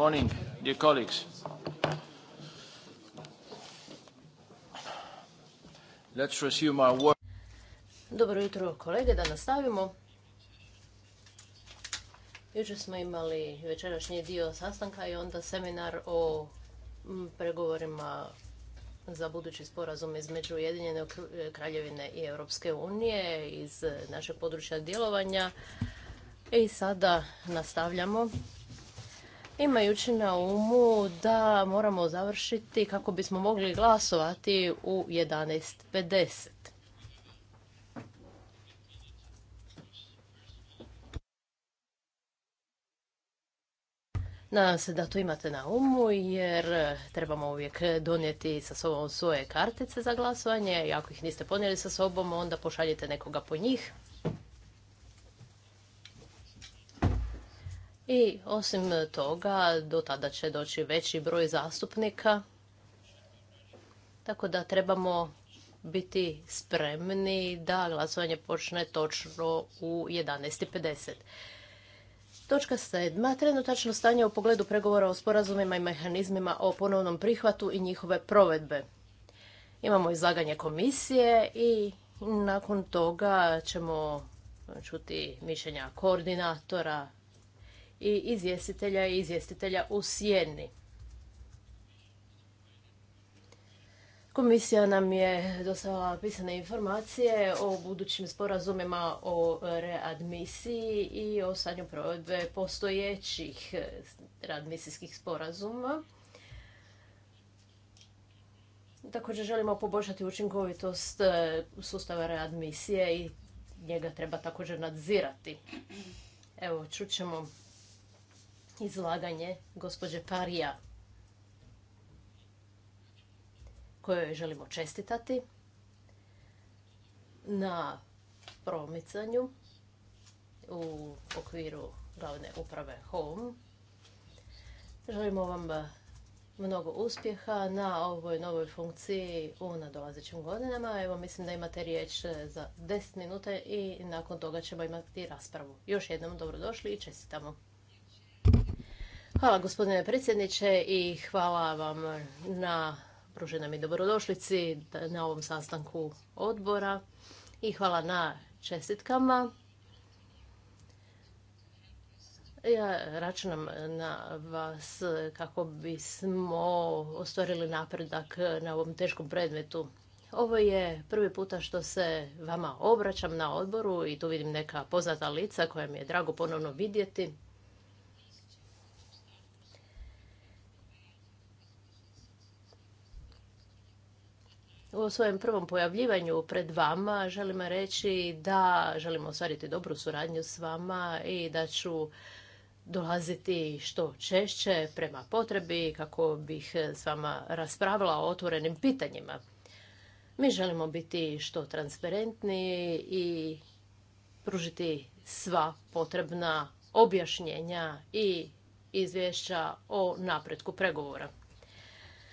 morning, dear Dobro jutro kolege, da nastavimo. Jučer smo imali večerašnji dio sastanka i onda seminar o pregovorima za budući sporazum između Ujedinjene Kraljevine i Europske unije iz našeg područja djelovanja. I sada nastavljamo imajući na umu da moramo završiti kako bismo mogli glasovati u 11.50. Nadam se da to imate na umu jer trebamo uvijek donijeti sa sobom svoje kartice za glasovanje. I ako ih niste ponijeli sa sobom, onda pošaljite nekoga po njih. I osim toga, do tada će doći veći broj zastupnika, tako da trebamo biti spremni da glasovanje počne točno u 11.50. Točka sedma. Trenutačno stanje u pogledu pregovora o sporazumima i mehanizmima o ponovnom prihvatu i njihove provedbe. Imamo izlaganje komisije i nakon toga ćemo čuti mišljenja koordinatora i izvjestitelja i izvjestitelja u sjeni. Komisija nam je dostavila pisane informacije o budućim sporazumima o readmisiji i o stanju provedbe postojećih readmisijskih sporazuma. Također želimo poboljšati učinkovitost e, sustava readmisije i njega treba također nadzirati. Evo, čućemo izlaganje gospođe Parija kojoj želimo čestitati na promicanju u okviru glavne uprave Home. Želimo vam mnogo uspjeha na ovoj novoj funkciji u nadolazećim godinama. Evo, mislim da imate riječ za 10 minuta i nakon toga ćemo imati raspravu. Još jednom dobrodošli i čestitamo. Hvala gospodine predsjedniče i hvala vam na pruženom i dobrodošlici na ovom sastanku odbora i hvala na čestitkama. Ja računam na vas kako bismo ostvarili napredak na ovom teškom predmetu. Ovo je prvi puta što se vama obraćam na odboru i tu vidim neka poznata lica koja mi je drago ponovno vidjeti. U svojem prvom pojavljivanju pred vama želim reći da želimo ostvariti dobru suradnju s vama i da ću dolaziti što češće prema potrebi kako bih s vama raspravila o otvorenim pitanjima. Mi želimo biti što transparentni i pružiti sva potrebna objašnjenja i izvješća o napretku pregovora.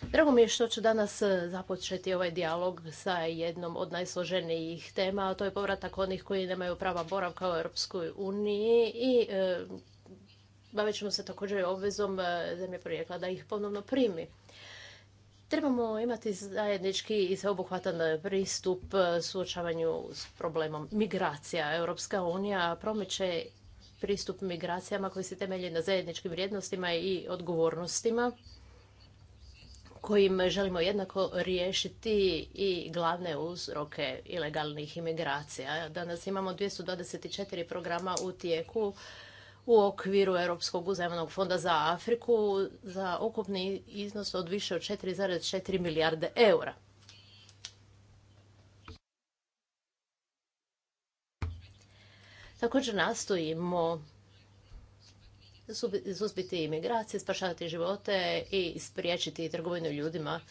Drago mi je što ću danas e, započeti ovaj dijalog sa jednom od najsloženijih tema, a to je povratak onih koji nemaju prava boravka u Europskoj uniji i e, bavit ćemo se također obvezom e, zemlje porijekla da ih ponovno primi. Trebamo imati zajednički i sveobuhvatan pristup suočavanju s problemom migracija. Europska unija promiče pristup migracijama koji se temelji na zajedničkim vrijednostima i odgovornostima kojim želimo jednako riješiti i glavne uzroke ilegalnih imigracija. Danas imamo 224 programa u tijeku u okviru Europskog uzajemnog fonda za Afriku za ukupni iznos od više od 4,4 milijarde eura. Također nastojimo suzbiti imigracije, spašavati živote i spriječiti trgovinu ljudima.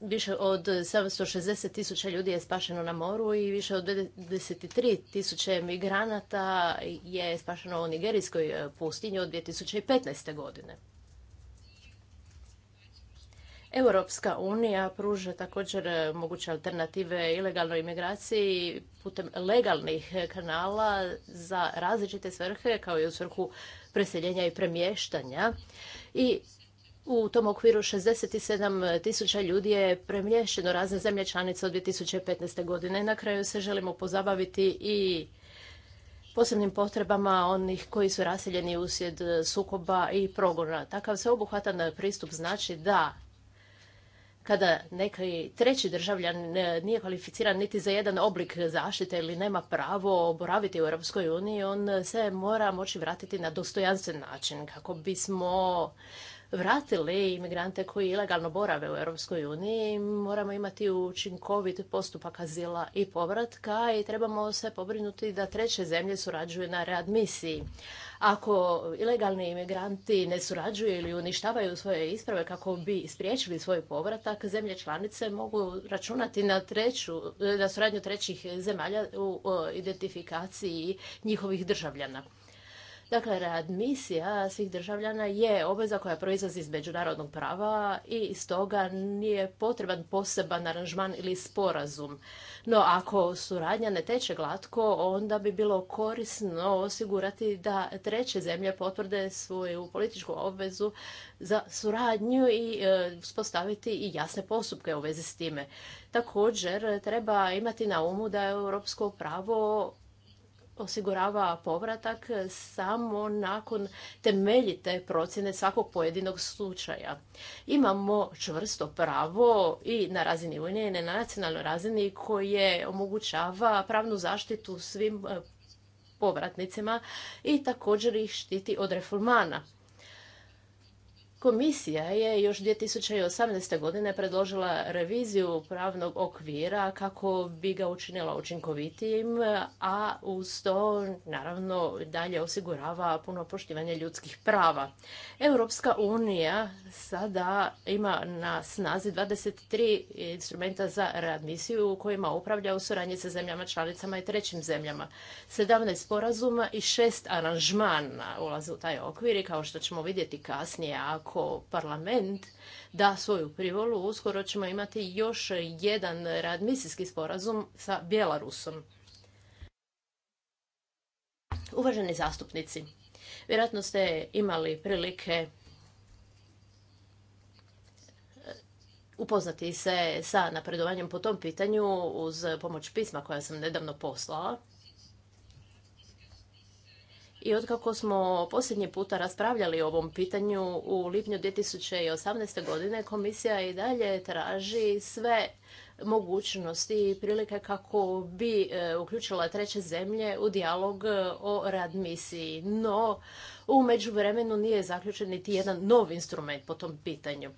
Više od 760 tisuća ljudi je spašeno na moru i više od 23 tisuće migranata je spašeno u nigerijskoj eh, pustinji od 2015. godine. Europska unija pruža također e, moguće alternative ilegalnoj imigraciji putem legalnih kanala za različite svrhe kao i u svrhu preseljenja i premještanja. I u tom okviru 67 tisuća ljudi je premješteno razne zemlje članice od 2015. godine. Na kraju se želimo pozabaviti i posebnim potrebama onih koji su raseljeni uslijed sukoba i progona. Takav sveobuhvatan pristup znači da kada neki treći državljan e, nije kvalificiran niti za jedan oblik zaštite ili nema pravo boraviti u Europskoj uniji, on se mora moći vratiti na dostojanstven način kako bismo vratili imigrante koji ilegalno borave u Europskoj uniji. Moramo imati učinkovit postupak azila i povratka i trebamo se pobrinuti da treće zemlje surađuju na readmisiji. Ako ilegalni imigranti ne surađuju ili uništavaju svoje isprave kako bi spriječili svoj povratak, zemlje članice mogu računati na, treću, na suradnju trećih zemalja u identifikaciji njihovih državljana. Dakle, readmisija svih državljana je obveza koja proizlazi iz međunarodnog prava i stoga nije potreban poseban aranžman ili sporazum. No, ako suradnja ne teče glatko, onda bi bilo korisno osigurati da treće zemlje potvrde svoju političku obvezu za suradnju i e, spostaviti i jasne postupke u vezi s time. Također, treba imati na umu da je europsko pravo osigurava povratak samo nakon temeljite procjene svakog pojedinog slučaja. Imamo čvrsto pravo i na razini Unije i na nacionalnoj razini koje omogućava pravnu zaštitu svim eh, povratnicima i također ih štiti od reformana. Komisija je još 2018. godine predložila reviziju pravnog okvira kako bi ga učinila učinkovitijim, a uz to naravno dalje osigurava puno poštivanje ljudskih prava. Europska unija sada ima na snazi 23 instrumenta za readmisiju u kojima upravlja u suradnji sa zemljama članicama i trećim zemljama. 17 sporazuma i 6 aranžmana ulaze u taj okvir i kao što ćemo vidjeti kasnije ako ko parlament da svoju privolu, uskoro ćemo imati još jedan radmisijski sporazum sa Bjelarusom. Uvaženi zastupnici, vjerojatno ste imali prilike eh, upoznati se sa napredovanjem po tom pitanju uz pomoć pisma koja sam nedavno poslala. I otkako smo posljednji puta raspravljali o ovom pitanju u lipnju 2018. godine, komisija i dalje traži sve mogućnosti i prilike kako bi e, uključila treće zemlje u dijalog e, o radmisiji. No, u međuvremenu nije zaključen niti jedan nov instrument po tom pitanju.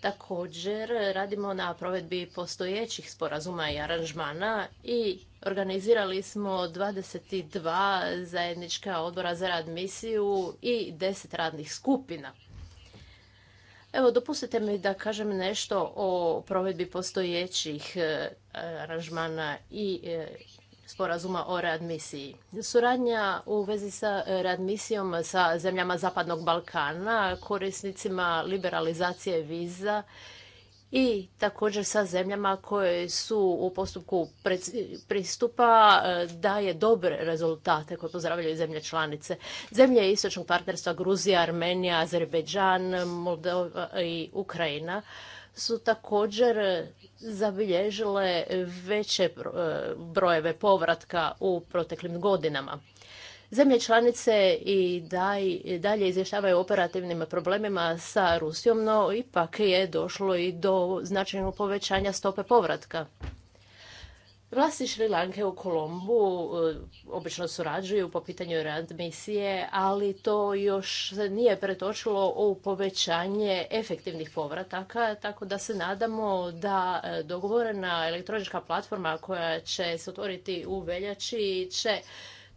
Također, radimo na provedbi postojećih sporazuma i aranžmana i Organizirali smo 22 zajednička odbora za rad misiju i 10 radnih skupina. Evo, dopustite mi da kažem nešto o provedbi postojećih e, aranžmana i e, sporazuma o readmisiji. Suradnja u vezi sa readmisijom sa zemljama Zapadnog Balkana, korisnicima liberalizacije viza i također sa zemljama koje su u postupku pristupa e, daje dobre rezultate koje pozdravljaju zemlje članice. Zemlje istočnog partnerstva Gruzija, Armenija, Azerbejdžan, Moldova i Ukrajina su također zabilježile veće e, brojeve povratka u proteklim godinama. Zemlje članice i dalje izvještavaju operativnim problemima sa Rusijom, no ipak je došlo i do značajnog povećanja stope povratka. Vlasti Šri Lanke u Kolombu eh, obično surađuju po pitanju readmisije, ali to još nije pretočilo u povećanje efektivnih povrataka, tako da se nadamo da eh, dogovorena elektronička platforma koja će se otvoriti u veljači će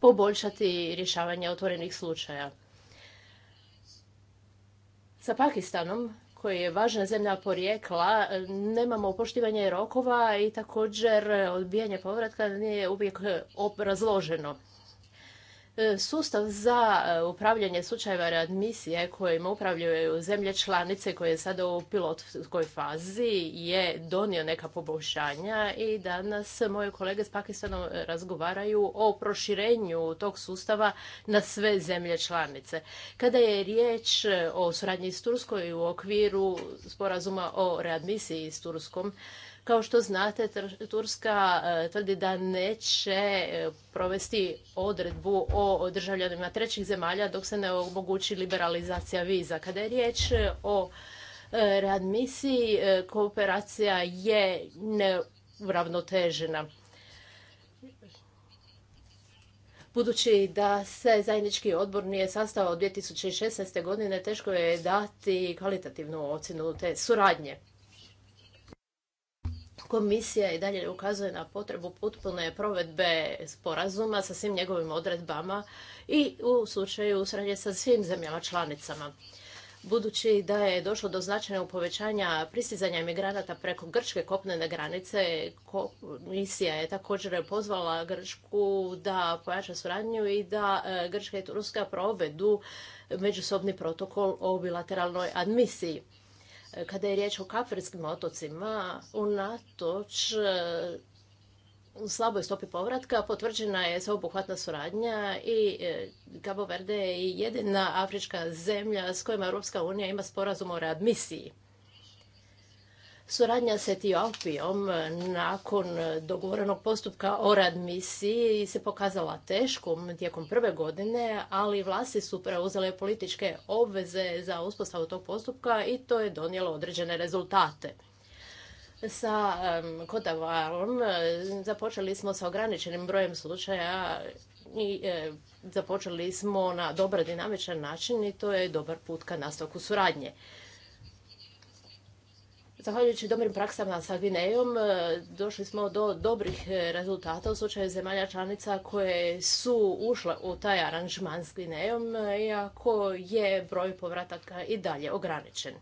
poboljšati rješavanje otvorenih slučaja. Sa Pakistanom, koji je važna zemlja porijekla, nemamo poštivanje rokova i također odbijanje povratka nije uvijek obrazloženo. E, sustav za e, upravljanje slučajeva readmisije kojima upravljaju zemlje članice koje je sada u pilotskoj fazi je donio neka poboljšanja i danas moje kolege s Pakistanom razgovaraju o proširenju tog sustava na sve zemlje članice. Kada je riječ e, o suradnji s Turskoj u okviru sporazuma o readmisiji s Turskom, kao što znate, Turska e, tvrdi da neće e, provesti odredbu o državljanima trećih zemalja dok se ne omogući liberalizacija viza. Kada je riječ e, o readmisiji, kooperacija je neuravnotežena. Budući da se zajednički odbor nije sastao od 2016. godine, teško je dati kvalitativnu ocjenu te suradnje. Komisija i dalje ukazuje na potrebu potpune provedbe sporazuma sa svim njegovim odredbama i u slučaju suradnje sa svim zemljama članicama. Budući da je došlo do značajnog povećanja pristizanja imigranata preko grčke kopnene granice, komisija je također pozvala Grčku da pojača suradnju i da e, Grčka i Turska provedu međusobni protokol o bilateralnoj admisiji. Kada je riječ o kafirskim otocima, unatoč u slaboj stopi povratka potvrđena je sveobuhvatna suradnja i e, Cabo Verde je jedina afrička zemlja s kojima Europska unija ima sporazum o readmisiji. Suradnja s Etiopijom e, nakon e, dogovorenog postupka o misiji se pokazala teškom tijekom prve godine, ali vlasti su preuzele političke obveze za uspostavu tog postupka i to je donijelo određene rezultate. Sa Kodavarom e, započeli smo sa ograničenim brojem slučaja i započeli smo na dobar dinamičan način i to je dobar put ka nastavku suradnje. Zahvaljujući dobrim praksama sa Gvinejom e, došli smo do dobrih e, rezultata u slučaju zemalja članica koje su ušle u taj aranžman s Gvinejom, e, iako je broj povrataka i dalje ograničen.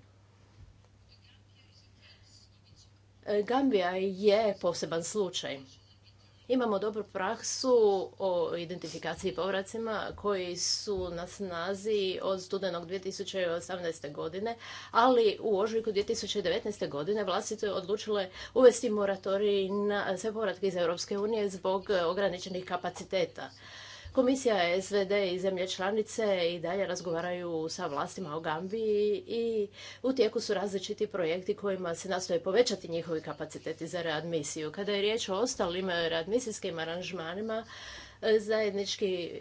Gambija je poseban slučaj. Imamo dobru praksu o identifikaciji povracima koji su na snazi od studenog 2018. godine, ali u ožujku 2019. godine vlastito je odlučile uvesti moratorij na sve povratke iz Europske unije zbog ograničenih kapaciteta. Komisija SVD i zemlje članice i dalje razgovaraju sa vlastima o Gambiji i u tijeku su različiti projekti kojima se nastoje povećati njihovi kapaciteti za readmisiju. Kada je riječ o ostalim readmisijskim aranžmanima, zajednički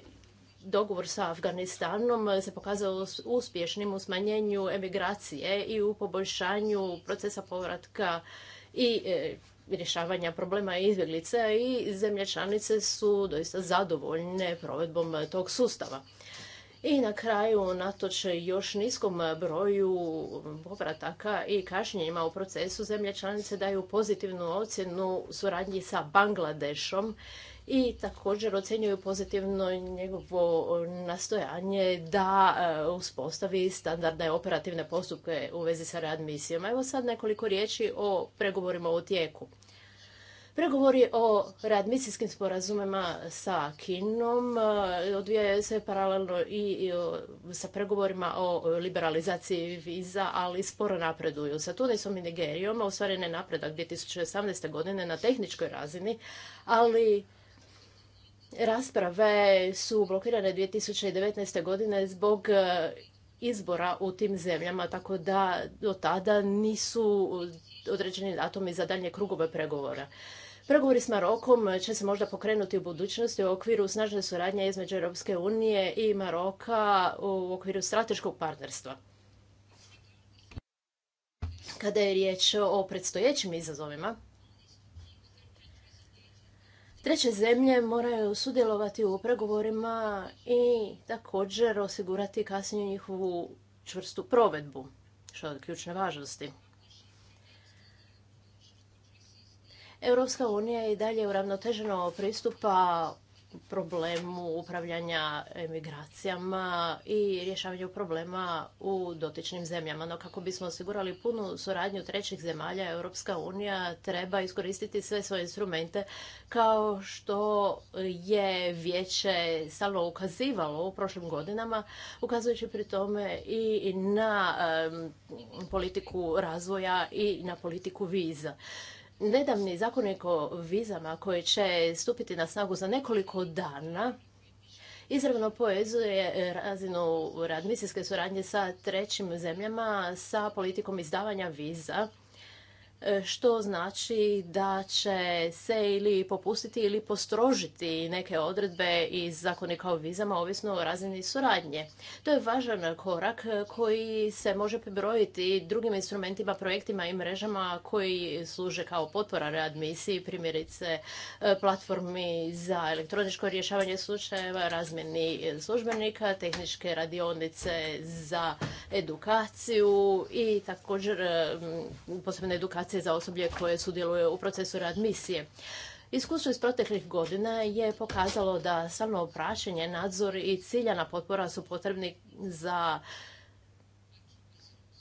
dogovor sa Afganistanom se pokazao uspješnim u smanjenju emigracije i u poboljšanju procesa povratka i e, rješavanja problema izbjeglica i zemlje članice su doista zadovoljne provedbom tog sustava. I na kraju, natoč još niskom broju povrataka i kašnjenjima u procesu, zemlje članice daju pozitivnu ocjenu suradnji sa Bangladešom i također ocjenjuju pozitivno njegovo nastojanje da e, uspostavi standardne operativne postupke u vezi sa readmisijama. Evo sad nekoliko riječi o pregovorima u tijeku. Pregovori o readmisijskim sporazumima sa Kinom e, odvijaju se paralelno i sa pregovorima o liberalizaciji viza, ali sporo napreduju. Sa Tunisom i Nigerijom ostvaren je napredak 2018. godine na tehničkoj razini, ali rasprave su blokirane 2019. godine zbog e, izbora u tim zemljama, tako da do tada nisu određeni datumi za dalje krugove pregovora. Pregovori s Marokom će se možda pokrenuti u budućnosti u okviru snažne suradnje između Europske unije i Maroka u okviru strateškog partnerstva. Kada je riječ o predstojećim izazovima, treće zemlje moraju sudjelovati u pregovorima i također osigurati kasnije njihovu čvrstu provedbu, što je od ključne važnosti. Europska unija i dalje uravnoteženo pristupa problemu upravljanja emigracijama i rješavanju problema u dotičnim zemljama. No kako bismo osigurali punu suradnju trećih zemalja, Europska unija treba iskoristiti sve svoje instrumente kao što je vijeće stalno ukazivalo u prošlim godinama, ukazujući pri tome i na politiku razvoja i na politiku viza nedavni zakonik o vizama koji će stupiti na snagu za nekoliko dana izravno povezuje e, razinu radmisijske suradnje sa trećim zemljama sa politikom izdavanja viza E, što znači da će se ili popustiti ili postrožiti neke odredbe iz zakonika o vizama ovisno o razini suradnje. To je važan korak koji se može pribrojiti drugim instrumentima, projektima i mrežama koji služe kao potpora readmisiji, primjerice e, platformi za elektroničko rješavanje slučajeva, razmjeni službenika, tehničke radionice za edukaciju i također e, posebne edukacije za osoblje koje sudjeluje u procesu readmisije. Iskustvo iz proteklih godina je pokazalo da samo praćenje, nadzor i ciljana potpora su potrebni za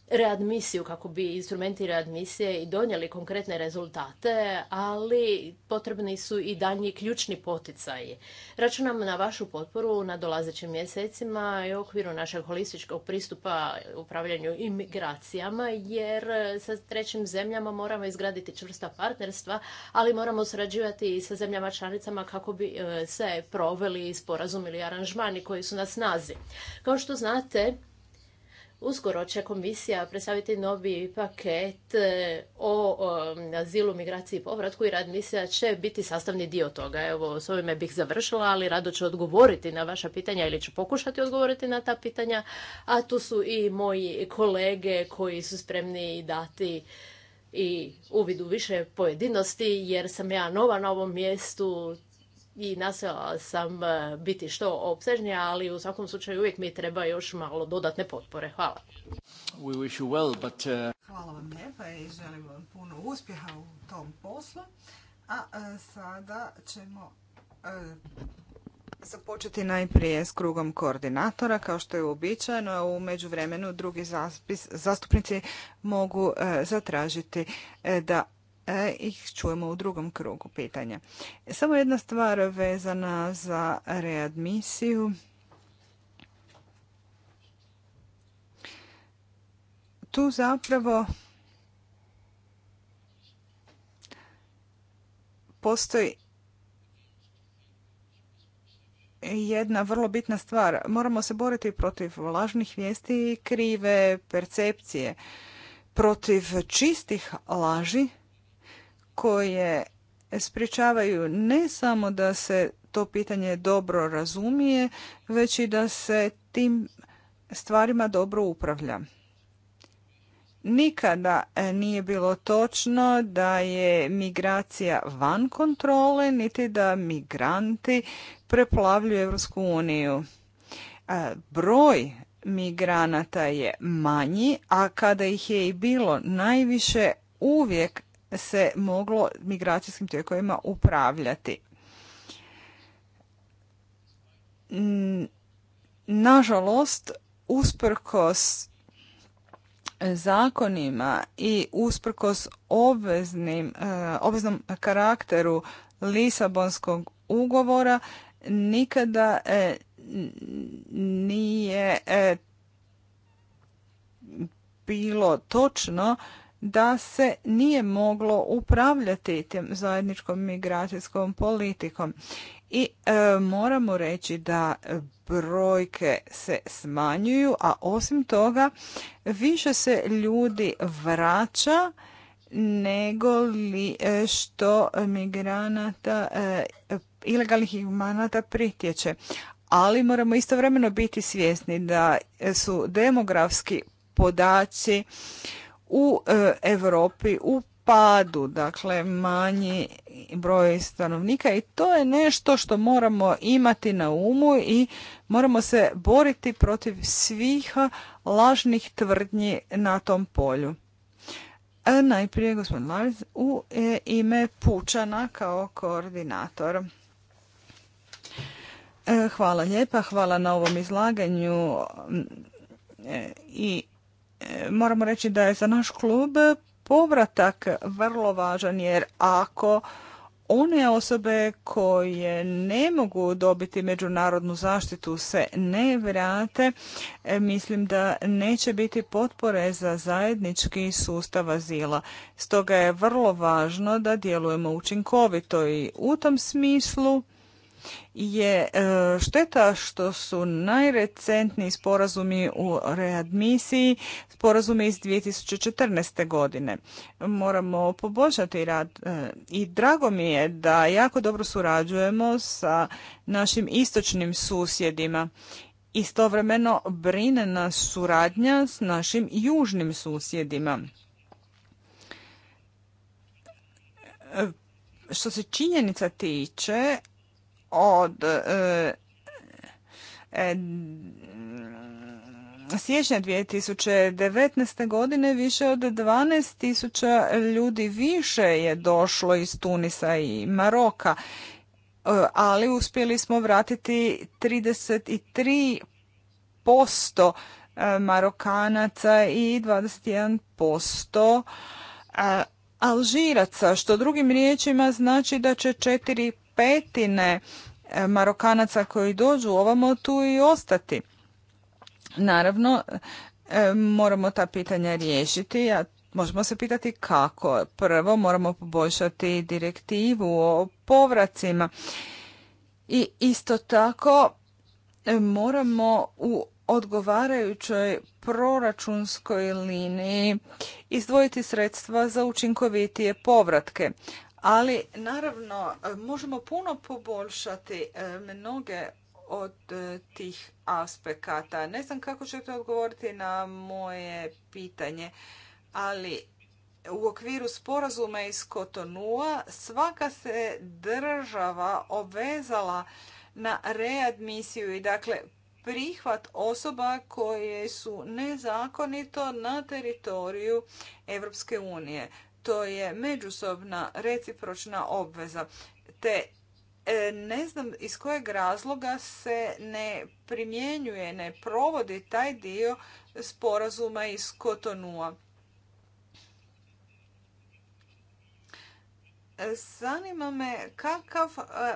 readmisiju kako bi instrumenti readmisije i donijeli konkretne rezultate, ali potrebni su i daljnji ključni poticaji. Računam na vašu potporu na dolazećim mjesecima i u okviru našeg holističkog pristupa upravljanju imigracijama, jer sa trećim zemljama moramo izgraditi čvrsta partnerstva, ali moramo surađivati i sa zemljama članicama kako bi e, se proveli sporazum ili aranžmani koji su na snazi. Kao što znate, Uskoro će komisija predstaviti novi paket e, o azilu, migraciji i povratku i rad misija će biti sastavni dio toga. Evo, s ovime bih završila, ali rado ću odgovoriti na vaša pitanja ili ću pokušati odgovoriti na ta pitanja. A tu su i moji kolege koji su spremni dati i uvidu više pojedinosti, jer sam ja nova na ovom mjestu, i nastojala sam e, biti što opsežnija, ali u svakom slučaju uvijek mi treba još malo dodatne potpore. Hvala. E, Hvala vam lijepa i želim vam puno uspjeha u tom poslu. A, e, sada ćemo započeti najprije s krugom koordinatora, kao što je uobičajeno. U međuvremenu drugi zastupnici mogu zatražiti da E, ih čujemo u drugom krugu pitanja. Samo jedna stvar vezana za readmisiju. Tu zapravo postoji jedna vrlo bitna stvar. Moramo se boriti protiv lažnih vijesti krive percepcije. Protiv čistih laži koje sprječavaju ne samo da se to pitanje dobro razumije, već i da se tim stvarima dobro upravlja. Nikada nije bilo točno da je migracija van kontrole, niti da migranti preplavljuju Europsku uniju. Broj migranata je manji, a kada ih je i bilo najviše, uvijek se moglo migracijskim tijekovima upravljati. Nažalost, usprkos zakonima i usprkos obveznim, e, obveznom karakteru Lisabonskog ugovora nikada e, nije e, bilo točno da se nije moglo upravljati tim zajedničkom migracijskom politikom. I e, moramo reći da brojke se smanjuju, a osim toga više se ljudi vraća nego li e, što migranata, e, ilegalnih imanata pritječe. Ali moramo istovremeno biti svjesni da su demografski podaci u e, Europi u padu, dakle manji broj stanovnika i to je nešto što moramo imati na umu i moramo se boriti protiv svih lažnih tvrdnji na tom polju. A e, najprije gospodin Laric u e, ime Pučana kao koordinator. Hvala lijepa, hvala na ovom izlaganju i moramo reći da je za naš klub povratak vrlo važan jer ako one osobe koje ne mogu dobiti međunarodnu zaštitu se ne vrate, e, mislim da neće biti potpore za zajednički sustav azila. Stoga je vrlo važno da djelujemo učinkovito i u tom smislu je e, šteta što su najrecentniji sporazumi u readmisiji sporazumi iz 2014. godine. Moramo poboljšati rad e, i drago mi je da jako dobro surađujemo sa našim istočnim susjedima. Istovremeno brine nas suradnja s našim južnim susjedima. E, što se činjenica tiče, od e, e, siječnja 2019. godine više od 12.000 ljudi više je došlo iz Tunisa i Maroka, e, ali uspjeli smo vratiti 33% e, Marokanaca i 21% e, Alžiraca, što drugim riječima znači da će 4 petine eh, Marokanaca koji dođu ovamo tu i ostati. Naravno, eh, moramo ta pitanja riješiti, a možemo se pitati kako. Prvo, moramo poboljšati direktivu o povracima. I isto tako eh, moramo u odgovarajućoj proračunskoj liniji izdvojiti sredstva za učinkovitije povratke. Ali naravno možemo puno poboljšati e, mnoge od e, tih aspekata. Ne znam kako ćete odgovoriti na moje pitanje, ali u okviru sporazuma iz Kotonua svaka se država obvezala na readmisiju i dakle prihvat osoba koje su nezakonito na teritoriju Europske unije. To je međusobna recipročna obveza. Te e, ne znam iz kojeg razloga se ne primjenjuje, ne provodi taj dio sporazuma iz Kotonua. Zanima me kakav e,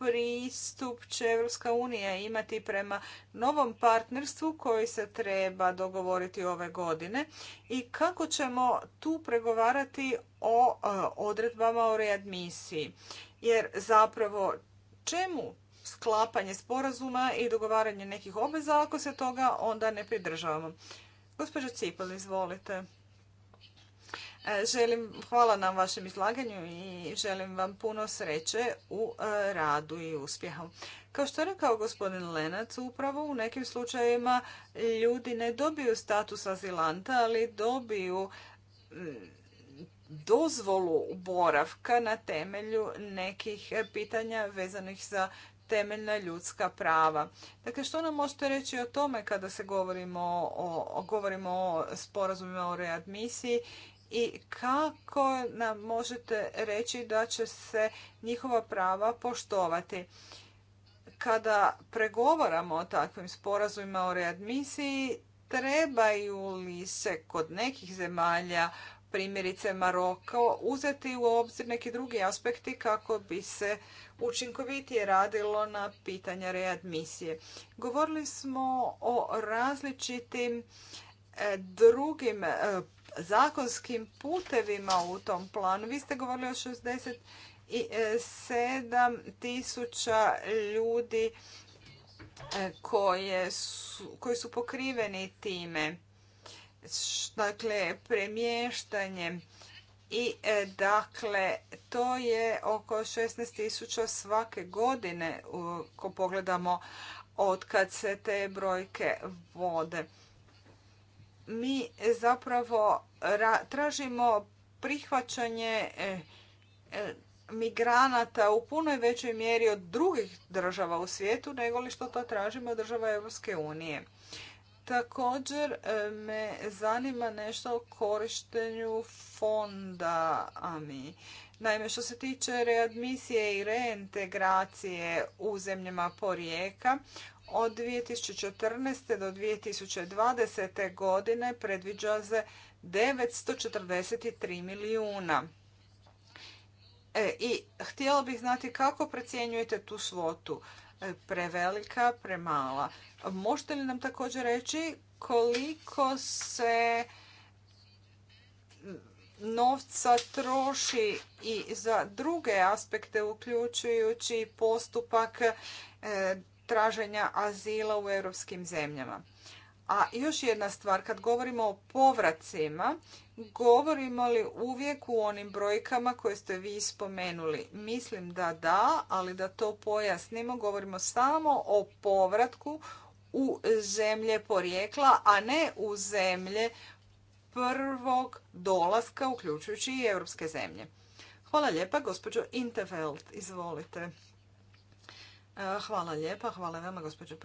pristup će Evropska unija imati prema novom partnerstvu koji se treba dogovoriti ove godine i kako ćemo tu pregovarati o e, odredbama o readmisiji. Jer zapravo čemu sklapanje sporazuma i dogovaranje nekih obveza ako se toga onda ne pridržavamo? Gospođo Cipel, izvolite. E, želim, hvala na vašem izlaganju i želim vam puno sreće u e, radu i uspjehu. Kao što je rekao gospodin Lenac, upravo u nekim slučajevima ljudi ne dobiju status azilanta, ali dobiju dozvolu boravka na temelju nekih pitanja vezanih za temeljna ljudska prava. Dakle, što nam možete reći o tome kada se govorimo o, govorimo o sporazumima o readmisiji i kako nam možete reći da će se njihova prava poštovati. Kada pregovaramo o takvim sporazumima o readmisiji, trebaju li se kod nekih zemalja, primjerice Maroko, uzeti u obzir neki drugi aspekti kako bi se učinkovitije radilo na pitanja readmisije. Govorili smo o različitim e, drugim e, zakonskim putevima u tom planu. Vi ste govorili o 67 tisuća ljudi e, koje su, koji su pokriveni time, dakle premještanjem i e, dakle to je oko 16 tisuća svake godine ko pogledamo od kad se te brojke vode mi zapravo tražimo prihvaćanje e, e, migranata u punoj većoj mjeri od drugih država u svijetu nego li što to tražimo od država Europske unije. Također e, me zanima nešto o korištenju fonda AMI. Naime, što se tiče readmisije i reintegracije u zemljama porijeka, od 2014. do 2020. godine predviđa se 943 milijuna. E, I htjela bih znati kako procjenjujete tu svotu. E, prevelika, premala. Možete li nam također reći koliko se novca troši i za druge aspekte uključujući postupak e, traženja azila u europskim zemljama. A još jedna stvar, kad govorimo o povracima, govorimo li uvijek u onim brojkama koje ste vi spomenuli? Mislim da da, ali da to pojasnimo, govorimo samo o povratku u zemlje porijekla, a ne u zemlje prvog dolaska, uključujući i europske zemlje. Hvala lijepa, gospođo Interveld, izvolite. E, hvala lijepa, hvala vama gospođo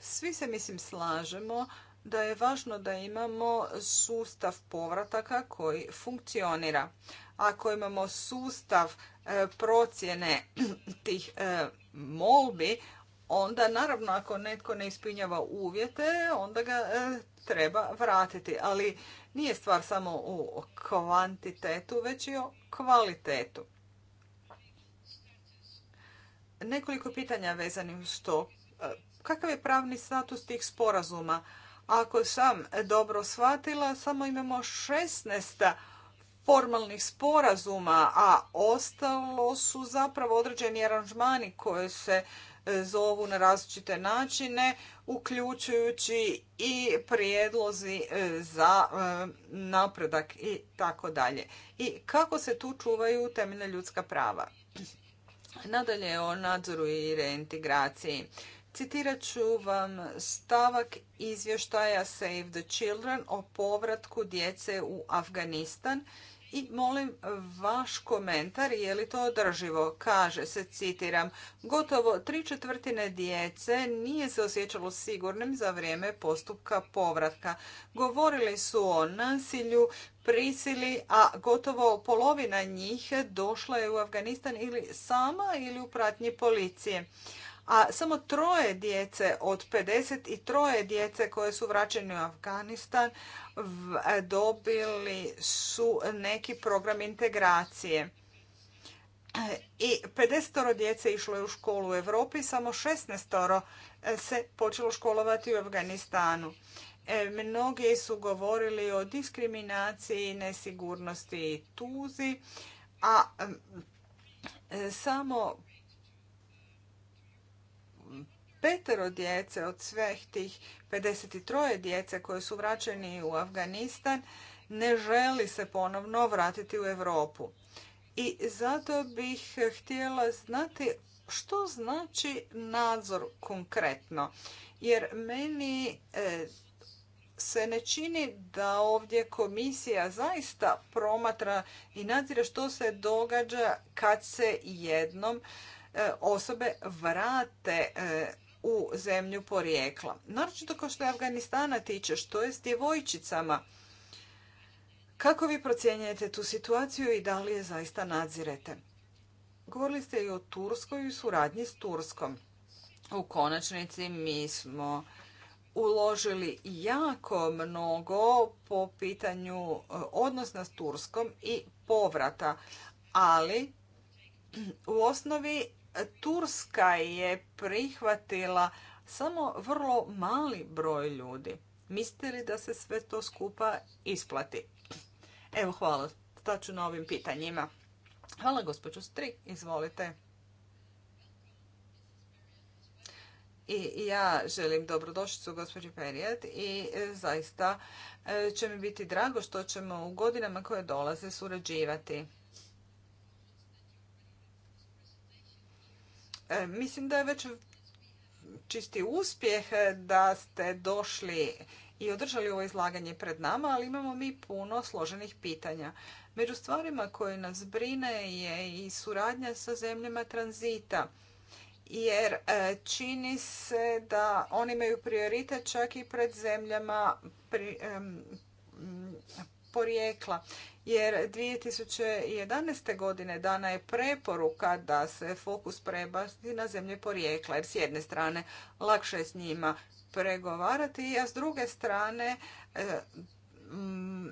Svi se mislim slažemo da je važno da imamo sustav povrataka koji funkcionira. Ako imamo sustav e, procjene tih e, molbi, onda naravno ako netko ne ispinjava uvjete, onda ga e, treba vratiti. Ali nije stvar samo u kvantitetu, već i o kvalitetu. Nekoliko pitanja vezanim to. E, kakav je pravni status tih sporazuma? Ako sam dobro shvatila, samo imamo 16 formalnih sporazuma, a ostalo su zapravo određeni aranžmani koje se E, zovu na različite načine, uključujući i prijedlozi e, za e, napredak i tako dalje. I kako se tu čuvaju temeljna ljudska prava? Nadalje o nadzoru i reintegraciji. Citirat ću vam stavak izvještaja Save the Children o povratku djece u Afganistan i molim vaš komentar, je li to održivo? Kaže se, citiram, gotovo tri četvrtine djece nije se osjećalo sigurnim za vrijeme postupka povratka. Govorili su o nasilju, prisili, a gotovo polovina njih došla je u Afganistan ili sama ili u pratnji policije. A samo troje djece od troje djece koje su vraćene u Afganistan dobili su neki program integracije. I 50 djece išlo je u školu u Europi, samo 16 e, se počelo školovati u Afganistanu. E, mnogi su govorili o diskriminaciji, nesigurnosti i tuzi, a e, samo petero djece od sveh tih 53 djece koje su vraćeni u Afganistan ne želi se ponovno vratiti u Europu. I zato bih htjela znati što znači nadzor konkretno. Jer meni e, se ne čini da ovdje komisija zaista promatra i nadzire što se događa kad se jednom e, osobe vrate e, u zemlju porijekla. Naročito ko što je Afganistana tiče, što je s djevojčicama? Kako vi procjenjujete tu situaciju i da li je zaista nadzirete? Govorili ste i o Turskoj i suradnji s Turskom. U konačnici mi smo uložili jako mnogo po pitanju e, odnosna s Turskom i povrata, ali u osnovi Turska je prihvatila samo vrlo mali broj ljudi. Mislite li da se sve to skupa isplati? Evo, hvala. Staću na ovim pitanjima. Hvala, gospođo Stri, Izvolite. I ja želim dobrodošlicu gospođi Perijat i e, zaista e, će mi biti drago što ćemo u godinama koje dolaze surađivati. E, mislim da je već čisti uspjeh da ste došli i održali ovo izlaganje pred nama, ali imamo mi puno složenih pitanja. Među stvarima koje nas brine je i suradnja sa zemljama tranzita, jer e, čini se da oni imaju prioritet čak i pred zemljama porijekla. Jer 2011. godine dana je preporuka da se fokus prebasti na zemlje porijekla. Jer s jedne strane lakše je s njima pregovarati, a s druge strane e,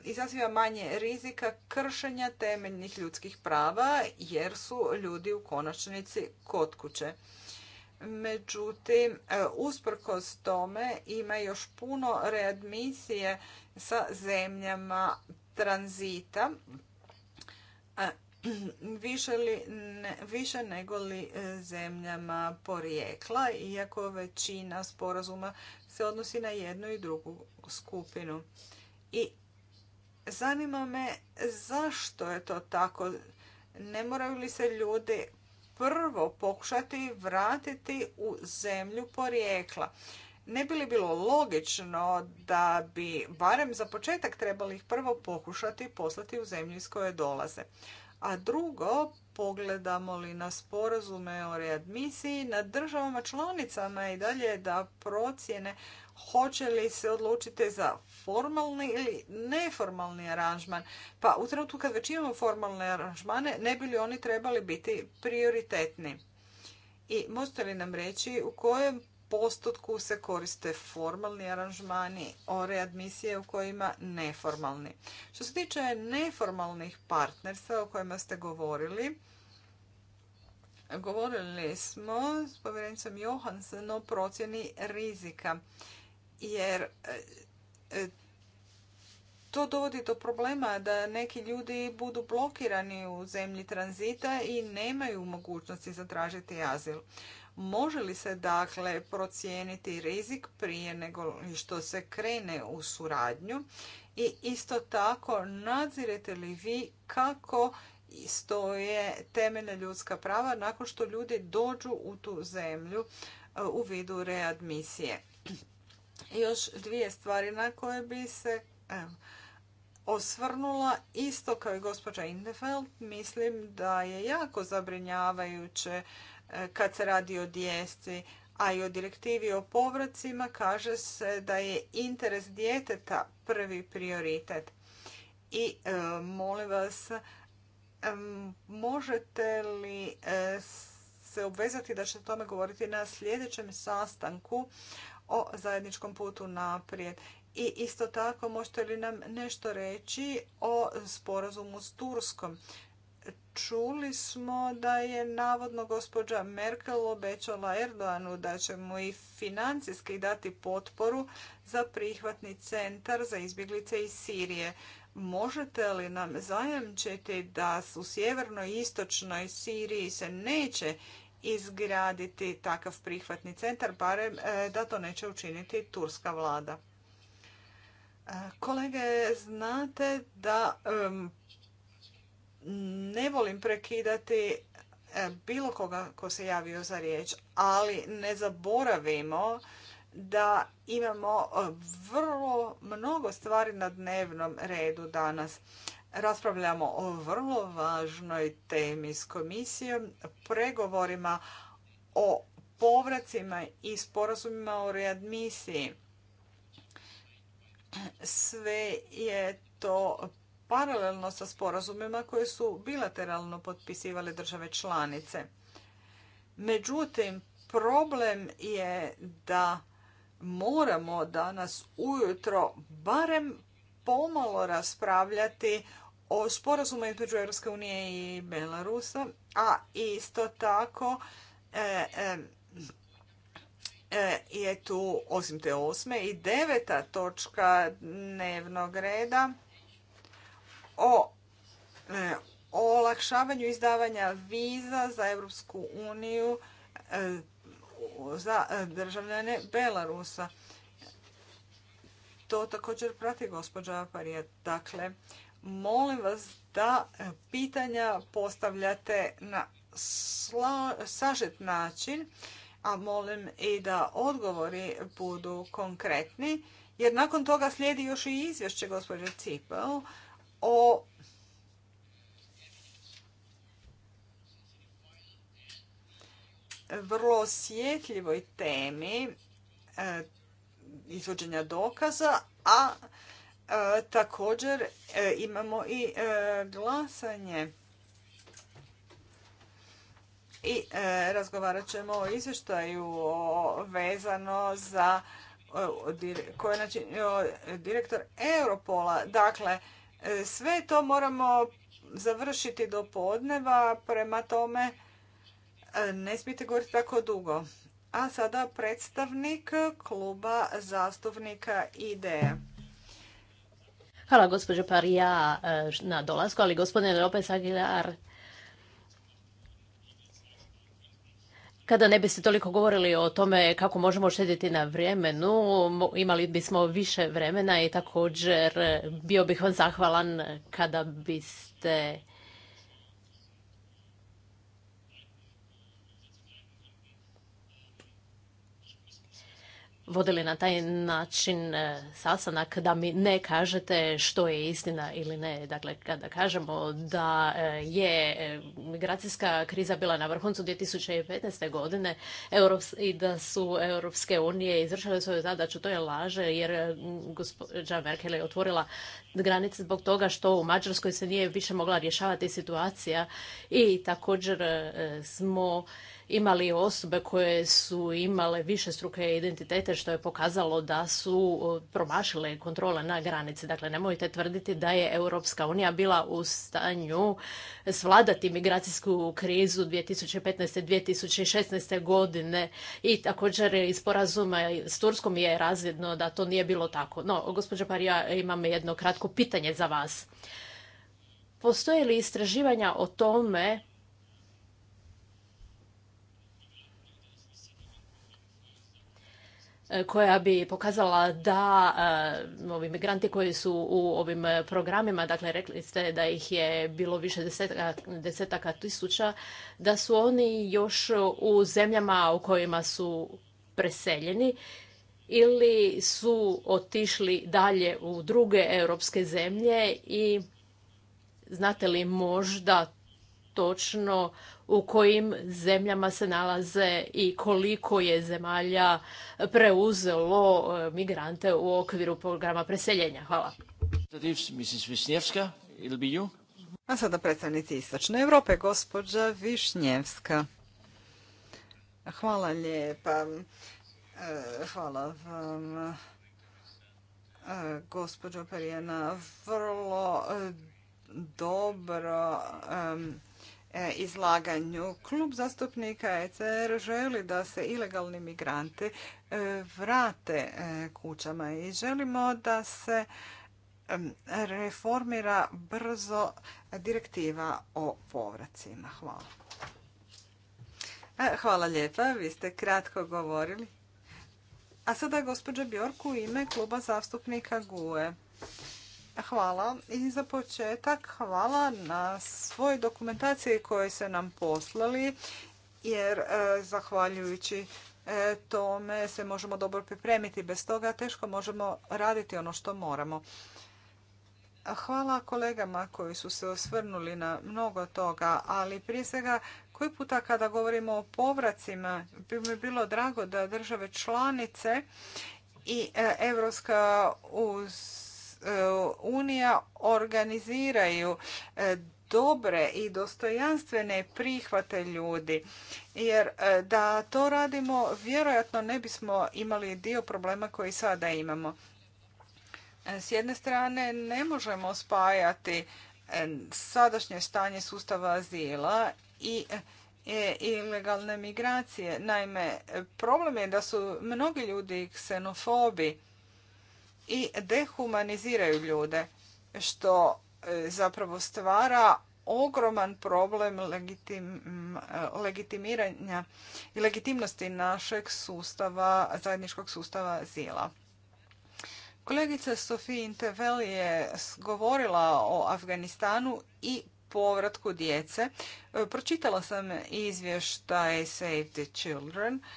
izaziva manje rizika kršenja temeljnih ljudskih prava jer su ljudi u konačnici kod kuće. Međutim, e, usprkos tome ima još puno readmisije sa zemljama tranzita više, li, više nego li e, zemljama porijekla, iako većina sporazuma se odnosi na jednu i drugu skupinu. I zanima me zašto je to tako? Ne moraju li se ljudi prvo pokušati vratiti u zemlju porijekla? Ne bi li bilo logično da bi barem za početak trebali ih prvo pokušati poslati u zemlju iz koje dolaze? A drugo, pogledamo li na sporazume o readmisiji, na državama članicama i dalje da procjene hoće li se odlučiti za formalni ili neformalni aranžman. Pa u trenutku kad već imamo formalne aranžmane, ne bi li oni trebali biti prioritetni? I možete li nam reći u kojem postotku se koriste formalni aranžmani o readmisije u kojima neformalni. Što se tiče neformalnih partnerstva o kojima ste govorili, govorili smo s povjerenicom Johansen o procjeni rizika, jer e, e, to dovodi do problema da neki ljudi budu blokirani u zemlji tranzita i nemaju mogućnosti zatražiti azil. Može li se dakle procijeniti rizik prije nego što se krene u suradnju i isto tako nadzirete li vi kako stoje temeljna ljudska prava nakon što ljudi dođu u tu zemlju e, u vidu readmisije. Još dvije stvari na koje bi se e, osvrnula isto kao i gospođa Indefeld. Mislim da je jako zabrinjavajuće kad se radi o djeci, a i o direktivi o povracima kaže se da je interes djeteta prvi prioritet. I e, molim vas, možete li e, se obvezati da ćete o tome govoriti na sljedećem sastanku o zajedničkom putu naprijed? I isto tako, možete li nam nešto reći o sporazumu s Turskom? čuli smo da je navodno gospođa Merkel obećala Erdoganu da će mu i financijski dati potporu za prihvatni centar za izbjeglice iz Sirije. Možete li nam zajamčiti da u sjevernoj istočnoj Siriji se neće izgraditi takav prihvatni centar, barem e, da to neće učiniti turska vlada? E, kolege, znate da ne volim prekidati e, bilo koga ko se javio za riječ, ali ne zaboravimo da imamo e, vrlo mnogo stvari na dnevnom redu danas. Raspravljamo o vrlo važnoj temi s komisijom, pregovorima o povracima i sporazumima o readmisiji. Sve je to paralelno sa sporazumima koje su bilateralno potpisivale države članice. Međutim, problem je da moramo danas ujutro barem pomalo raspravljati o sporazumu između Europske unije i Belarusa, a isto tako e, e, e je tu osim te osme i deveta točka dnevnog reda E, o olakšavanju izdavanja viza za Europsku uniju e, za e, državljane Belarusa. To također prati gospođa Parija. Dakle, molim vas da pitanja postavljate na sažet način, a molim i da odgovori budu konkretni, jer nakon toga slijedi još i izvješće gospođe Cipel, o vrlo osjetljivoj temi e, izvođenja dokaza, a e, također e, imamo i glasanje. I razgovarat ćemo o izvještaju vezano za koji je direktor Europola. Dakle, E, sve to moramo završiti do podneva, prema tome e, ne smijete govoriti tako dugo. A sada predstavnik kluba zastupnika IDEA. Hvala gospođo Parija e, na dolasku, ali gospodine Lopez Aguilar Kada ne biste toliko govorili o tome kako možemo štediti na vremenu, imali bismo više vremena i također e, bio bih vam zahvalan kada biste vodili na taj način e, sastanak da mi ne kažete što je istina ili ne. Dakle, kada kažemo da e, je e, migracijska kriza bila na vrhuncu 2015. godine i da su Europske unije izvršile svoju zadaću, to je laže jer gospođa Merkel je otvorila granice zbog toga što u Mađarskoj se nije više mogla rješavati situacija i također smo imali osobe koje su imale više struke identitete što je pokazalo da su e, promašile kontrole na granici. Dakle, nemojte tvrditi da je Europska unija bila u stanju svladati migracijsku krizu 2015. 2016. godine i također iz sporazuma e, s Turskom je razvidno da to nije bilo tako. No, gospođa Parija, imam jedno kratko pitanje za vas. Postoje li istraživanja o tome E, koja bi pokazala da e, ovi migranti koji su u ovim programima, dakle rekli ste da ih je bilo više desetaka, tisuća, da su oni još u zemljama u kojima su preseljeni ili su otišli dalje u druge europske zemlje i znate li možda točno u kojim zemljama se nalaze i koliko je zemalja preuzelo e, migrante u okviru programa preseljenja. Hvala. A sada predstavnici Istočne Europe, gospođa Višnjevska. Hvala lijepa. E, hvala vam, e, gospođo Perijena. Vrlo dobro E, izlaganju. Klub zastupnika ECR želi da se ilegalni migranti e, vrate e, kućama i želimo da se reformira brzo direktiva o povracima. Hvala. Hvala lijepa, vi ste kratko govorili. A sada gospođa Bjorku u ime kluba zastupnika GUE. Hvala. I za početak hvala na svoj dokumentaciji koju ste nam poslali, jer e, zahvaljujući e, tome se možemo dobro pripremiti. Bez toga teško možemo raditi ono što moramo. Hvala kolegama koji su se osvrnuli na mnogo toga, ali prije svega koji puta kada govorimo o povracima bi mi bilo drago da države članice i e, Evropska uz E, unija organiziraju e, dobre i dostojanstvene prihvate ljudi. Jer e, da to radimo, vjerojatno ne bismo imali dio problema koji sada imamo. S jedne strane, ne možemo spajati sadašnje stanje sustava azila i ilegalne migracije. Naime, problem je da su mnogi ljudi ksenofobi i dehumaniziraju ljude, što e, zapravo stvara ogroman problem legitim, e, legitimiranja i legitimnosti našeg sustava, zajedničkog sustava zila. Kolegica Sofie Intevel je govorila o Afganistanu i povratku djece. E, pročitala sam izvještaj Save the Children –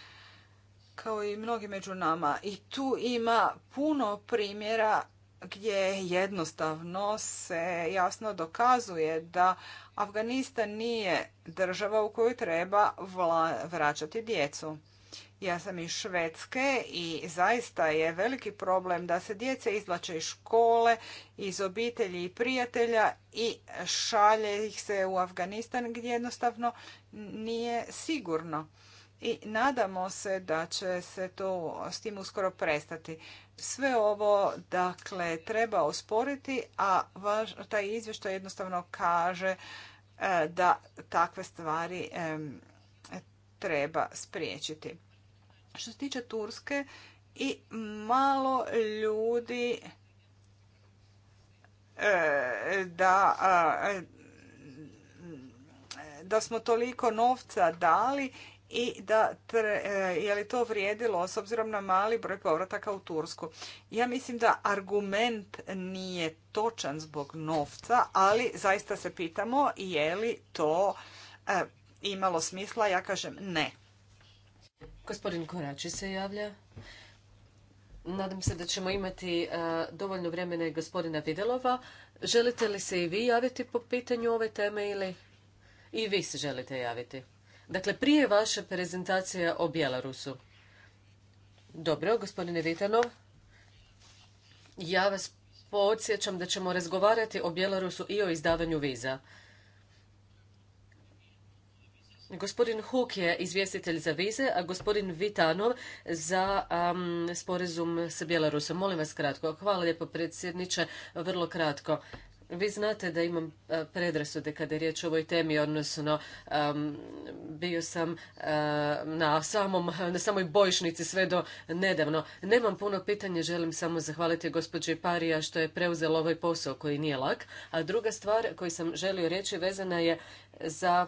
kao i mnogi među nama. I tu ima puno primjera gdje jednostavno se jasno dokazuje da Afganistan nije država u koju treba vraćati djecu. Ja sam iz Švedske i zaista je veliki problem da se djece izvlače iz škole, iz obitelji i prijatelja i šalje ih se u Afganistan gdje jednostavno nije sigurno i nadamo se da će se to s tim uskoro prestati. Sve ovo dakle treba osporiti, a taj izvještaj jednostavno kaže e, da takve stvari treba spriječiti. Što se tiče Turske i malo ljudi e, da e, da smo toliko novca dali i da e, je li to vrijedilo s obzirom na mali broj povrataka u Tursku. Ja mislim da argument nije točan zbog novca, ali zaista se pitamo je li to e, imalo smisla. Ja kažem ne. Gospodin Korači se javlja. Nadam se da ćemo imati e, dovoljno vremena i gospodina Videlova. Želite li se i vi javiti po pitanju ove teme ili i vi se želite javiti? Dakle, prije vaše prezentacije o Bjelarusu. Dobro, gospodine Vitanov. Ja vas podsjećam da ćemo razgovarati o Bjelarusu i o izdavanju viza. Gospodin Huk je izvjestitelj za vize, a gospodin Vitanov za um, sporazum sa Bjelarusom. Molim vas kratko. Hvala lijepo predsjedniče, vrlo kratko. Vi znate da imam e, predrasude kada je riječ o ovoj temi, odnosno bio sam e, na, samom, na samoj bojišnici sve do nedavno. Nemam puno pitanja, želim samo zahvaliti gospođi Parija što je preuzela ovaj posao koji nije lak. A druga stvar koju sam želio reći vezana je za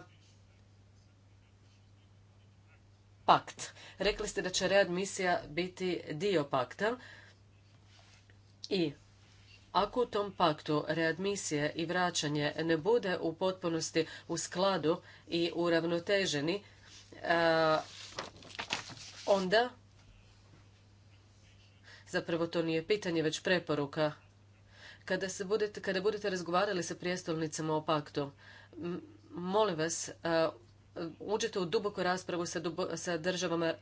pakt. Rekli ste da će readmisija biti dio pakta i ako u tom paktu readmisije i vraćanje ne bude u potpunosti u skladu i uravnoteženi, e, onda zapravo to nije pitanje, već preporuka. Kada, se budete, kada budete razgovarali sa prijestolnicama o paktu, molim vas, e, uđete u duboku raspravu sa, e, državama,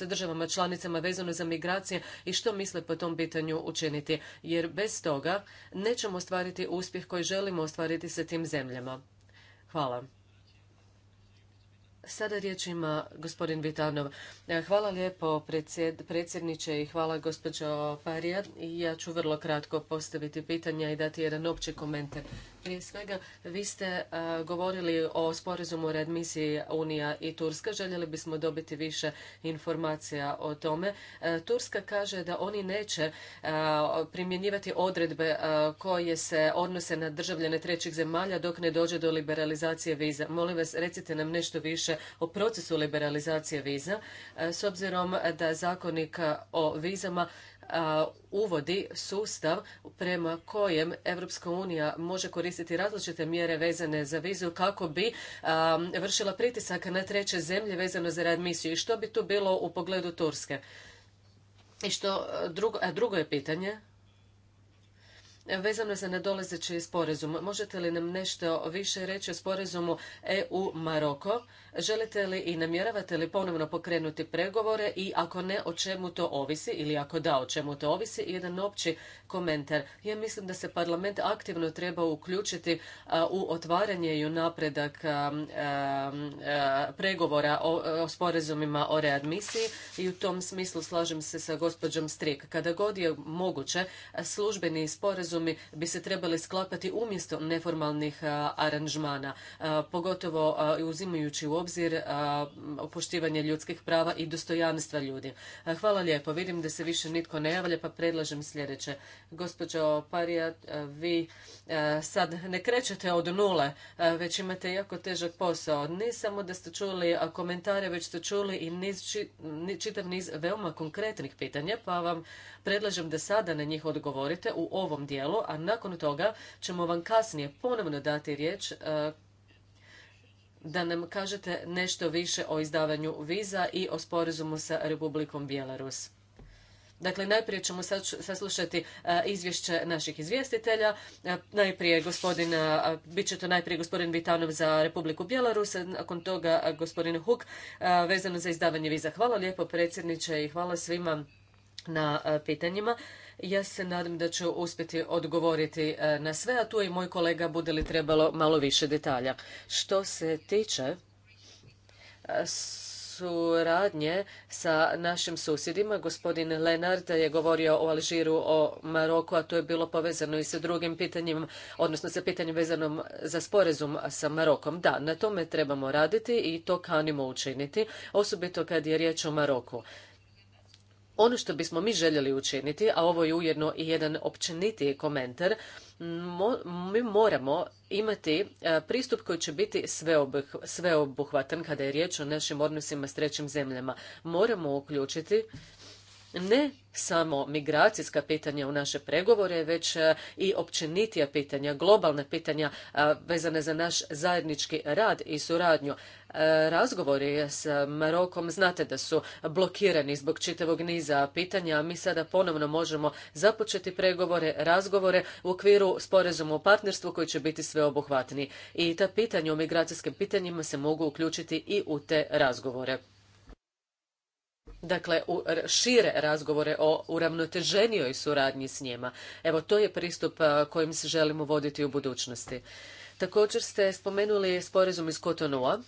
državama članicama vezano za migracije i što misle po tom pitanju učiniti. Jer bez toga nećemo ostvariti uspjeh koji želimo ostvariti sa tim zemljama. Hvala. Sada riječ ima gospodin Vitanov. E, hvala lijepo predsjedniče i hvala gospođo Parija. Ja ću vrlo kratko postaviti pitanja i dati jedan opći komentar. Prije svega, vi ste e, govorili o sporazumu o readmisiji Unija i Turska. Željeli bismo dobiti više informacija o tome. E, Turska kaže da oni neće e, primjenjivati odredbe koje se odnose na državljane trećih zemalja dok ne dođe do liberalizacije viza. Molim vas, recite nam nešto više o procesu liberalizacije viza, s obzirom da zakonik o vizama uvodi sustav prema kojem Europska unija može koristiti različite mjere vezane za vizu kako bi vršila pritisak na treće zemlje vezano za misiju i što bi tu bilo u pogledu Turske. I što drugo, a drugo je pitanje vezano za nedolezeći sporazum. Možete li nam nešto više reći o sporazumu EU Maroko? Želite li i namjeravate li ponovno pokrenuti pregovore i ako ne, o čemu to ovisi ili ako da, o čemu to ovisi? Jedan opći komentar. Ja mislim da se parlament aktivno treba uključiti u otvaranje i u napredak pregovora o, sporazumima o readmisiji i u tom smislu slažem se sa gospođom Strik. Kada god je moguće, službeni sporazumi bi se trebali sklapati umjesto neformalnih aranžmana, pogotovo uzimajući u obzir obzir poštivanje ljudskih prava i dostojanstva ljudi. Hvala lijepo. Vidim da se više nitko ne javlja, pa predlažem sljedeće. Gospođo Parija, vi sad ne krećete od nule, već imate jako težak posao. Ne samo da ste čuli komentare, već ste čuli i čitav niz veoma konkretnih pitanja, pa vam predlažem da sada na njih odgovorite u ovom dijelu, a nakon toga ćemo vam kasnije ponovno dati riječ da nam kažete nešto više o izdavanju viza i o sporazumu sa Republikom Bjelarus. Dakle, najprije ćemo saslušati izvješće naših izvjestitelja. Najprije gospodina, bit će to najprije gospodin Vitanov za Republiku Bjelarus, nakon toga gospodin Huk vezano za izdavanje viza. Hvala lijepo predsjedniče i hvala svima na pitanjima. Ja se nadam da ću uspjeti odgovoriti e, na sve, a tu je i moj kolega bude li trebalo malo više detalja. Što se tiče e, suradnje sa našim susjedima. Gospodin Lenard je govorio o Alžiru, o Maroku, a to je bilo povezano i sa drugim pitanjima, odnosno sa pitanjem vezanom za sporazum sa Marokom. Da, na tome trebamo raditi i to kanimo učiniti, osobito kad je riječ o Maroku. Ono što bismo mi željeli učiniti, a ovo je ujedno i jedan općenitiji komentar, mi moramo imati e, pristup koji će biti sveobuhvatan kada je riječ o našim odnosima s trećim zemljama. Moramo uključiti ne samo migracijska pitanja u naše pregovore, već e, i općenitija pitanja, globalna pitanja vezane za naš zajednički rad i suradnju. E, razgovori s Marokom znate da su blokirani zbog čitavog niza pitanja, a mi sada ponovno možemo započeti pregovore, razgovore u okviru sporazuma o partnerstvu koji će biti sveobuhvatni. I ta pitanja o migracijskim pitanjima se mogu uključiti i u te razgovore dakle šire razgovore o uravnoteženijoj suradnji s njima. Evo to je pristup kojim se želimo voditi u budućnosti. Također ste spomenuli sporazum iz Kotonua.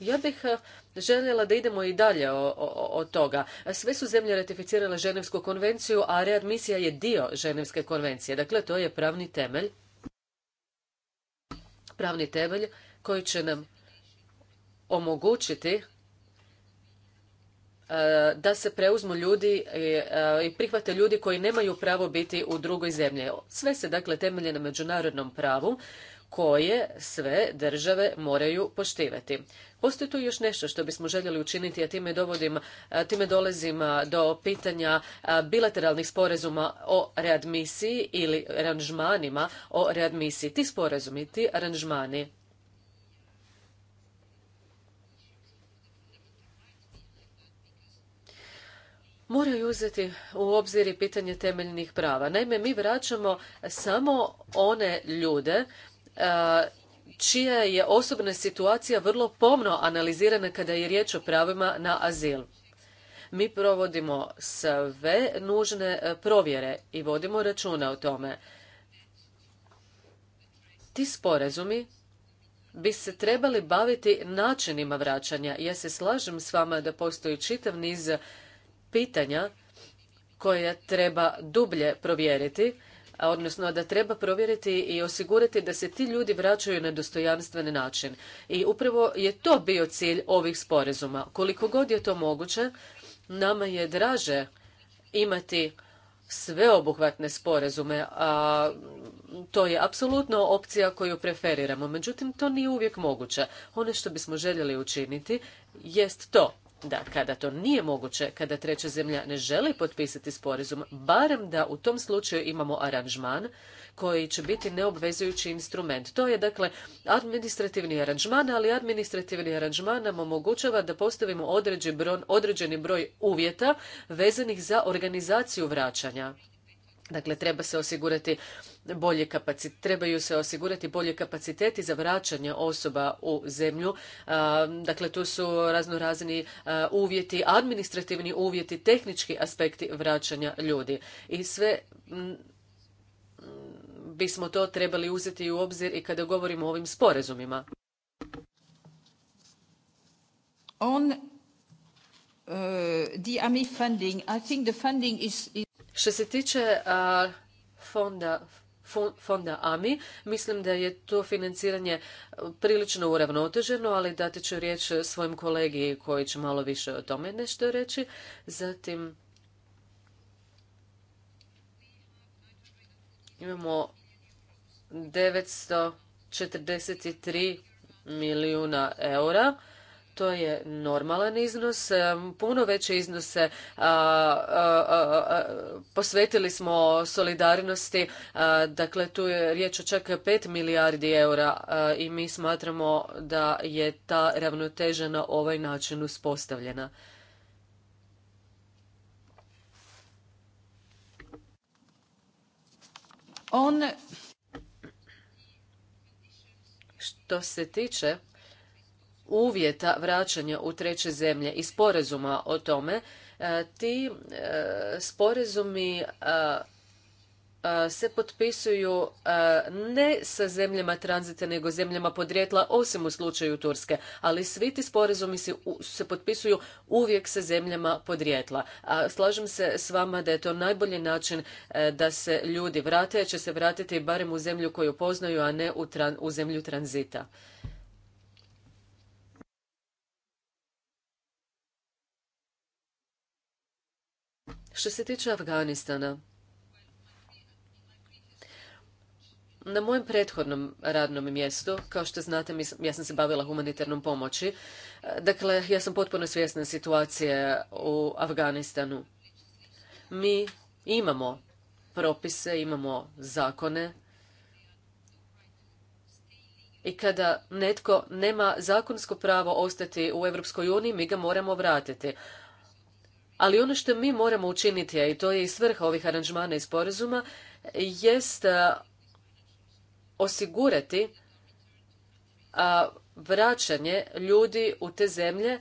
Ja bih željela da idemo i dalje od toga. Sve su zemlje ratificirale Ženevsku konvenciju, a readmisija je dio Ženevske konvencije. Dakle, to je pravni temelj. Pravni temelj koji će nam omogućiti e, da se preuzmu ljudi e, i prihvate ljudi koji nemaju pravo biti u drugoj zemlji. Sve se dakle temelje na međunarodnom pravu koje sve države moraju poštivati. Postoji tu još nešto što bismo željeli učiniti, a time, dovodim, time dolazim do pitanja bilateralnih sporazuma o readmisiji ili aranžmanima o readmisiji. Ti sporazumi, ti aranžmani moraju uzeti u obzir i pitanje temeljnih prava. Naime, mi vraćamo samo one ljude e, čija je osobna situacija vrlo pomno analizirana kada je riječ o pravima na azil. Mi provodimo sve nužne e, provjere i vodimo računa o tome. Ti sporazumi bi se trebali baviti načinima vraćanja. Ja se slažem s vama da postoji čitav niz pitanja koja treba dublje provjeriti, odnosno da treba provjeriti i osigurati da se ti ljudi vraćaju na dostojanstven način. I upravo je to bio cilj ovih sporazuma. Koliko god je to moguće, nama je draže imati sveobuhvatne sporazume, a to je apsolutno opcija koju preferiramo. Međutim, to nije uvijek moguće. Ono što bismo željeli učiniti jest to da kada to nije moguće, kada treća zemlja ne želi potpisati sporazum, barem da u tom slučaju imamo aranžman koji će biti neobvezujući instrument. To je dakle administrativni aranžman, ali administrativni aranžman nam omogućava da postavimo određeni broj uvjeta vezanih za organizaciju vraćanja Dakle, treba se osigurati bolje kapacit trebaju se osigurati bolji kapaciteti za vraćanje osoba u zemlju. Dakle, tu su raznorazni uvjeti, administrativni uvjeti, tehnički aspekti vraćanja ljudi. I sve bismo to trebali uzeti u obzir i kada govorimo o ovim sporazumima. On uh, the funding, I što se tiče fonda fonda AMI. Mislim da je to financiranje prilično uravnoteženo, ali dati ću riječ svojim kolegi koji će malo više o tome nešto reći. Zatim imamo 943 milijuna eura to je normalan iznos. E, puno veće iznose posvetili smo solidarnosti. E, dakle, tu je riječ o čak 5 milijardi eura e, i mi smatramo da je ta ravnoteža na ovaj način uspostavljena. On... Što se tiče uvjeta vraćanja u treće zemlje i sporazuma o tome, e, ti e, sporazumi e, se potpisuju ne sa zemljama tranzita nego zemljama podrijetla osim u slučaju Turske, ali svi ti sporazumi se, potpisuju uvijek sa zemljama podrijetla. A slažem se s vama da je to najbolji način da se ljudi vrate, jer će se vratiti barem u zemlju koju poznaju, a ne u zemlju tranzita. Što se tiče Afganistana, na mojem prethodnom radnom mjestu, kao što znate, ja sam se bavila humanitarnom pomoći. Dakle, ja sam potpuno svjesna situacije u Afganistanu. Mi imamo propise, imamo zakone i kada netko nema zakonsko pravo ostati u Europskoj uniji, mi ga moramo vratiti. Ali ono što mi moramo učiniti, a i to je i svrha ovih aranžmana i sporazuma, jest e, osigurati vraćanje ljudi u te zemlje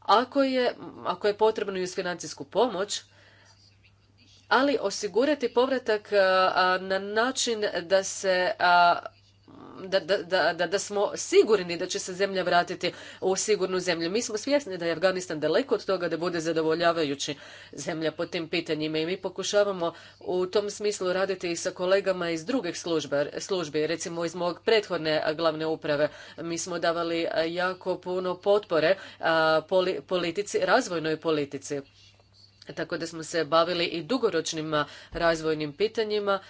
ako je, ako je potrebno i uz financijsku pomoć, ali osigurati povratak e, na način da se da, da, da, da smo sigurni da će se zemlja vratiti u sigurnu zemlju. Mi smo svjesni da je Afganistan daleko od toga da bude zadovoljavajući zemlja po tim pitanjima i mi pokušavamo u tom smislu raditi i sa kolegama iz drugih službi, recimo iz mog prethodne glavne uprave. Mi smo davali jako puno potpore politici, razvojnoj politici tako da smo se bavili i dugoročnim razvojnim pitanjima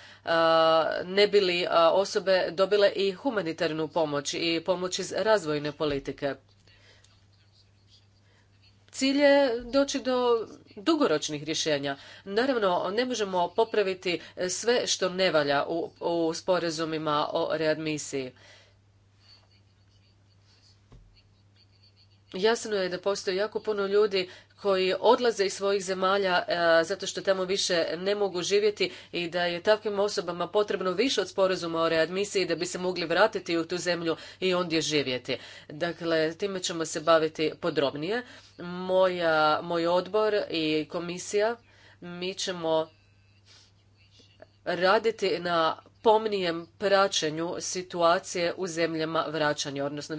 ne bi li osobe dobile i humanitarnu pomoć i pomoć iz razvojne politike. Cilj je doći do dugoročnih rješenja. Naravno, ne možemo popraviti sve što ne valja u, u sporazumima o readmisiji. Jasno je da postoji jako puno ljudi koji odlaze iz svojih zemalja e, zato što tamo više ne mogu živjeti i da je takvim osobama potrebno više od sporazuma o readmisiji da bi se mogli vratiti u tu zemlju i ondje živjeti. Dakle, time ćemo se baviti podrobnije. Moja, moj odbor i komisija, mi ćemo raditi na pomnijem praćenju situacije u zemljama vraćanja, odnosno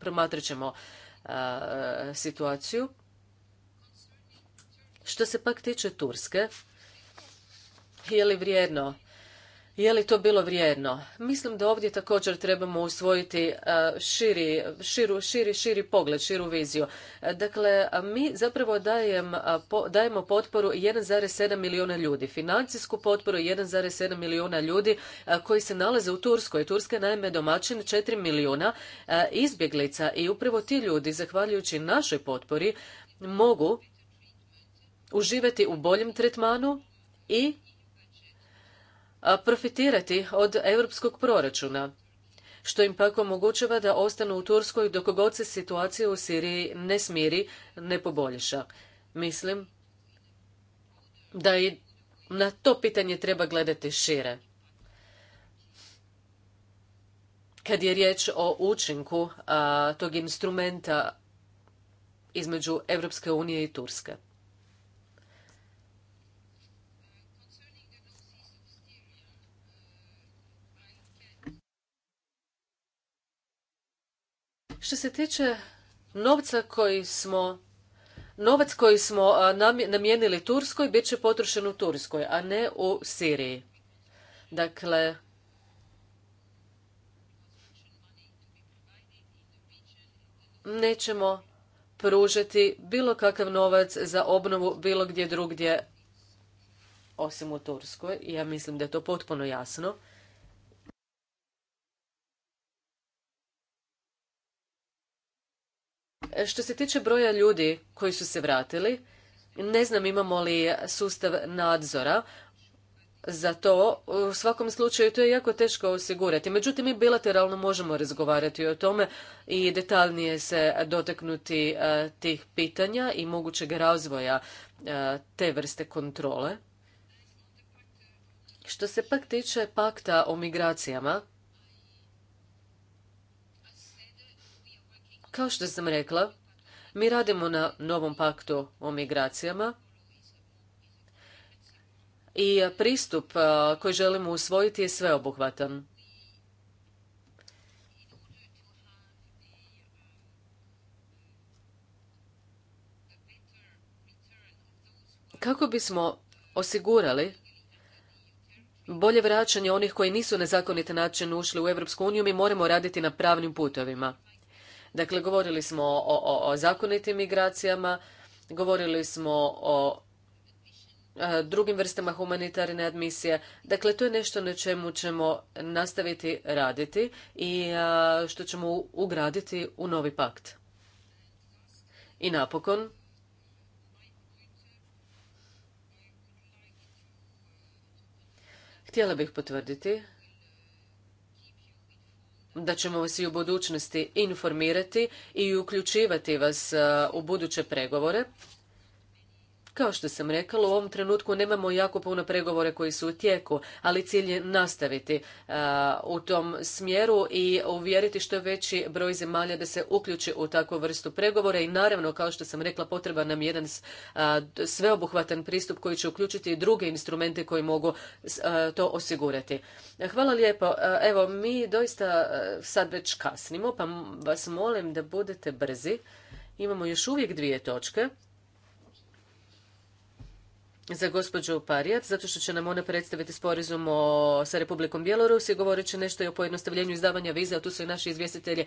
promatrat ćemo e, situaciju što se pak tiče Turske, je li vrijedno je li to bilo vrijedno? Mislim da ovdje također trebamo usvojiti e, širi, širu, širi, širi pogled, širu viziju. E, dakle, mi zapravo dajem, dajemo potporu 1,7 milijuna ljudi, financijsku potporu 1,7 milijuna ljudi koji se nalaze u Turskoj. Turska je naime domaćin 4 milijuna e, izbjeglica i upravo ti ljudi, zahvaljujući našoj potpori, mogu uživati u boljem tretmanu i profitirati od europskog proračuna, što im pak omogućava da ostanu u Turskoj dok god se situacija u Siriji ne smiri, ne poboljša. Mislim da i na to pitanje treba gledati šire. Kad je riječ o učinku tog instrumenta između Europske unije i Turske. Što se tiče novca koji smo Novac koji smo namijenili Turskoj bit će potrošen u Turskoj, a ne u Siriji. Dakle, nećemo pružiti bilo kakav novac za obnovu bilo gdje drugdje osim u Turskoj. Ja mislim da je to potpuno jasno. Što se tiče broja ljudi koji su se vratili, ne znam imamo li sustav nadzora za to. U svakom slučaju to je jako teško osigurati. Međutim, mi bilateralno možemo razgovarati o tome i detaljnije se dotaknuti e, tih pitanja i mogućeg razvoja e, te vrste kontrole. Što se pak tiče pakta o migracijama, Kao što sam rekla, mi radimo na novom paktu o migracijama i pristup koji želimo usvojiti je sveobuhvatan. Kako bismo osigurali bolje vraćanje onih koji nisu na zakonit način ušli u EU, uniju, mi moramo raditi na pravnim putovima. Dakle, govorili smo o, zakonitim migracijama, govorili smo o e, drugim vrstama humanitarne admisije. Dakle, to je nešto na čemu ćemo nastaviti raditi i e, što ćemo ugraditi u novi pakt. I napokon, htjela bih potvrditi da ćemo vas i u budućnosti informirati i uključivati vas e, u buduće pregovore kao što sam rekla, u ovom trenutku nemamo jako puno pregovore koji su u tijeku, ali cilj je nastaviti e, u tom smjeru i uvjeriti što veći broj zemalja da se uključi u takvu vrstu pregovora i naravno, kao što sam rekla, potreban nam jedan e, sveobuhvatan pristup koji će uključiti i druge instrumente koji mogu e, to osigurati. Hvala lijepo. Evo, mi doista sad već kasnimo, pa vas molim da budete brzi. Imamo još uvijek dvije točke za gospođu Parijat, zato što će nam ona predstaviti sporazum o, sa Republikom Bjelorusije, govorit će nešto i o pojednostavljenju izdavanja viza, a tu su i naši izvjestitelji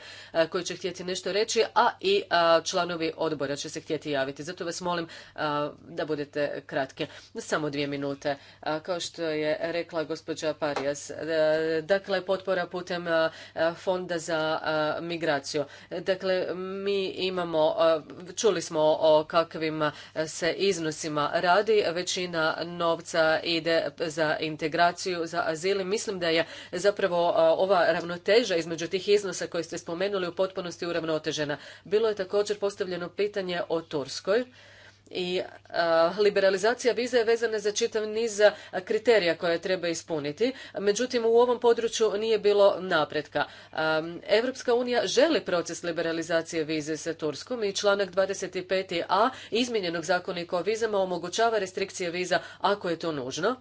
koji će htjeti nešto reći, a i članovi odbora će se htjeti javiti. Zato vas molim da budete kratke. Samo dvije minute. Kao što je rekla gospođa Parijas, dakle, potpora putem fonda za migraciju. Dakle, mi imamo, čuli smo o kakvim se iznosima radi, već većina novca ide za integraciju, za azil. Mislim da je zapravo ova ravnoteža između tih iznosa koje ste spomenuli u potpunosti uravnotežena. Bilo je također postavljeno pitanje o Turskoj i e, liberalizacija vize je vezana za čitav niz e, kriterija koje treba ispuniti. Međutim, u ovom području nije bilo napretka. A, e, Evropska unija želi proces liberalizacije vize sa Turskom i članak 25a izmijenjenog zakonika o vizama omogućava restrikcije viza ako je to nužno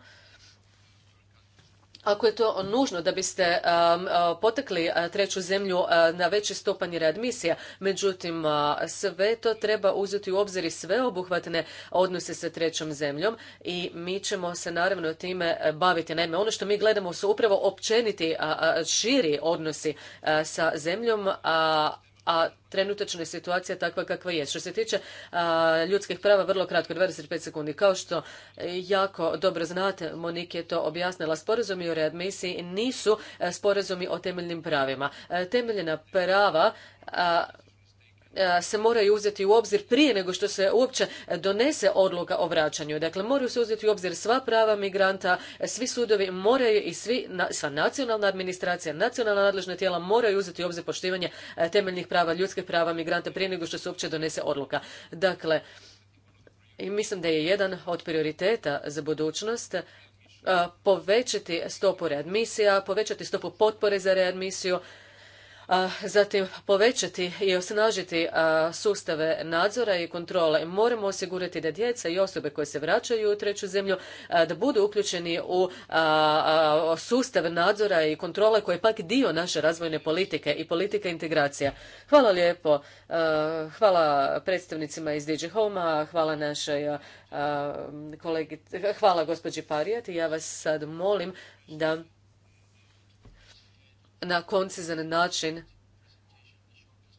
ako je to nužno da biste um, uh, potekli uh, treću zemlju uh, na veći stupanj readmisija, međutim sve to treba uzeti u obzir i sveobuhvatne odnose sa trećom zemljom i mi ćemo se naravno time baviti. Naime, ono što mi gledamo su upravo općeniti širi odnosi sa zemljom, a a trenutačno je situacija takva kakva je. Što se tiče ljudskih prava, vrlo kratko, 25 sekundi. Kao što e, jako dobro znate, Monik je to objasnila, sporazumi o readmisiji nisu e, sporazumi o temeljnim pravima. E, Temeljna prava E, se moraju uzeti u obzir prije nego što se uopće donese odluka o vraćanju. Dakle, moraju se uzeti u obzir sva prava migranta, svi sudovi moraju i svi, sva nacionalna administracija, nacionalna nadležna tijela moraju uzeti u obzir poštivanje e, temeljnih prava, ljudskih prava migranta prije nego što se uopće donese odluka. Dakle, mislim da je jedan od prioriteta za budućnost e, povećati stopu readmisija, povećati stopu potpore za readmisiju, zatim povećati i osnažiti sustave nadzora i kontrole. Moramo osigurati da djeca i osobe koje se vraćaju u treću zemlju da budu uključeni u sustav nadzora i kontrole koji je pak dio naše razvojne politike i politika integracija. Hvala lijepo. Hvala predstavnicima iz DJ Home-a, hvala našoj kolegi, hvala gospođi Parijat ja vas sad molim da na koncizan način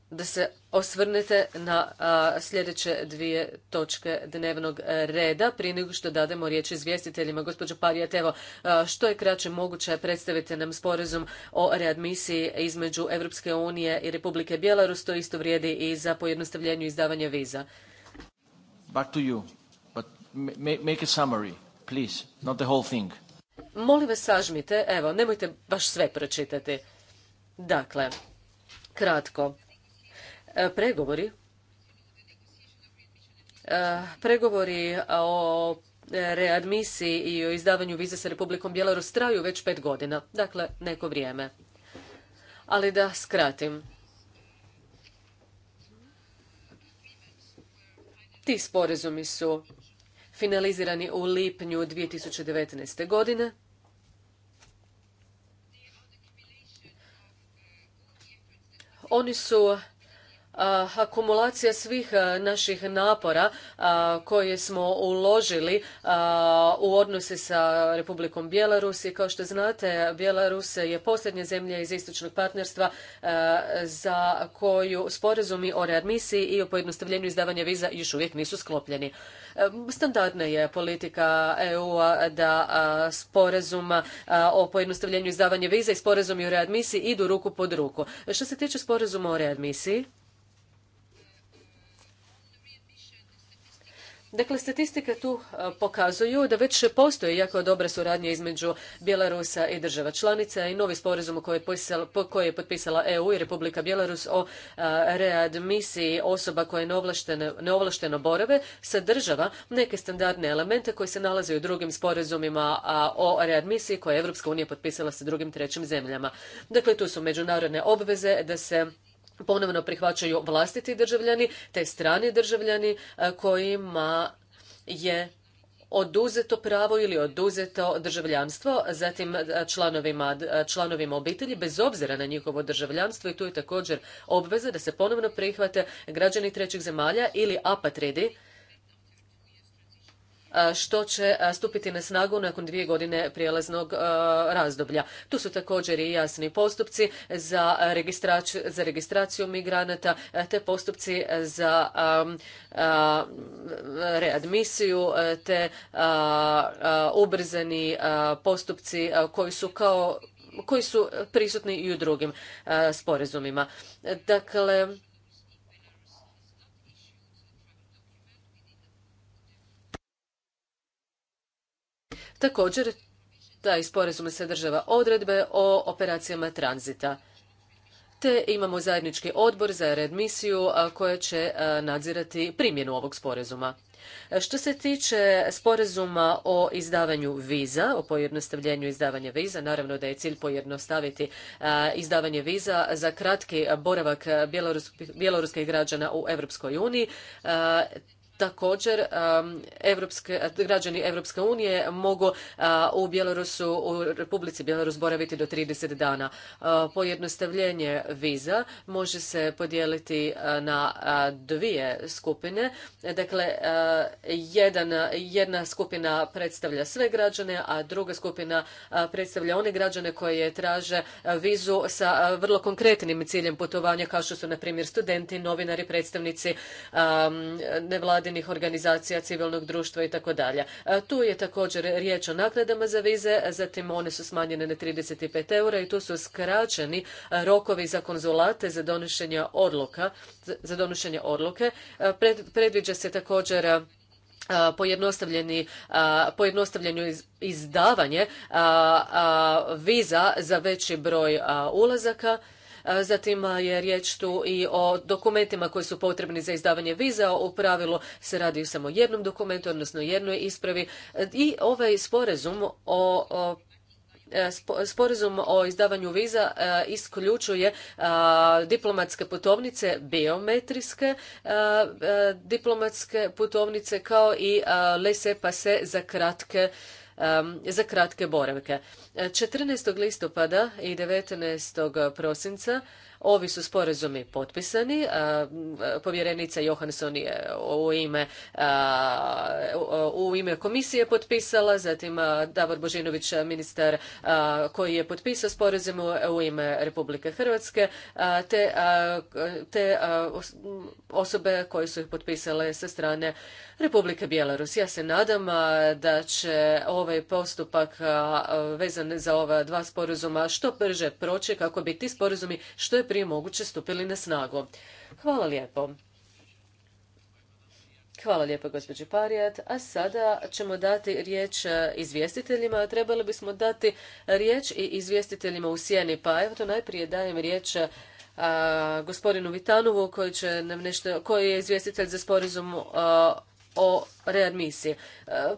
da se osvrnete na sljedeće dvije točke dnevnog reda prije nego što dademo riječ izvjestiteljima. Gospođo Parijat, evo, što je kraće moguće predstavite nam sporazum o readmisiji između Europske unije i Republike Bjelarus, to isto vrijedi i za pojednostavljenje izdavanja viza. Back to you, but make a summary, please, not the whole thing. Molim vas sažmite, evo, nemojte baš sve pročitati. Dakle, kratko. E, pregovori. E, pregovori o readmisiji i o izdavanju vize sa Republikom Bjelorus traju već pet godina, dakle neko vrijeme. Ali da skratim. Ti sporazumi su finalizirani u lipnju 2019. godine. Oni su akumulacija svih naših napora koje smo uložili u odnose sa Republikom Bjelarus i kao što znate Bjelarus je posljednja zemlja iz istočnog partnerstva za koju sporazumi o readmisiji i o pojednostavljenju izdavanja viza još uvijek nisu sklopljeni. Standardna je politika EU-a da sporazuma o pojednostavljenju izdavanja viza i sporazumi o readmisiji idu ruku pod ruku. Što se tiče sporazuma o readmisiji, Dakle, statistike tu e, pokazuju da već postoji jako dobra suradnja između Bjelarusa i država članica i novi sporazum koji je, potpisala, EU i Republika Bjelarus o e, readmisiji osoba koje neovlašteno borave sadržava neke standardne elemente koji se nalaze u drugim sporazumima o readmisiji koje je Europska unija potpisala sa drugim trećim zemljama. Dakle, tu su međunarodne obveze da se ponovno prihvaćaju vlastiti državljani te strani državljani e, kojima je oduzeto pravo ili oduzeto državljanstvo, zatim e, članovima, e, članovima obitelji bez obzira na njihovo državljanstvo i tu je također obveza da se ponovno prihvate građani trećih zemalja ili apatridi, što će stupiti na snagu nakon dvije godine prijelaznog razdoblja. Tu su također i jasni postupci za, registraciju migranata te postupci za readmisiju te ubrzani postupci koji su kao koji su prisutni i u drugim sporazumima. Dakle, Također, taj sporazum se odredbe o operacijama tranzita. Te imamo zajednički odbor za redmisiju koja će nadzirati primjenu ovog sporazuma. Što se tiče sporazuma o izdavanju viza, o pojednostavljenju izdavanja viza, naravno da je cilj pojednostaviti izdavanje viza za kratki boravak bjeloruskih građana u Europskoj uniji, također evropske, građani Europske unije mogu u Bjelorusu, u Republici Bjelorus boraviti do 30 dana. E, pojednostavljenje viza može se podijeliti e, na dvije skupine. Dakle, e, jedna skupina predstavlja sve građane, a druga skupina predstavlja one građane koje traže vizu sa vrlo konkretnim ciljem putovanja, kao što su, na primjer, studenti, novinari, predstavnici nevlade nevladinih organizacija, civilnog društva i tako dalje. E, tu je također riječ o naknadama za vize, zatim one su smanjene na 35 eura i tu su skraćeni e, rokovi za konzulate za donošenje odluka, za donošenje odluke. E, predviđa se također pojednostavljeno izdavanje viza za veći broj ulazaka Zatim je riječ tu i o dokumentima koji su potrebni za izdavanje viza. U pravilu se radi samo jednom dokumentu, odnosno jednoj ispravi. E, I ovaj sporazum o, e, sporazum o izdavanju viza e, isključuje diplomatske putovnice, biometrijske diplomatske putovnice kao i lese pase za kratke za kratke boravke. 14. listopada i 19. prosinca Ovi su sporazumi potpisani. Povjerenica Johansson je u ime, u ime komisije potpisala, zatim Davor Božinović, ministar koji je potpisao sporazum u ime Republike Hrvatske, te, te osobe koje su ih potpisale sa strane Republike Bjelorus. Ja se nadam da će ovaj postupak vezan za ova dva sporazuma što brže proći kako bi ti sporazumi što je prije moguće stupili na snagu. Hvala lijepo. Hvala lijepo, gospođi Parijat. A sada ćemo dati riječ izvjestiteljima. Trebali bismo dati riječ i izvjestiteljima u Sijeni Pa evo to najprije dajem riječ gospodinu Vitanovu koji, će nam nešto, koji je izvjestitelj za sporazum o readmisiji. E,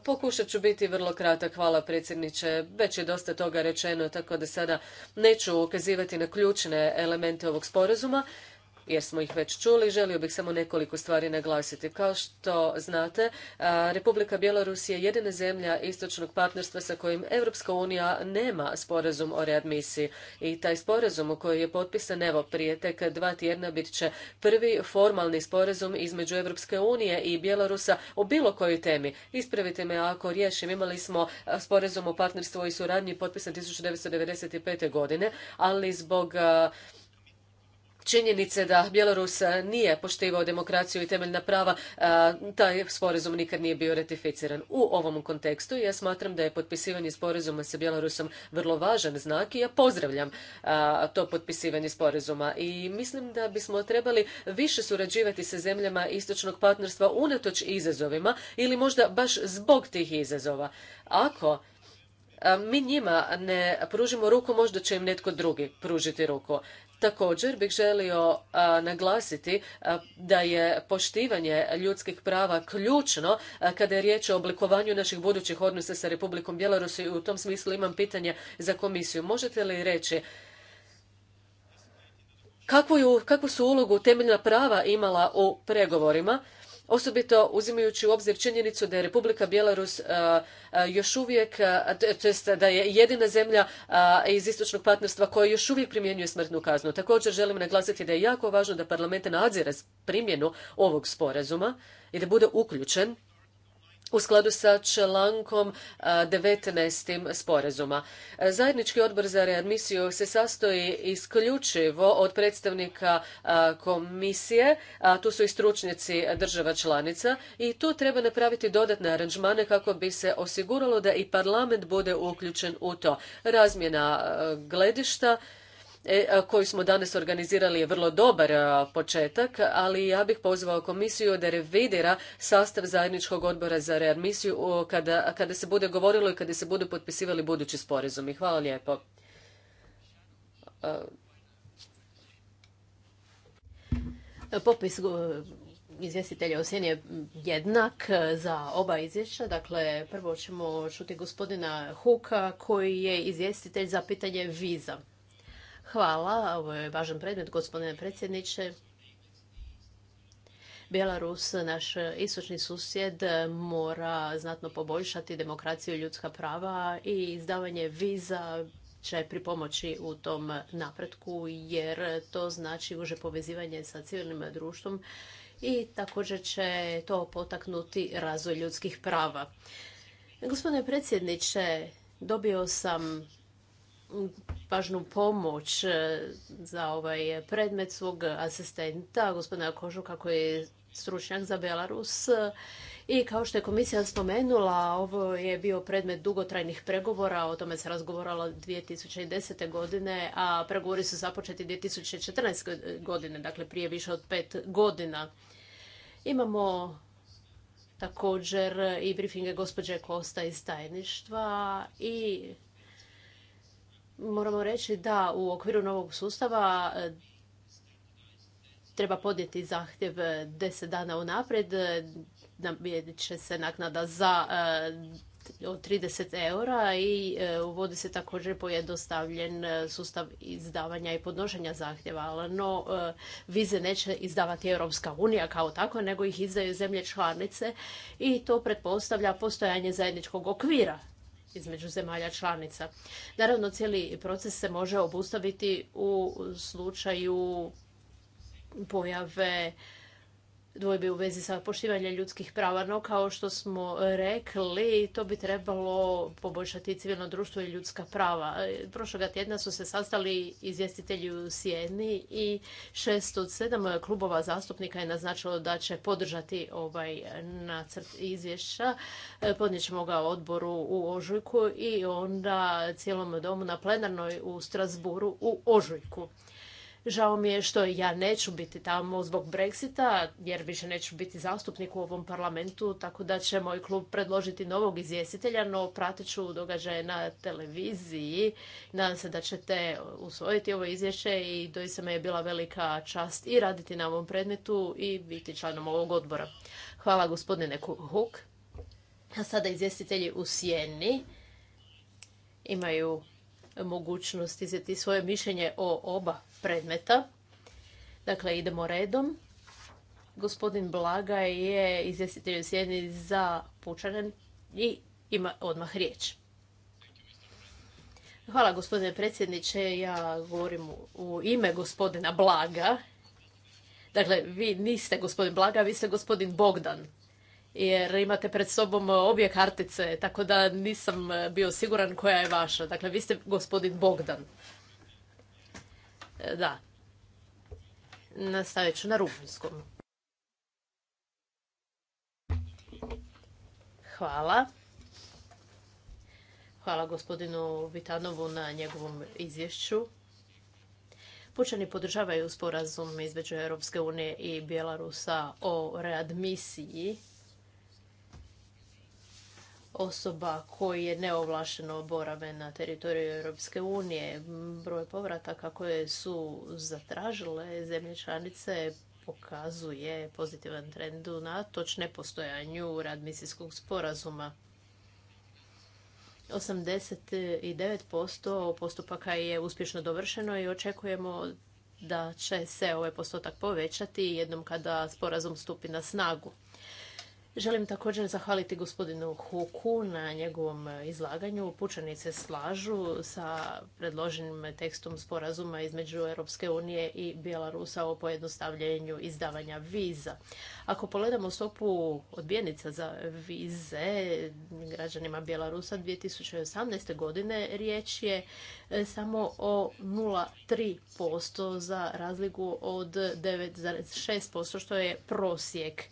pokušat ću biti vrlo kratak, hvala predsjedniče. Već je dosta toga rečeno, tako da sada neću ukazivati na ključne elemente ovog sporazuma jer smo ih već čuli, želio bih samo nekoliko stvari naglasiti. Kao što znate, Republika Bjelorus je jedina zemlja istočnog partnerstva sa kojim Europska unija nema sporazum o readmisiji i taj sporazum koji je potpisan evo prije tek dva tjedna bit će prvi formalni sporazum između Europske unije i Bjelorusa o bilo kojoj temi. Ispravite me ako riješim, imali smo sporazum o partnerstvu i suradnji potpisan 1995. godine, ali zbog činjenice da Bjelorus eh, nije poštivao demokraciju i temeljna prava, eh, taj sporazum nikad nije bio ratificiran. U ovom kontekstu ja smatram da je potpisivanje sporazuma sa Bjelorusom vrlo važan znak i ja pozdravljam eh, to potpisivanje sporazuma i mislim da bismo trebali više surađivati sa zemljama istočnog partnerstva unatoč izazovima ili možda baš zbog tih izazova. Ako mi njima ne pružimo ruku, možda će im netko drugi pružiti ruku. Također bih želio naglasiti da je poštivanje ljudskih prava ključno kada je riječ o oblikovanju naših budućih odnosa sa Republikom Bjelorusu i u tom smislu imam pitanje za komisiju. Možete li reći kakvu su ulogu temeljna prava imala u pregovorima osobito uzimajući u obzir činjenicu da je Republika Bjelarus e, e, još uvijek, e, tj. da je jedina zemlja iz istočnog partnerstva koja još uvijek primjenjuje smrtnu kaznu. Također želim naglasiti da je jako važno da parlament nadzire primjenu ovog sporazuma i da bude uključen u skladu sa člankom 19. E, sporazuma. E, zajednički odbor za readmisiju se sastoji isključivo od predstavnika e, komisije, a tu su i stručnjaci država članica i tu treba napraviti dodatne aranžmane kako bi se osiguralo da i parlament bude uključen u to. Razmjena gledišta, E, koju smo danas organizirali je vrlo dobar početak, ali ja bih pozvao komisiju da revidira sastav zajedničkog odbora za readmisiju kada, kada se bude govorilo i kada se budu potpisivali budući sporazumi. Hvala lijepo. Popis e, izvjestitelja Osijen je jednak e, za oba izvješća. Dakle, prvo ćemo čuti gospodina Huka koji je izvjestitelj za pitanje viza. Hvala, ovo je važan predmet, gospodine predsjedniče. Bjelarus, naš istočni susjed, mora znatno poboljšati demokraciju i ljudska prava i izdavanje viza će pripomoći u tom napretku jer to znači uže povezivanje sa civilnim društvom i također će to potaknuti razvoj ljudskih prava. Gospodine predsjedniče, dobio sam važnu pomoć e, za ovaj predmet svog asistenta, gospodina Kožuka, kako je stručnjak za Belarus. I kao što je komisija spomenula, ovo je bio predmet dugotrajnih pregovora, o tome se razgovaralo 2010. godine, a pregovori su započeti 2014. godine, dakle prije više od pet godina. Imamo također i briefinge gospođe Kosta iz tajništva i moramo reći da u okviru novog sustava e, treba podnijeti zahtjev 10 dana unaprijed, e, namjerit će se naknada za e, od 30 eura i uvodi se također pojednostavljen sustav izdavanja i podnošenja zahtjeva. No, vize neće izdavati Europska unija kao tako, nego ih izdaju zemlje članice i to pretpostavlja postojanje zajedničkog okvira između zemalja članica. Naravno, cijeli proces se može obustaviti u slučaju pojave dvojbi u vezi sa poštivanjem ljudskih prava, no kao što smo rekli, to bi trebalo poboljšati civilno društvo i ljudska prava. Prošloga tjedna su se sastali izvjestitelji u Sijeni i šest od sedam klubova zastupnika je naznačilo da će podržati ovaj nacrt izvješća. Podnijet ćemo ga odboru u Ožujku i onda cijelom domu na plenarnoj u Strasburu u Ožujku. Žao mi je što ja neću biti tamo zbog Brexita, jer više neću biti zastupnik u ovom parlamentu, tako da će moj klub predložiti novog izvjestitelja, no pratit ću događaje na televiziji. Nadam se da ćete usvojiti ovo izvješće i doista me je bila velika čast i raditi na ovom predmetu i biti članom ovog odbora. Hvala gospodine Huk. A sada izvjestitelji u Sjeni imaju mogućnost izjeti svoje mišljenje o oba predmeta. Dakle, idemo redom. Gospodin Blaga je izvjestitelj u sjeni za pučanen i ima odmah riječ. Hvala gospodine predsjedniče, ja govorim u ime gospodina Blaga. Dakle, vi niste gospodin Blaga, vi ste gospodin Bogdan. Jer imate pred sobom obje kartice, tako da nisam bio siguran koja je vaša. Dakle, vi ste gospodin Bogdan. E, da. Nastavit ću na rumunjskom. Hvala. Hvala gospodinu Vitanovu na njegovom izvješću. Pučani podržavaju sporazum između Europske unije i Bjelarusa o readmisiji osoba je neovlašeno borave na teritoriju Europske unije. Broj povrataka koje su zatražile zemlje članice pokazuje pozitivan trend unatoč nepostojanju radmisijskog sporazuma. 89% postupaka je uspješno dovršeno i očekujemo da će se ovaj postotak povećati jednom kada sporazum stupi na snagu. Želim također zahvaliti gospodinu Huku na njegovom izlaganju. Pučani se slažu sa predloženim tekstom sporazuma između Europske unije i Bjelarusa o pojednostavljenju izdavanja viza. Ako pogledamo stopu odbijenica za vize građanima Bjelarusa 2018. godine, riječ je e, samo o 0,3% za razliku od 9,6% što je prosjek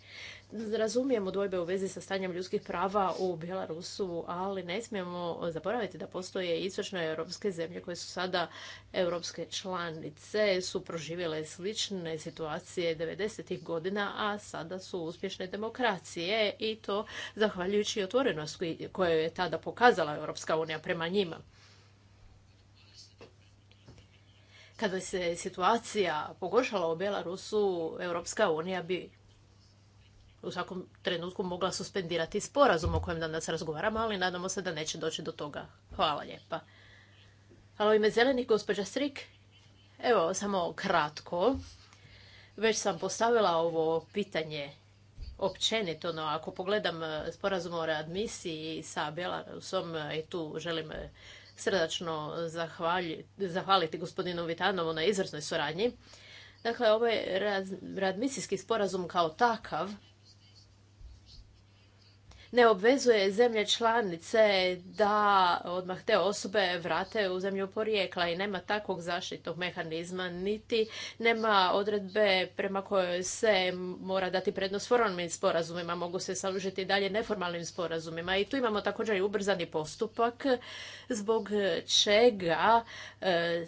razumijemo dvojbe u vezi sa stanjem ljudskih prava u Bjelarusu, ali ne smijemo zaboraviti da postoje istočne europske zemlje koje su sada europske članice, su proživjele slične situacije 90. godina, a sada su uspješne demokracije i to zahvaljujući otvorenosti koju je tada pokazala Europska unija prema njima. Kada se situacija pogoršala u belarusu Europska unija bi u svakom trenutku mogla suspendirati sporazum o kojem danas razgovaramo, ali nadamo se da neće doći do toga. Hvala lijepa. Hvala ime zelenih, gospođa Strik. Evo, samo kratko. Već sam postavila ovo pitanje općenito, no ako pogledam e, sporazum o readmisiji sa Bjelarusom e, i tu želim e, srdačno zahvaliti gospodinu Vitanovu na izvrsnoj suradnji. Dakle, ovaj readmisijski sporazum kao takav ne obvezuje zemlje članice da odmah te osobe vrate u zemlju porijekla i nema takvog zaštitnog mehanizma, niti nema odredbe prema kojoj se mora dati prednost formalnim sporazumima, mogu se i dalje neformalnim sporazumima. I tu imamo također i ubrzani postupak zbog čega e,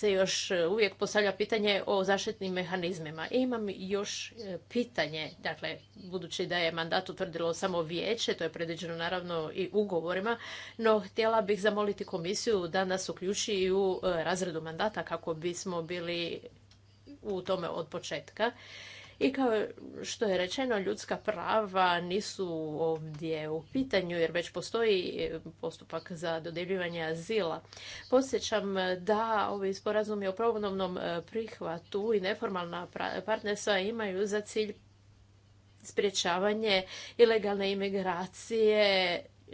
se još e, uvijek postavlja pitanje o zaštitnim mehanizmima. I imam još e, pitanje, dakle, budući da je mandat utvrdilo samo vijeće, to je predviđeno naravno i ugovorima, no htjela bih zamoliti komisiju da nas uključi u e, razredu mandata kako bismo bili u tome od početka. I kao što je rečeno, ljudska prava nisu ovdje u pitanju jer već postoji postupak za dodjeljivanje azila. Podsjećam da ovi sporazumi o probnovnom e, prihvatu i neformalna partnerstva imaju za cilj sprječavanje ilegalne imigracije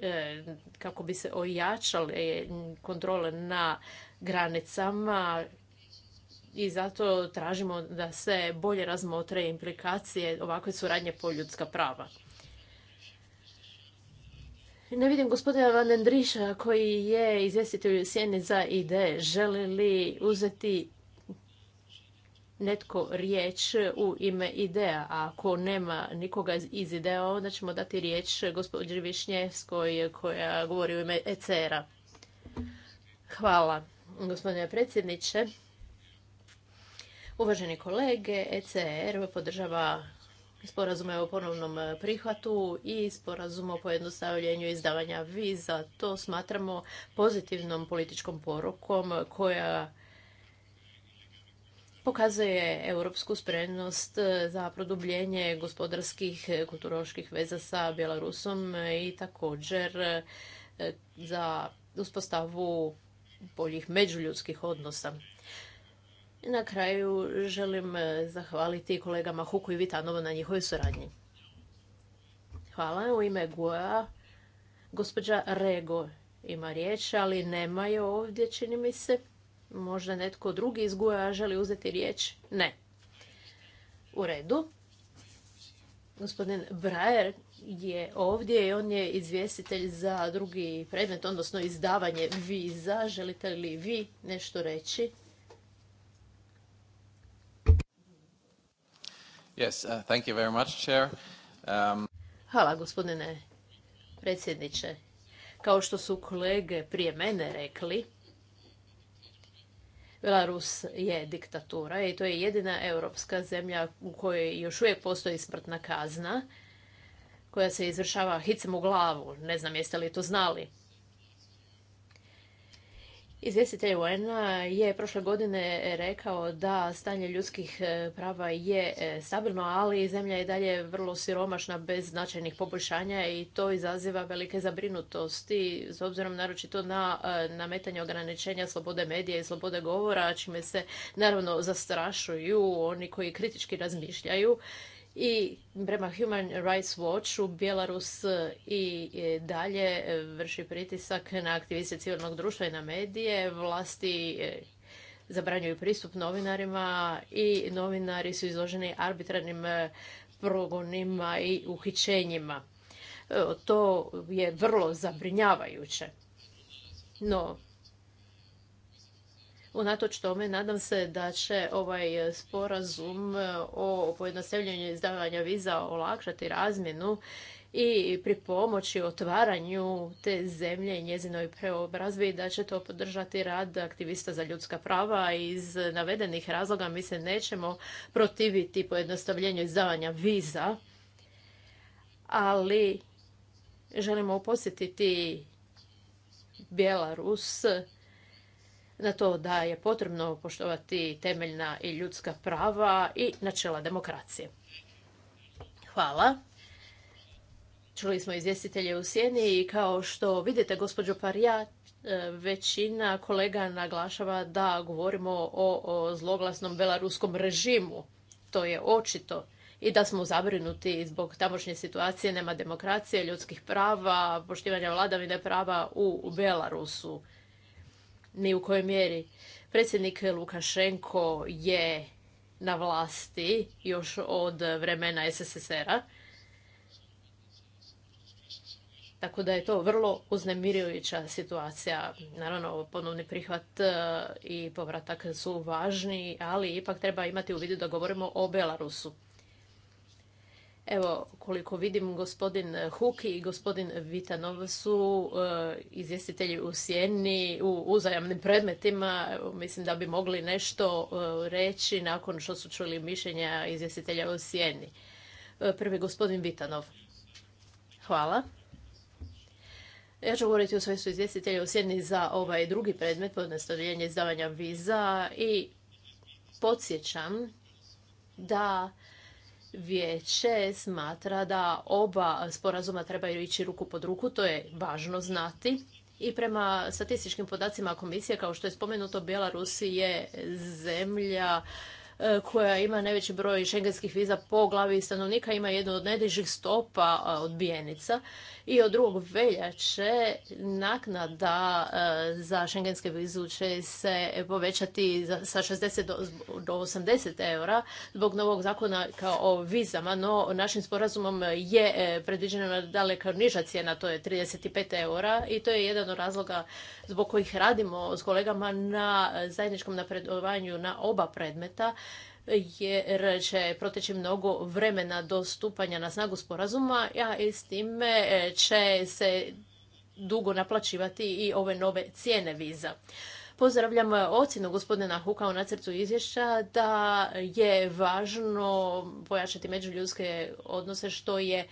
e, kako bi se ojačale kontrole na granicama i zato tražimo da se bolje razmotre implikacije ovakve suradnje po ljudska prava. Ne vidim gospodina Van koji je izvjestitelj sjene za ide. Želi li uzeti netko riječ u ime ideja, a ako nema nikoga iz ideja, onda ćemo dati riječ gospođi Višnjevskoj koja govori u ime ECR-a. Hvala, gospodine predsjedniče. Uvaženi kolege, ECR podržava sporazume o ponovnom prihvatu i sporazum o pojednostavljenju izdavanja viza. To smatramo pozitivnom političkom porukom koja pokazuje europsku spremnost za produbljenje gospodarskih, kulturoških veza sa Bjelarusom i također e, za uspostavu boljih međuljudskih odnosa. Na kraju želim e, zahvaliti kolegama Huku i Vitanova na njihovoj suradnji. Hvala. U ime gua gospođa Rego ima riječ, ali nema je ovdje, čini mi se. Možda netko drugi iz Goja želi uzeti riječ? Ne. U redu. Gospodin Brajer je ovdje i on je izvjestitelj za drugi predmet, odnosno izdavanje viza. Želite li vi nešto reći? Uh, um, Hvala, gospodine predsjedniče. Kao što su kolege prije mene rekli, Belarus je diktatura i to je jedina europska zemlja u kojoj još uvijek postoji smrtna kazna koja se izvršava hicem u glavu. Ne znam jeste li to znali. Izvjestitelj un je prošle godine rekao da stanje ljudskih e, prava je e, stabilno, ali zemlja je dalje vrlo siromašna bez značajnih poboljšanja i to izaziva velike zabrinutosti s obzirom naročito na e, nametanje ograničenja slobode medija i slobode govora, čime se naravno zastrašuju oni koji kritički razmišljaju i prema Human Rights Watch u Bjelarus i dalje e, vrši pritisak na aktiviste civilnog društva i na medije. Vlasti e, zabranjuju pristup novinarima i novinari su izloženi arbitrarnim e, progonima i uhićenjima. To je vrlo zabrinjavajuće. No, Unatoč tome, nadam se da će ovaj sporazum e, o pojednostavljanju izdavanja viza olakšati razmjenu i pripomoći otvaranju te zemlje i njezinoj preobrazbi da će to podržati rad aktivista za ljudska prava. Iz navedenih razloga mi se nećemo protiviti pojednostavljenju izdavanja viza, ali želimo posjetiti Bjelarus na to da je potrebno poštovati temeljna i ljudska prava i načela demokracije. Hvala. Čuli smo izvjestitelje u sjeni i kao što vidite, gospođo Parija, e, većina kolega naglašava da govorimo o, zloglasnom belaruskom režimu. To je očito i da smo zabrinuti zbog tamošnje situacije, nema demokracije, ljudskih prava, poštivanja vladavine prava u Belarusu ni u kojoj mjeri. Predsjednik Lukašenko je na vlasti još od vremena SSSR-a. Tako da je to vrlo uznemirujuća situacija. Naravno, ponovni prihvat e, i povratak su važni, ali ipak treba imati u vidu da govorimo o Belarusu. Evo, koliko vidim, gospodin Huki i gospodin Vitanov su e, izvjestitelji u sjeni u uzajamnim predmetima. mislim da bi mogli nešto e, reći nakon što su čuli mišljenja izvjestitelja u sjeni. E, prvi gospodin Vitanov. Hvala. Ja ću govoriti u svojstvu izvjestitelja u sjeni za ovaj drugi predmet, podnestavljenje izdavanja viza i podsjećam da vijeće smatra da oba sporazuma trebaju ići ruku pod ruku, to je važno znati. I prema statističkim podacima komisije, kao što je spomenuto, Bjelarus je zemlja E, koja ima najveći broj šengenskih viza po glavi stanovnika, ima jednu od najnižih stopa e, odbijenica i od drugog veljače naknada e, za šengenske vizu će se povećati sa 60 do 80 eura zbog novog zakona kao o vizama, no našim sporazumom je predviđena daleka niža cijena, to je 35 eura i to je jedan od razloga zbog kojih radimo s kolegama na zajedničkom napredovanju na oba predmeta jer će proteći mnogo vremena do stupanja na snagu sporazuma, a i s time e, će se dugo naplaćivati i ove nove cijene viza. Pozdravljam ocjenu gospodina Huka u nacrtu izvješća da je važno pojačati međuljudske odnose što je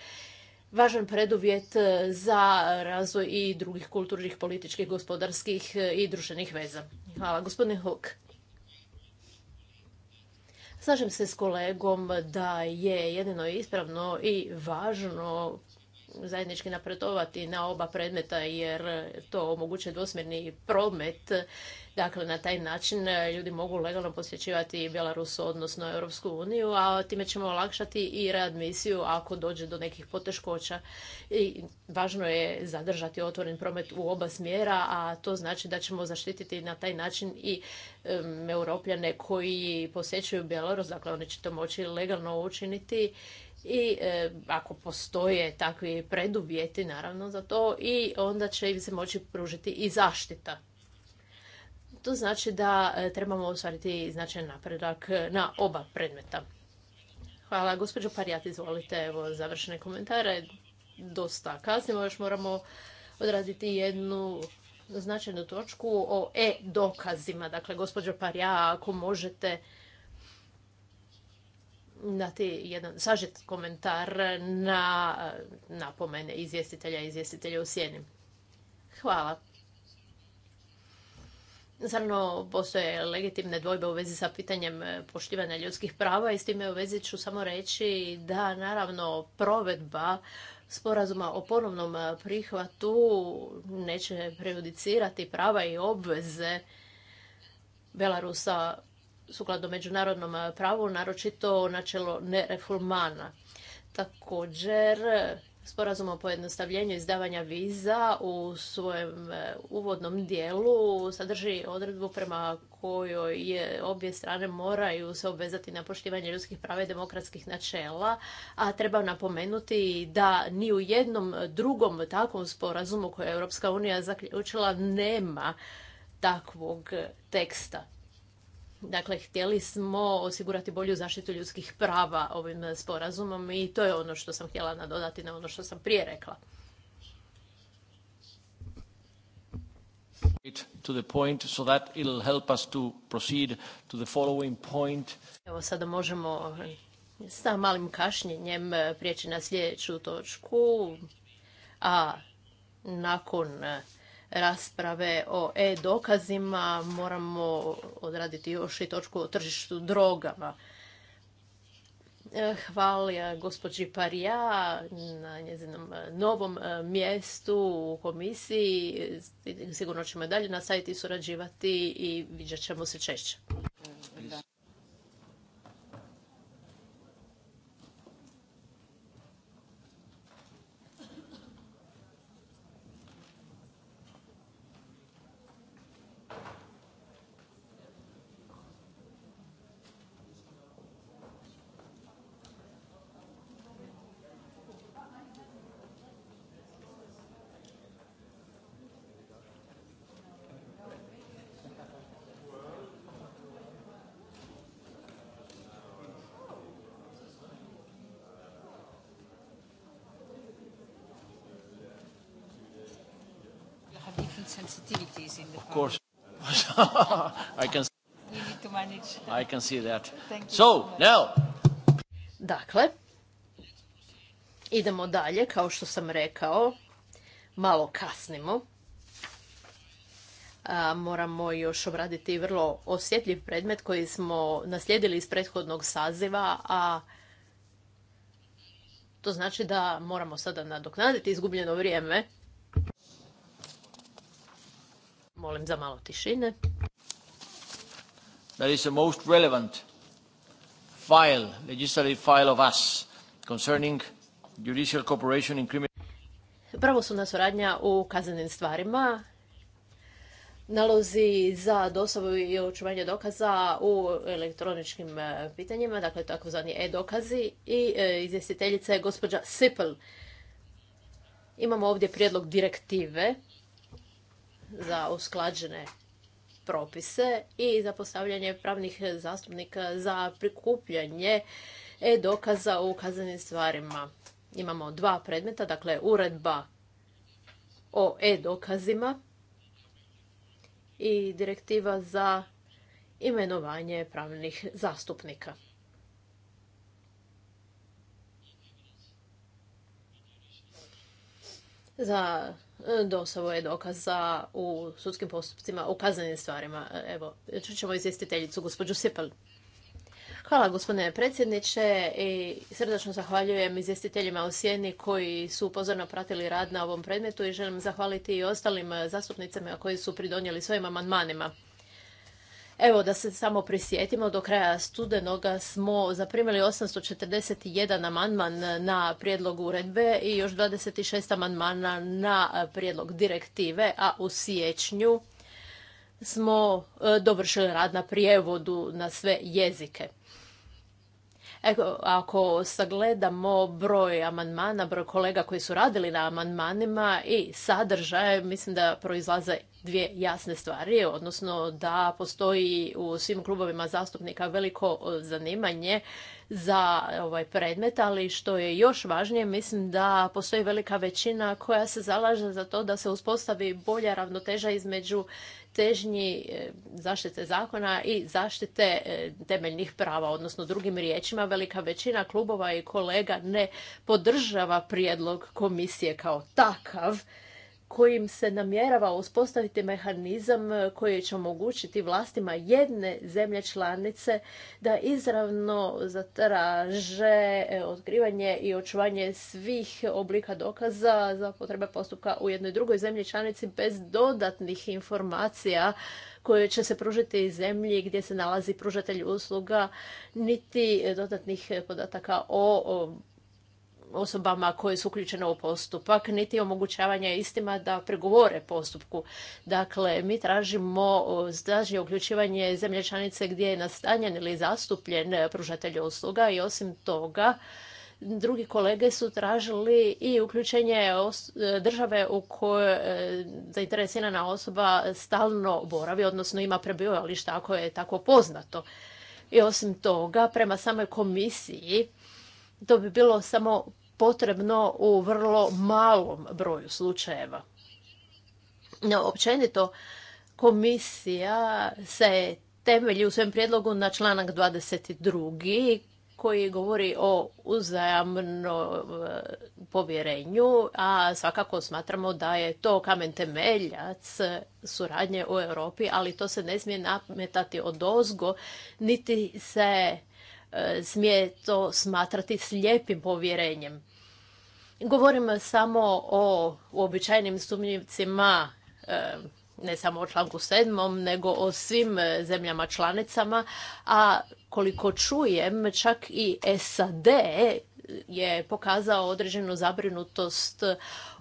važan preduvjet za razvoj i drugih kulturnih, političkih, gospodarskih i društvenih veza. Hvala. Gospodine Huk. Slažem se s kolegom da je jedino ispravno i važno zajednički napretovati na oba predmeta jer to omogućuje dvosmjerni promet. Dakle, na taj način ljudi mogu legalno posjećivati Belarus, odnosno Europsku uniju, a time ćemo olakšati i readmisiju ako dođe do nekih poteškoća. I važno je zadržati otvoren promet u oba smjera, a to znači da ćemo zaštititi na taj način i um, europljane koji posjećuju Belarus, dakle oni će to moći legalno učiniti i e, ako postoje takvi preduvjeti naravno za to i onda će im se moći pružiti i zaštita. To znači da e, trebamo ostvariti značajan napredak na oba predmeta. Hvala. Gospođo Parijat, izvolite, evo, završene komentare. Dosta kasnimo, još moramo odraditi jednu značajnu točku o e-dokazima. Dakle, gospođo Parija, ako možete dati jedan sažet komentar na napomene izvjestitelja i izvjestitelja u sjeni. Hvala. Naravno, postoje legitimne dvojbe u vezi sa pitanjem poštivanja ljudskih prava i s time u vezi ću samo reći da naravno provedba sporazuma o ponovnom prihvatu neće prejudicirati prava i obveze Belarusa sukladno međunarodnom e, pravu, naročito načelo nereformana. Također, e, sporazum o pojednostavljenju izdavanja viza u svojem e, uvodnom dijelu sadrži odredbu prema kojoj je obje strane moraju se obvezati na poštivanje ljudskih prava i demokratskih načela, a treba napomenuti da ni u jednom drugom takvom sporazumu koje je Europska unija zaključila nema takvog teksta. Dakle, htjeli smo osigurati bolju zaštitu ljudskih prava ovim sporazumom i to je ono što sam htjela nadodati na ono što sam prije rekla. To the point to proceed point. Evo sada možemo e, sa malim kašnjenjem prijeći na sljedeću točku, a nakon rasprave o e-dokazima moramo odraditi još i točku o tržištu drogama. E, hvala gospođi Parija na njezinom e, novom e, mjestu u komisiji. Sigurno ćemo dalje na surađivati i vidjet ćemo se češće. Dakle, idemo dalje, kao što sam rekao. Malo kasnimo. moramo još obraditi vrlo osjetljiv predmet koji smo naslijedili iz prethodnog saziva, a to znači da moramo sada nadoknaditi izgubljeno vrijeme Molim za malo tišine. That is the most relevant file, legislative file of us concerning judicial cooperation in criminal... Pravosudna suradnja u kaznenim stvarima nalozi za dostavu i očuvanje dokaza u elektroničkim e, pitanjima, dakle takozvani e-dokazi i e, izvjestiteljica je gospođa Sipel. Imamo ovdje prijedlog direktive za usklađene propise i za postavljanje pravnih zastupnika za prikupljanje e-dokaza u kaznenim stvarima. Imamo dva predmeta, dakle uredba o e-dokazima i direktiva za imenovanje pravnih zastupnika. Za E, dosavu je dokaza u sudskim postupcima, u kaznenim stvarima. E, evo, čućemo izvjestiteljicu, gospođu Sipal. Hvala gospodine predsjedniče i srdačno zahvaljujem izvjestiteljima u Sjeni koji su pozorno pratili rad na ovom predmetu i želim zahvaliti i ostalim zastupnicama koji su pridonijeli svojim amandmanima. Evo da se samo prisjetimo, do kraja studenoga smo zaprimili 841 amandman na prijedlog uredbe i još 26 amandmana na prijedlog direktive, a u siječnju smo e, dovršili rad na prijevodu na sve jezike. Eko, ako sagledamo broj amandmana, broj kolega koji su radili na amandmanima i sadržaje, mislim da proizlaze dvije jasne stvari, odnosno da postoji u svim klubovima zastupnika veliko zanimanje za ovaj predmet, ali što je još važnije, mislim da postoji velika većina koja se zalaže za to da se uspostavi bolja ravnoteža između težnji e, zaštite zakona i zaštite e, temeljnih prava, odnosno drugim riječima velika većina klubova i kolega ne podržava prijedlog komisije kao takav, kojim se namjerava uspostaviti mehanizam koji će omogućiti vlastima jedne zemlje članice da izravno zatraže e, otkrivanje i očuvanje svih oblika dokaza za potrebe postupka u jednoj drugoj zemlji članici bez dodatnih informacija koje će se pružiti zemlji gdje se nalazi pružatelj usluga niti dodatnih podataka o osobama koje su uključene u postupak, niti omogućavanje istima da pregovore postupku. Dakle, mi tražimo zdražnje uključivanje zemlje članice gdje je nastanjen ili zastupljen pružatelj usluga i osim toga, drugi kolege su tražili i uključenje države u kojoj e, zainteresirana osoba stalno boravi, odnosno ima prebivalište ako je tako poznato. I osim toga, prema samoj komisiji, to bi bilo samo potrebno u vrlo malom broju slučajeva. No, općenito, komisija se temelji u svojem prijedlogu na članak 22 koji govori o uzajamnom e, povjerenju, a svakako smatramo da je to kamen temeljac suradnje u Europi, ali to se ne smije nametati od ozgo, niti se E, smije to smatrati slijepim povjerenjem. Govorim samo o uobičajenim sumnjivcima, e, ne samo o članku sedmom, nego o svim e, zemljama članicama, a koliko čujem, čak i SAD je pokazao određenu zabrinutost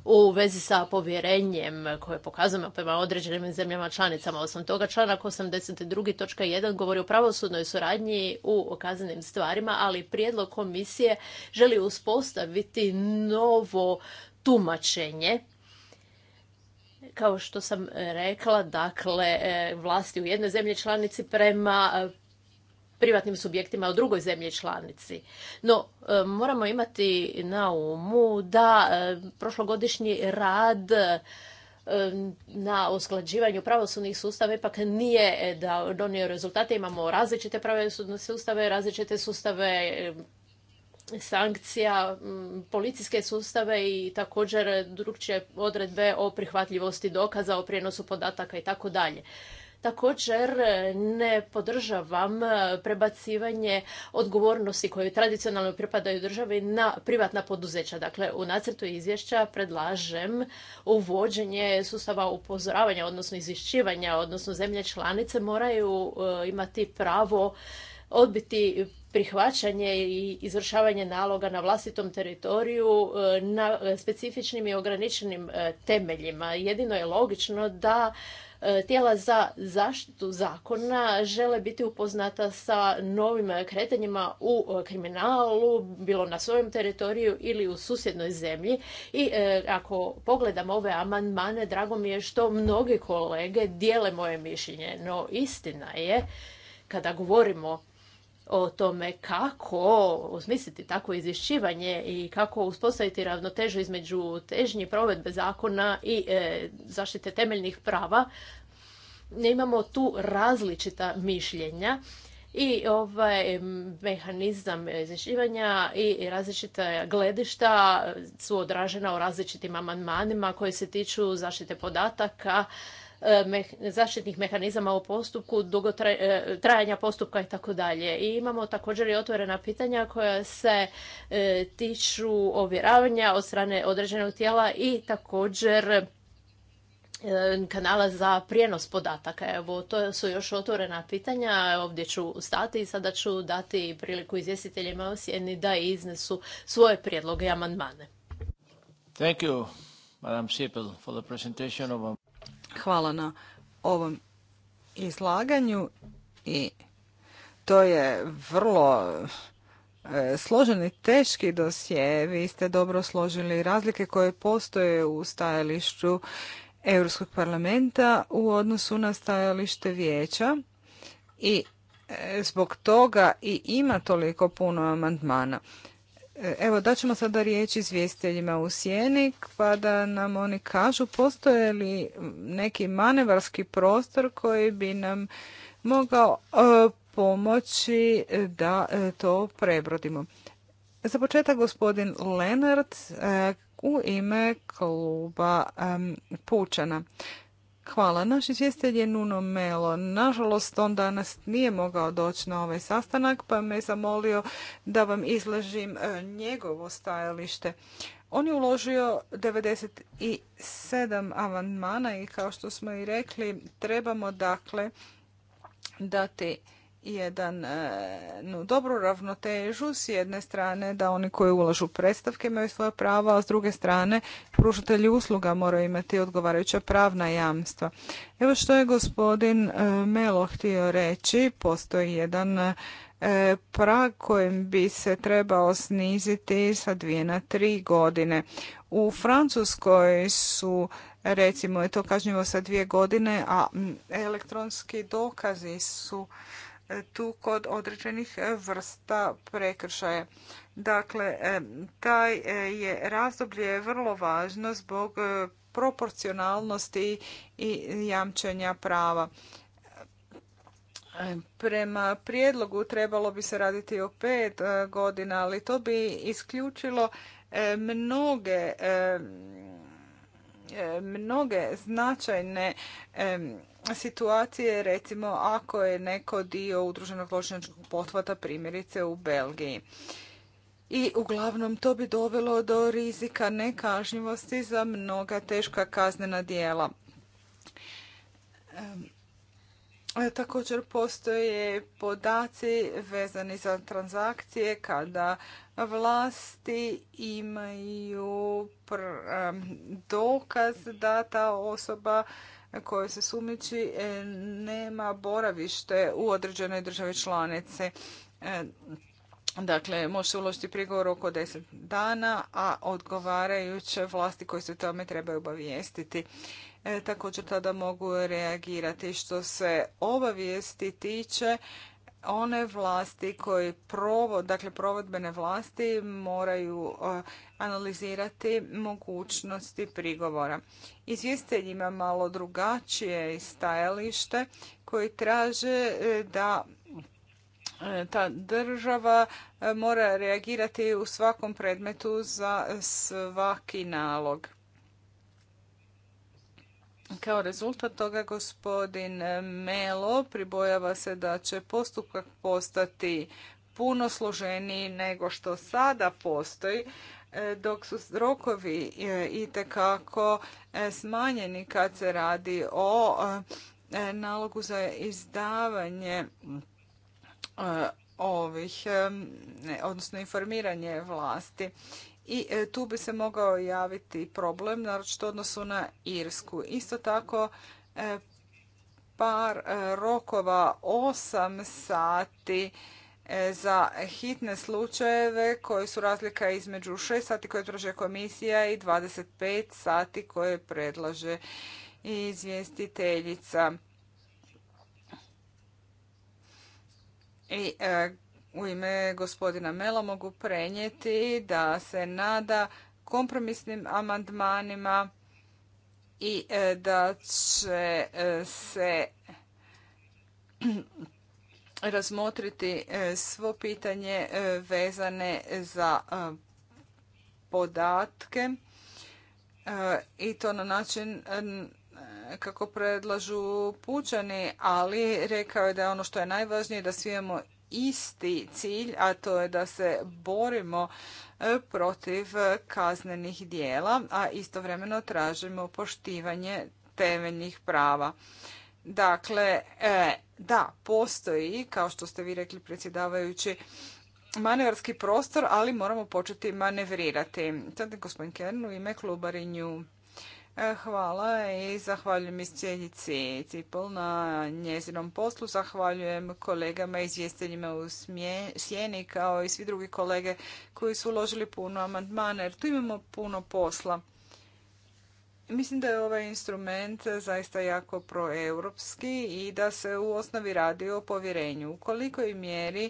u vezi sa povjerenjem koje pokazujemo prema određenim zemljama članicama. Osim toga, članak 82.1 govori o pravosudnoj suradnji u kaznenim stvarima, ali prijedlog komisije želi uspostaviti novo tumačenje kao što sam rekla, dakle, eh, vlasti u jednoj zemlji članici prema eh, privatnim subjektima u drugoj zemlji članici. No, e, moramo imati na umu da e, prošlogodišnji rad e, na usklađivanju pravosudnih sustava ipak nije da donio rezultate. Imamo različite pravosudne sustave, različite sustave sankcija, policijske sustave i također drugčije odredbe o prihvatljivosti dokaza, o prijenosu podataka i tako dalje. Također ne podržavam e, prebacivanje odgovornosti koje tradicionalno pripadaju državi na privatna poduzeća. Dakle, u nacrtu izvješća predlažem uvođenje sustava upozoravanja, odnosno izvješćivanja, odnosno zemlje članice moraju e, imati pravo odbiti prihvaćanje i izvršavanje naloga na vlastitom teritoriju e, na specifičnim i ograničenim temeljima. Jedino je logično da E, tijela za zaštitu zakona žele biti upoznata sa novim kretanjima u e, kriminalu, bilo na svojem teritoriju ili u susjednoj zemlji. I e, ako pogledam ove amandmane, drago mi je što mnogi kolege dijele moje mišljenje, no istina je kada govorimo o tome kako osmisliti takvo izvješćivanje i kako uspostaviti ravnotežu između težnje provedbe zakona i e, zaštite temeljnih prava. Imamo tu različita mišljenja i ovaj mehanizam izvješćivanja i različita gledišta su odražena u različitim amandmanima koji se tiču zaštite podataka, Eh, zaštitnih mehanizama u postupku, eh, trajanja postupka i tako dalje. I imamo također i otvorena pitanja koja se eh, tiču ovjeravanja od strane određenog tijela i također kanala za prijenos podataka. Evo, to su još otvorena pitanja. Ovdje ću stati i sada ću dati priliku izvjestiteljima osjedni da iznesu svoje prijedloge i amandmane. Thank you, Madam Sipel, for the presentation of... Hvala na ovom izlaganju i to je vrlo e, složeni, teški dosje. Vi ste dobro složili razlike koje postoje u stajalištu Europskog parlamenta u odnosu na stajalište vijeća i e, zbog toga i ima toliko puno amandmana. E, evo, daćemo sada riječ izvjestiteljima u sjeni, pa da nam oni kažu postoje li neki manevarski prostor koji bi nam mogao e, pomoći da e, to prebrodimo. Za početak gospodin Lenart u ime kluba Pučana. Hvala. Naš izvjestitelj je Nuno Melo. Nažalost, on danas nije mogao doći na ovaj sastanak, pa me zamolio da vam izlažim e, njegovo stajalište. On je uložio 97 amandmana i kao što smo i rekli, trebamo dakle dati jedan e, no, dobru ravnotežu s jedne strane da oni koji ulažu predstavke imaju svoje prava, a s druge strane pružatelji usluga moraju imati odgovarajuća pravna jamstva. Evo što je gospodin e, Melo htio reći, postoji jedan e, prag kojim bi se trebao sniziti sa dvije na tri godine. U Francuskoj su recimo je to kažnjivo sa dvije godine, a elektronski dokazi su tu kod određenih e, vrsta prekršaja. Dakle, e, taj e, je razdoblje vrlo važno zbog proporcionalnosti i jamčenja prava. Prema prijedlogu trebalo bi se raditi o pet godina, ali to bi isključilo mnoge E, mnoge značajne e, situacije, recimo ako je neko dio udruženog zločinačkog potvata primjerice u Belgiji. I uglavnom to bi dovelo do rizika nekažnjivosti za mnoga teška kaznena dijela. E, također postoje podaci vezani za transakcije kada vlasti imaju dokaz da ta osoba koja se sumnjiči e, nema boravište u određenoj državi članice. Dakle, može uložiti prigovor oko 10 dana, a odgovarajuće vlasti koje se tome trebaju obavijestiti. E, također tada mogu reagirati. Što se obavijesti tiče, one vlasti koji provod, dakle provodbene vlasti moraju e, analizirati mogućnosti prigovora. Izvjestelj ima malo drugačije stajalište koji traže e, da e, ta država mora reagirati u svakom predmetu za svaki nalog. Kao rezultat toga gospodin Melo pribojava se da će postupak postati puno složeniji nego što sada postoji, e, dok su rokovi e, itekako e, smanjeni kad se radi o nalogu za izdavanje ovih, odnosno informiranje vlasti i e, tu bi se mogao javiti problem, naročito odnosu na Irsku. Isto tako, e, par e, rokova 8 sati za hitne slučajeve koji su razlika između 6 sati koje traže komisija i 25 sati koje predlaže izvjestiteljica. I u ime gospodina Mela mogu prenijeti da se nada kompromisnim amandmanima i e, da će e, se razmotriti e, svo pitanje vezane za podatke i to na način kako predlažu pučani, ali rekao je da je ono što je najvažnije da svi imamo isti cilj, a to je da se borimo e, protiv kaznenih dijela, a istovremeno tražimo poštivanje temeljnih prava. Dakle, e, da, postoji, kao što ste vi rekli predsjedavajući, manevarski prostor, ali moramo početi manevrirati. Sada je gospodin Kern u ime kluba Hvala i zahvaljujem iscijeljici Cipol na njezinom poslu. Zahvaljujem kolegama i izvjestiteljima u Sjeni kao i svi drugi kolege koji su uložili puno amandmana jer tu imamo puno posla. Mislim da je ovaj instrument zaista jako proeuropski i da se u osnovi radi o povjerenju. U kolikoj mjeri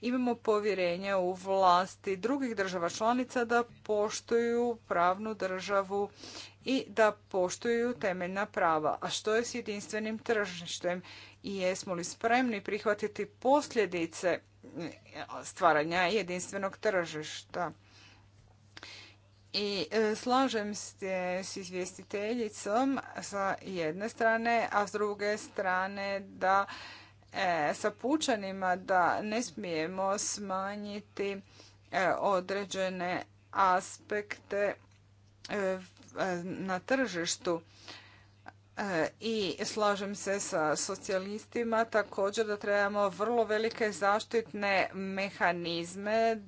imamo povjerenje u vlasti drugih država članica da poštuju pravnu državu i da poštuju temeljna prava. A što je s jedinstvenim tržištem i jesmo li spremni prihvatiti posljedice stvaranja jedinstvenog tržišta? I e, slažem se s izvjestiteljicom sa jedne strane, a s druge strane da E, sa pučanima da ne smijemo smanjiti e, određene aspekte e, na tržištu. I slažem se sa socijalistima također da trebamo vrlo velike zaštitne mehanizme,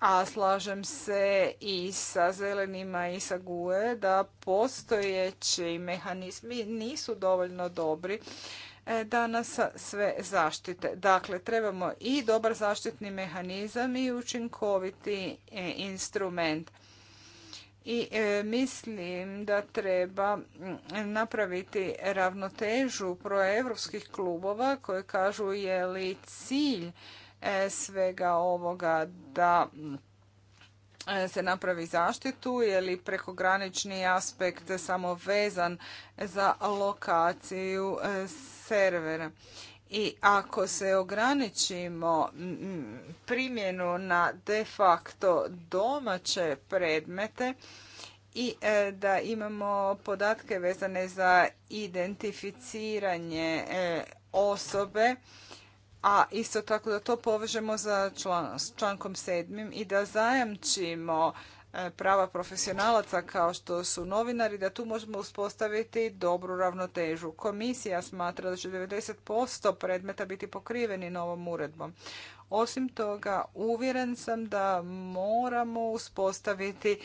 a slažem se i sa zelenima i sa GUE da postojeći mehanizmi nisu dovoljno dobri E, danas sve zaštite. Dakle, trebamo i dobar zaštitni mehanizam i učinkoviti e, instrument. I e, mislim da treba mm, napraviti ravnotežu proevropskih klubova koji kažu je li cilj svega ovoga da mm, se napravi zaštitu, je prekogranični aspekt samo vezan za lokaciju e, servera. I ako se ograničimo primjenu na de facto domaće predmete i e, da imamo podatke vezane za identificiranje e, osobe, a isto tako da to povežemo za s člankom sedmim i da zajamčimo e, prava profesionalaca kao što su novinari, da tu možemo uspostaviti dobru ravnotežu. Komisija smatra da će 90% predmeta biti pokriveni novom uredbom. Osim toga, uvjeren sam da moramo uspostaviti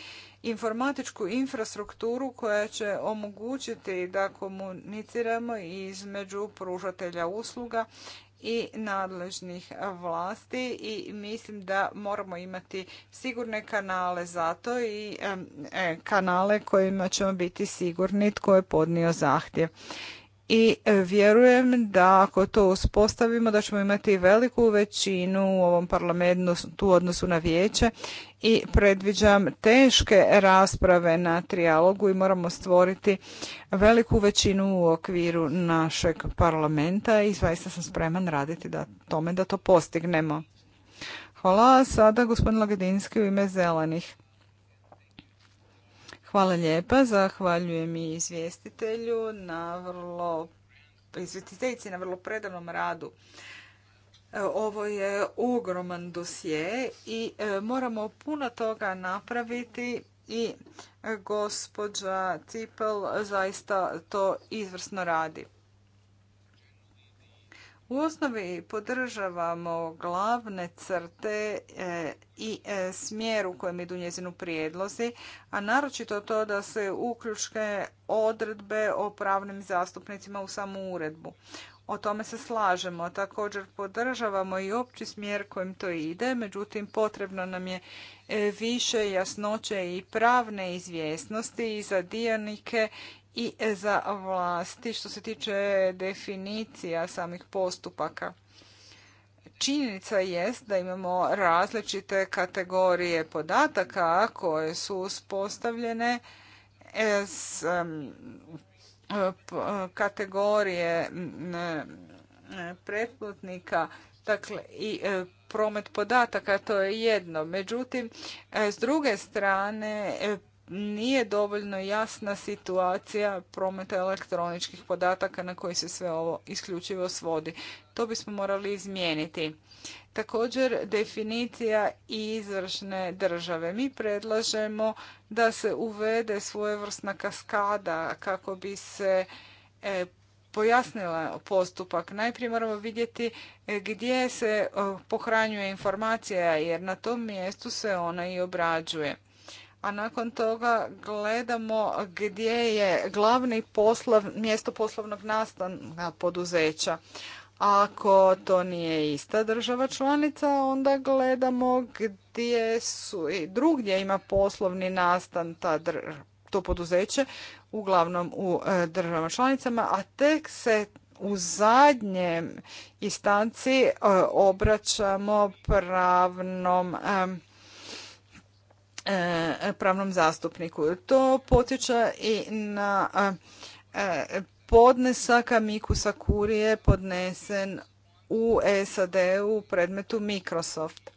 informatičku infrastrukturu koja će omogućiti da komuniciramo između pružatelja usluga i nadležnih vlasti i mislim da moramo imati sigurne kanale za to i e, kanale kojima ćemo biti sigurni tko je podnio zahtjev i e, vjerujem da ako to uspostavimo da ćemo imati veliku većinu u ovom parlamentu u odnosu na vijeće i predviđam teške rasprave na trijalogu i moramo stvoriti veliku većinu u okviru našeg parlamenta i zaista sam spreman raditi da tome da to postignemo. Hvala. Sada gospodin Lagedinski u ime zelenih. Hvala lijepa, zahvaljujem i izvjestitelju na vrlo izvjestiteljici na vrlo predanom radu. E, ovo je ogroman dosje i e, moramo puno toga napraviti i e, gospođa Cipel zaista to izvrsno radi. U osnovi podržavamo glavne crte e, i e, smjer u kojem idu njezinu prijedlozi, a naročito to da se uključke odredbe o pravnim zastupnicima u samu uredbu. O tome se slažemo. Također podržavamo i opći smjer kojim to ide, međutim potrebno nam je e, više jasnoće i pravne izvjesnosti i za dionike i za vlasti što se tiče definicija samih postupaka. Činjenica jest da imamo različite kategorije podataka koje su uspostavljene e, s kategorije pretplatnika dakle, i e, promet podataka, to je jedno. Međutim, e, s druge strane, nije dovoljno jasna situacija prometa elektroničkih podataka na koji se sve ovo isključivo svodi. To bismo morali izmijeniti. Također definicija izvršne države. Mi predlažemo da se uvede svojevrsna kaskada kako bi se e, pojasnila postupak. Najprije moramo vidjeti e, gdje se e, pohranjuje informacija jer na tom mjestu se ona i obrađuje a nakon toga gledamo gdje je glavni poslov, mjesto poslovnog nastana poduzeća. Ako to nije ista država članica, onda gledamo gdje su i drugdje ima poslovni nastan to poduzeće, uglavnom u e, državama članicama, a tek se u zadnjem istanci e, obraćamo pravnom E, pravnom zastupniku. To potječa i na e, e, podnesaka Mikusa Kurije podnesen u SAD-u u predmetu Microsoft.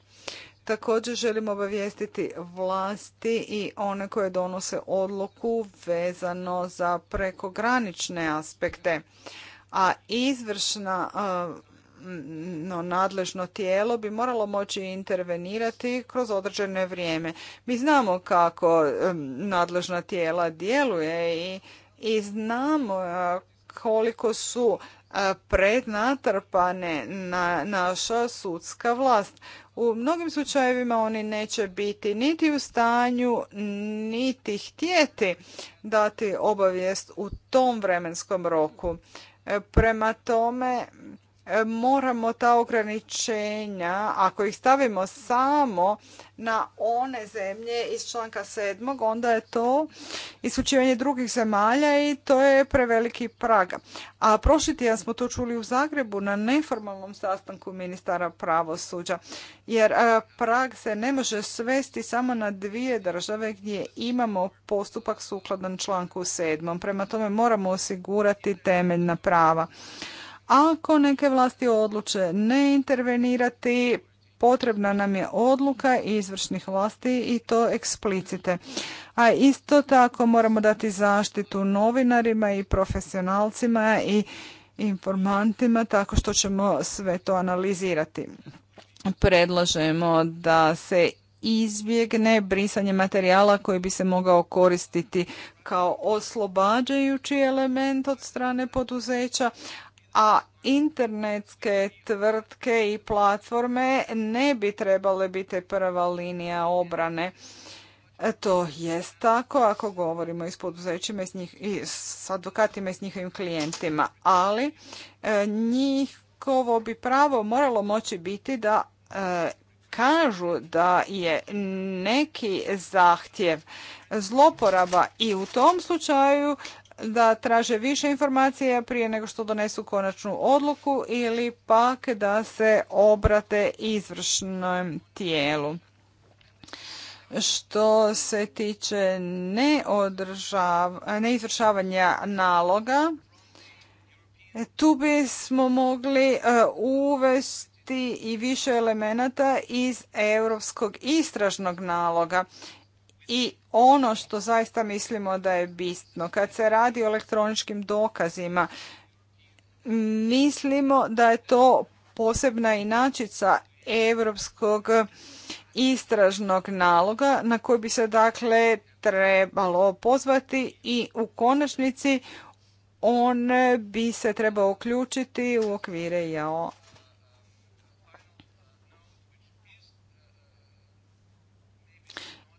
Također želim obavijestiti vlasti i one koje donose odluku vezano za prekogranične aspekte. A izvršna nadležno tijelo bi moralo moći intervenirati kroz određene vrijeme. Mi znamo kako nadležna tijela djeluje i, i znamo koliko su prednatrpane na naša sudska vlast. U mnogim slučajevima oni neće biti niti u stanju, niti htjeti dati obavijest u tom vremenskom roku. E, prema tome, moramo ta ograničenja, ako ih stavimo samo na one zemlje iz članka sedam, onda je to isključivanje drugih zemalja i to je preveliki prag. A prošli tjedan smo to čuli u Zagrebu na neformalnom sastanku ministara pravosuđa. Jer e, prag se ne može svesti samo na dvije države gdje imamo postupak sukladan članku sedam. Prema tome moramo osigurati temeljna prava. Ako neke vlasti odluče ne intervenirati, potrebna nam je odluka izvršnih vlasti i to eksplicite. A isto tako moramo dati zaštitu novinarima i profesionalcima i informantima tako što ćemo sve to analizirati. Predlažemo da se izbjegne brisanje materijala koji bi se mogao koristiti kao oslobađajući element od strane poduzeća, a internetske tvrtke i platforme ne bi trebale biti prva linija obrane. E, to jest tako ako govorimo i s poduzećima i s, njih, i s advokatima i s njihovim klijentima, ali e, njihovo bi pravo moralo moći biti da e, kažu da je neki zahtjev zloporaba i u tom slučaju da traže više informacija prije nego što donesu konačnu odluku ili pak da se obrate izvršnom tijelu. Što se tiče neizvršavanja naloga, tu bismo mogli e, uvesti i više elemenata iz europskog istražnog naloga i ono što zaista mislimo da je bitno. Kad se radi o elektroničkim dokazima, mislimo da je to posebna inačica europskog istražnog naloga na koji bi se dakle trebalo pozvati i u konačnici on bi se trebao uključiti u okvire IAO.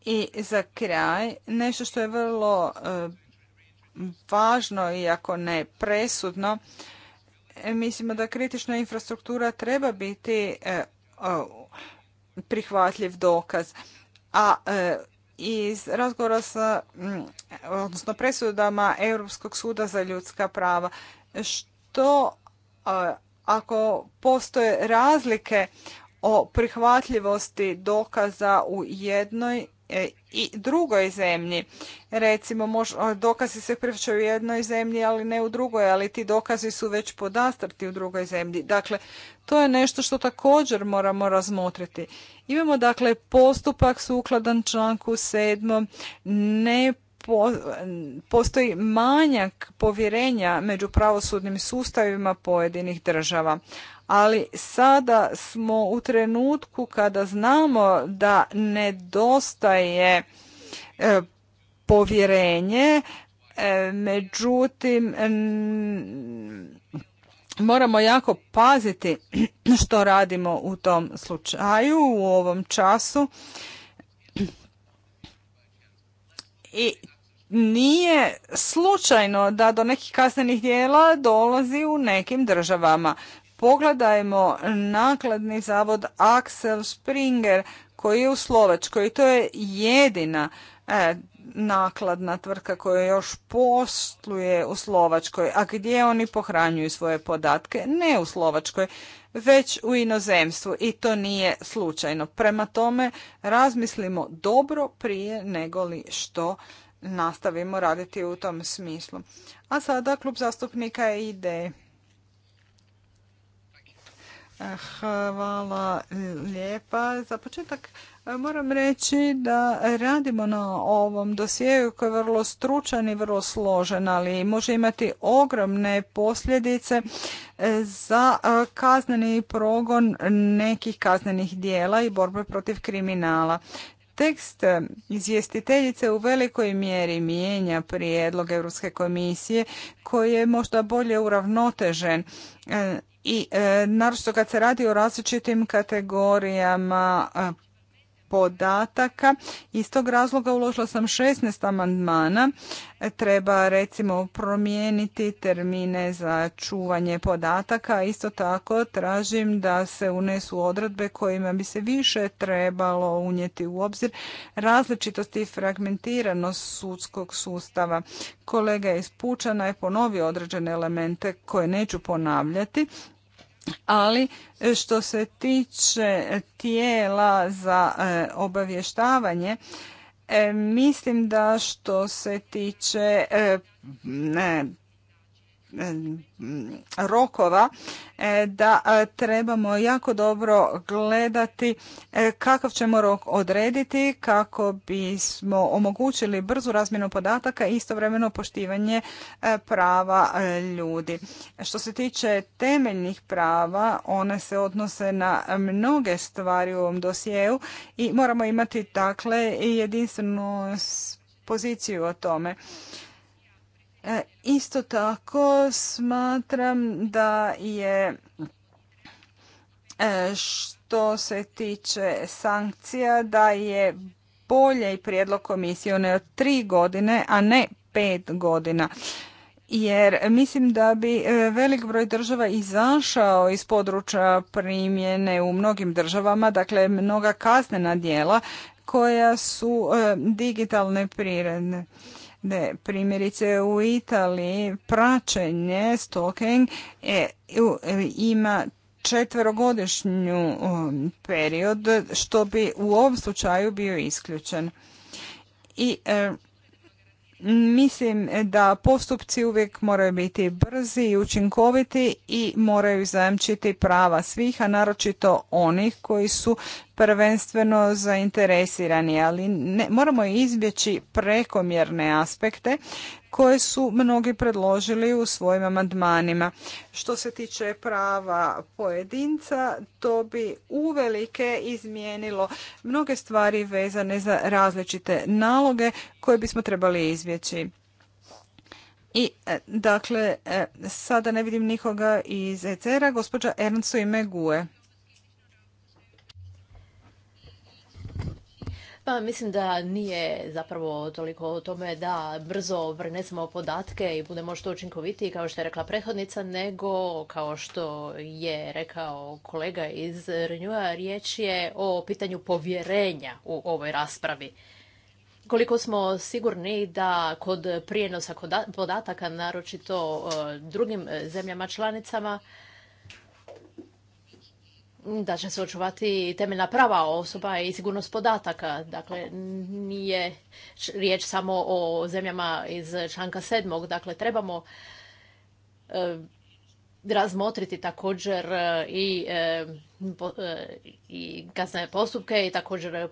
I za kraj, nešto što je vrlo e, važno, iako ne presudno, e, mislimo da kritična infrastruktura treba biti e, prihvatljiv dokaz. A iz razgovora sa, odnosno presudama Europskog suda za ljudska prava, što ako postoje razlike o prihvatljivosti dokaza u jednoj E, i drugoj zemlji. Recimo, dokazi se pričaju u jednoj zemlji, ali ne u drugoj, ali ti dokazi su već podastrti u drugoj zemlji. Dakle, to je nešto što također moramo razmotriti. Imamo dakle postupak sukladan članku 7. ne postoji manjak povjerenja među pravosudnim sustavima pojedinih država. Ali sada smo u trenutku kada znamo da nedostaje e, povjerenje, e, međutim moramo jako paziti što radimo u tom slučaju u ovom času i nije slučajno da do nekih kaznenih dijela dolazi u nekim državama. Pogledajmo nakladni zavod Axel Springer koji je u Slovačkoj i to je jedina e, nakladna tvrtka koja još posluje u Slovačkoj. A gdje oni pohranjuju svoje podatke? Ne u Slovačkoj, već u inozemstvu i to nije slučajno. Prema tome razmislimo dobro prije nego li što nastavimo raditi u tom smislu. A sada klub zastupnika ide. Hvala lijepa. Za početak e, moram reći da radimo na ovom dosjeu koji je vrlo stručan i vrlo složen, ali može imati ogromne posljedice e, za e, kazneni progon nekih kaznenih dijela i borbe protiv kriminala. Tekst e, izvjestiteljice u velikoj mjeri mijenja prijedlog Europske komisije koji je možda bolje uravnotežen e, i e, naročito kad se radi o različitim kategorijama podataka. Iz tog razloga uložila sam 16 amandmana. Treba recimo promijeniti termine za čuvanje podataka. Isto tako tražim da se unesu odredbe kojima bi se više trebalo unijeti u obzir različitosti i fragmentiranost sudskog sustava. Kolega iz Pučana je ponovio određene elemente koje neću ponavljati, ali e, što se tiče tijela za e, obavještavanje, e, mislim da što se tiče E, rokova e, da e, trebamo jako dobro gledati kakav ćemo rok odrediti kako bismo omogućili brzu razmjenu podataka i istovremeno poštivanje prava ljudi. Što se tiče temeljnih prava, one se odnose na mnoge stvari u ovom dosjeu i moramo imati dakle jedinstvenu poziciju o tome. E, isto tako smatram da je e, što se tiče sankcija da je bolje i prijedlog komisije one od tri godine, a ne pet godina. Jer mislim da bi e, velik broj država izašao iz područja primjene u mnogim državama, dakle mnoga kaznena djela koja su digitalne prirodne ne, primjerice u Italiji praćenje stalking e, e, ima četverogodišnju period što bi u ovom slučaju bio isključen. I e, Mislim da postupci uvijek moraju biti brzi i učinkoviti i moraju zajamčiti prava svih, a naročito onih koji su prvenstveno zainteresirani, ali ne, moramo izbjeći prekomjerne aspekte koje su mnogi predložili u svojim amandmanima. Što se tiče prava pojedinca, to bi uvelike izmijenilo mnoge stvari vezane za različite naloge koje bismo trebali izvjeći. I, e, dakle, e, sada ne vidim nikoga iz ECR-a, gospođa Ernst i ime GUE. Pa mislim da nije zapravo toliko o tome da brzo vrnesemo podatke i budemo što učinkovitiji, kao što je rekla prethodnica, nego kao što je rekao kolega iz Renjua, riječ je o pitanju povjerenja u ovoj raspravi. Koliko smo sigurni da kod prijenosa podataka, naročito eh, drugim eh, zemljama članicama, da će se očuvati temeljna prava osoba i sigurnost podataka. Dakle, nije riječ samo o zemljama iz članka sedmog. Dakle, trebamo e, razmotriti također e, i, e, e, i kasne postupke i također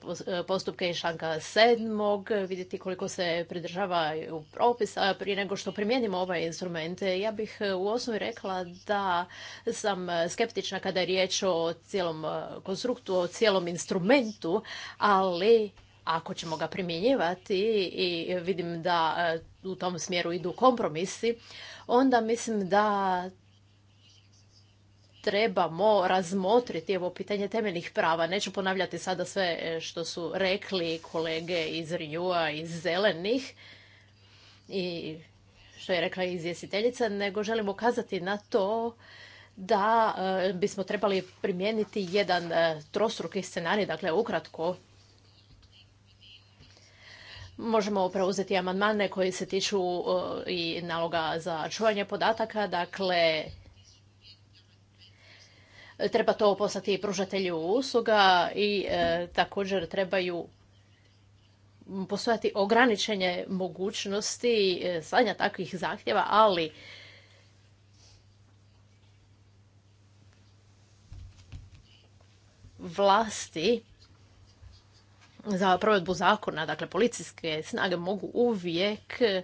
postupke iz članka sedmog, vidjeti koliko se pridržavaju propisa prije nego što primijenimo ovaj instrument. Ja bih u osnovi rekla da sam skeptična kada je riječ o cijelom konstruktu, o cijelom instrumentu, ali ako ćemo ga primjenjivati i vidim da u tom smjeru idu kompromisi, onda mislim da trebamo razmotriti ovo pitanje temeljnih prava. Neću ponavljati sada sve e, što su rekli kolege iz rijua iz Zelenih i što je rekla izvjestiteljica, nego želim ukazati na to da e, bismo trebali primijeniti jedan e, trostruki scenarij, dakle ukratko Možemo preuzeti amandmane koji se tiču i naloga za čuvanje podataka, dakle Treba to poslati pružatelju usluga i e, također trebaju postojati ograničenje mogućnosti e, slanja takvih zahtjeva, ali vlasti za provedbu zakona, dakle policijske snage mogu uvijek e,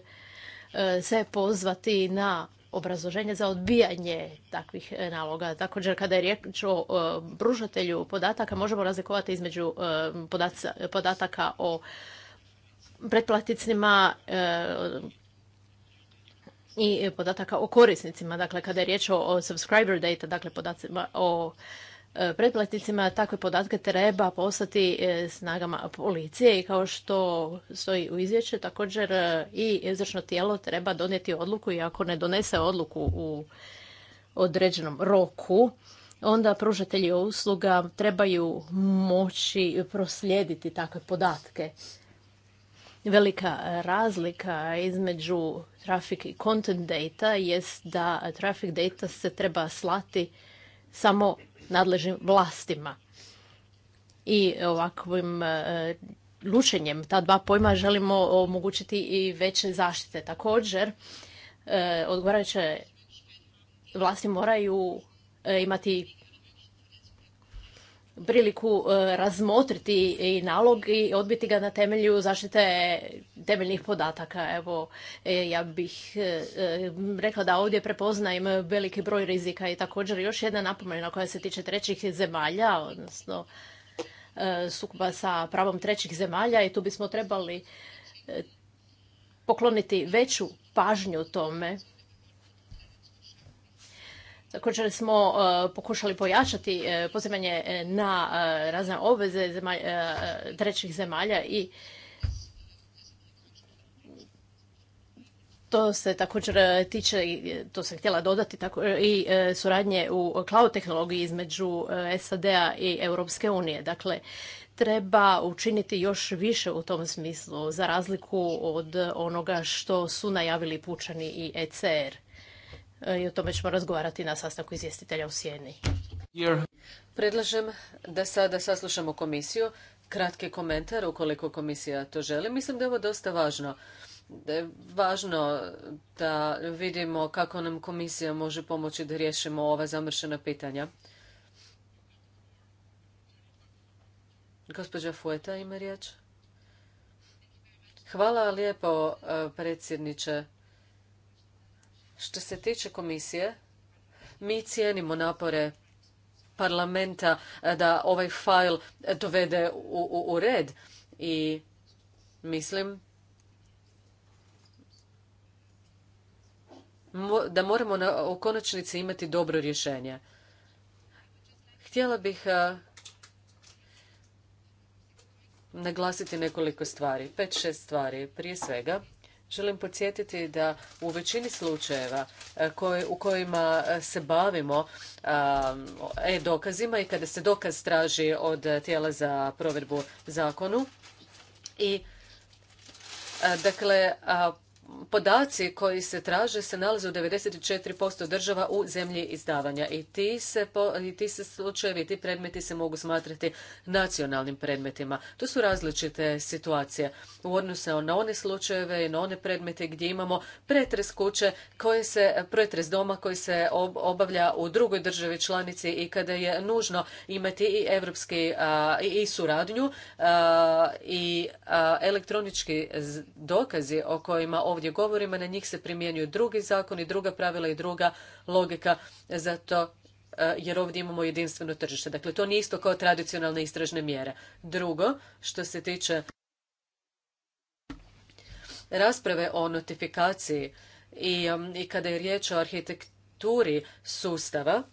se pozvati na obrazloženje za odbijanje takvih e, naloga. Također, kada je riječ o e, pružatelju podataka, možemo razlikovati između e, podataka o pretplaticima i podataka o korisnicima. Dakle, kada je riječ o subscriber data, dakle podacima o E, pretplatnicima takve podatke treba poslati e, snagama policije i kao što stoji u izvješću također e, i izvršno tijelo treba donijeti odluku i ako ne donese odluku u određenom roku onda pružatelji usluga trebaju moći proslijediti takve podatke. Velika razlika između traffic i content data jest da traffic data se treba slati samo nadležnim vlastima. I ovakvim lučenjem e, ta dva pojma želimo omogućiti i veće zaštite. Također, e, odgovarajuće vlasti moraju e, imati priliku e, razmotriti i nalog i odbiti ga na temelju zaštite temeljnih podataka. Evo, e, ja bih e, rekla da ovdje prepoznajem veliki broj rizika i također još jedna napomena koja se tiče trećih zemalja, odnosno sukoba sa pravom trećih zemalja i tu bismo trebali pokloniti veću pažnju tome Također smo e, pokušali pojačati e, pozivanje e, na razne obveze trećih zemalja i To se također tiče, to sam htjela dodati, i suradnje u cloud tehnologiji između SAD-a i Europske unije. Dakle, treba učiniti još više u tom smislu, za razliku od onoga što su najavili Pučani i ECR. E, i o tome ćemo razgovarati na sastanku izvjestitelja u Sjeni. Predlažem da sada saslušamo komisiju. Kratki komentar ukoliko komisija to želi. Mislim da je ovo dosta važno. Da je važno da vidimo kako nam komisija može pomoći da riješimo ova zamršena pitanja. Gospođa Fueta ima riječ. Hvala lijepo e, predsjedniče. Što se tiče komisije, mi cijenimo napore parlamenta eh, da ovaj fail dovede u, red i mislim da moramo u konačnici imati dobro rješenje. Htjela bih eh, naglasiti nekoliko stvari, pet, šest stvari. Prije svega, Želim podsjetiti da u većini slučajeva e, u kojima e, se bavimo e-dokazima i kada se dokaz traži od e, tijela za provedbu zakonu i dakle podaci koji se traže se nalaze u 94% država u zemlji izdavanja i ti se, po, i ti se slučajevi, ti predmeti se mogu smatrati nacionalnim predmetima. to su različite situacije u odnosu na one slučajeve i na one predmete gdje imamo pretres kuće koji se, pretres doma koji se obavlja u drugoj državi članici i kada je nužno imati i europski i suradnju i elektronički dokazi o kojima ovdje ovdje govorimo, na njih se primjenjuju drugi zakoni, druga pravila i druga logika zato e, jer ovdje imamo jedinstveno tržište. Dakle, to nije isto kao tradicionalne istražne mjere. Drugo, što se tiče rasprave o notifikaciji i, um, i kada je riječ o arhitekturi sustava,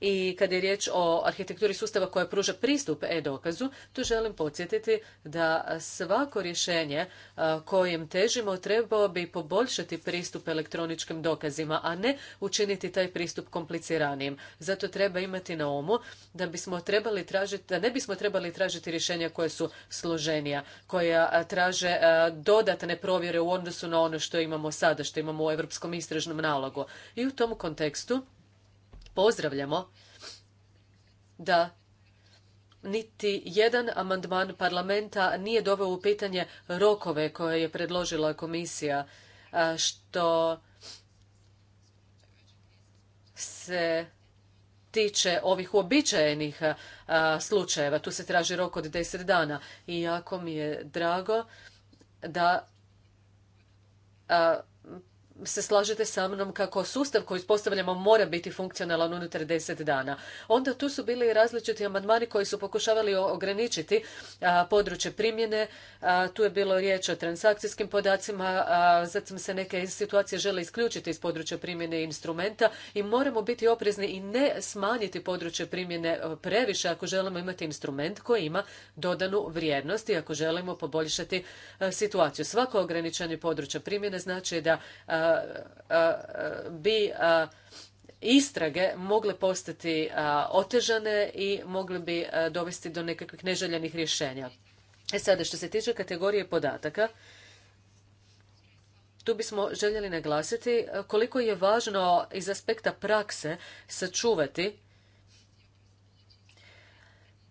i kad je riječ o arhitekturi sustava koja pruža pristup e-dokazu, tu želim podsjetiti da svako rješenje kojem težimo trebao bi poboljšati pristup elektroničkim dokazima, a ne učiniti taj pristup kompliciranijim. Zato treba imati na umu da bismo trebali tražiti, da ne bismo trebali tražiti rješenja koja su složenija, koja traže dodatne provjere u odnosu na ono što imamo sada, što imamo u Europskom istražnom nalogu. I u tom kontekstu pozdravljamo da niti jedan amandman parlamenta nije doveo u pitanje rokove koje je predložila komisija, što se tiče ovih uobičajenih slučajeva. Tu se traži rok od 10 dana i jako mi je drago da se slažete sa mnom kako sustav koji uspostavljamo mora biti funkcionalan unutar deset dana. Onda tu su bili različiti amandmani koji su pokušavali ograničiti područje primjene. tu je bilo riječ o transakcijskim podacima, a, zatim se neke situacije žele isključiti iz područja primjene instrumenta i moramo biti oprezni i ne smanjiti područje primjene previše ako želimo imati instrument koji ima dodanu vrijednost i ako želimo poboljšati situaciju. Svako ograničenje područja primjene znači da bi e, istrage mogle postati e, otežane i mogle bi e, dovesti do nekakvih neželjenih rješenja. E sada, što se tiče kategorije podataka, tu bismo željeli naglasiti koliko je važno iz aspekta prakse sačuvati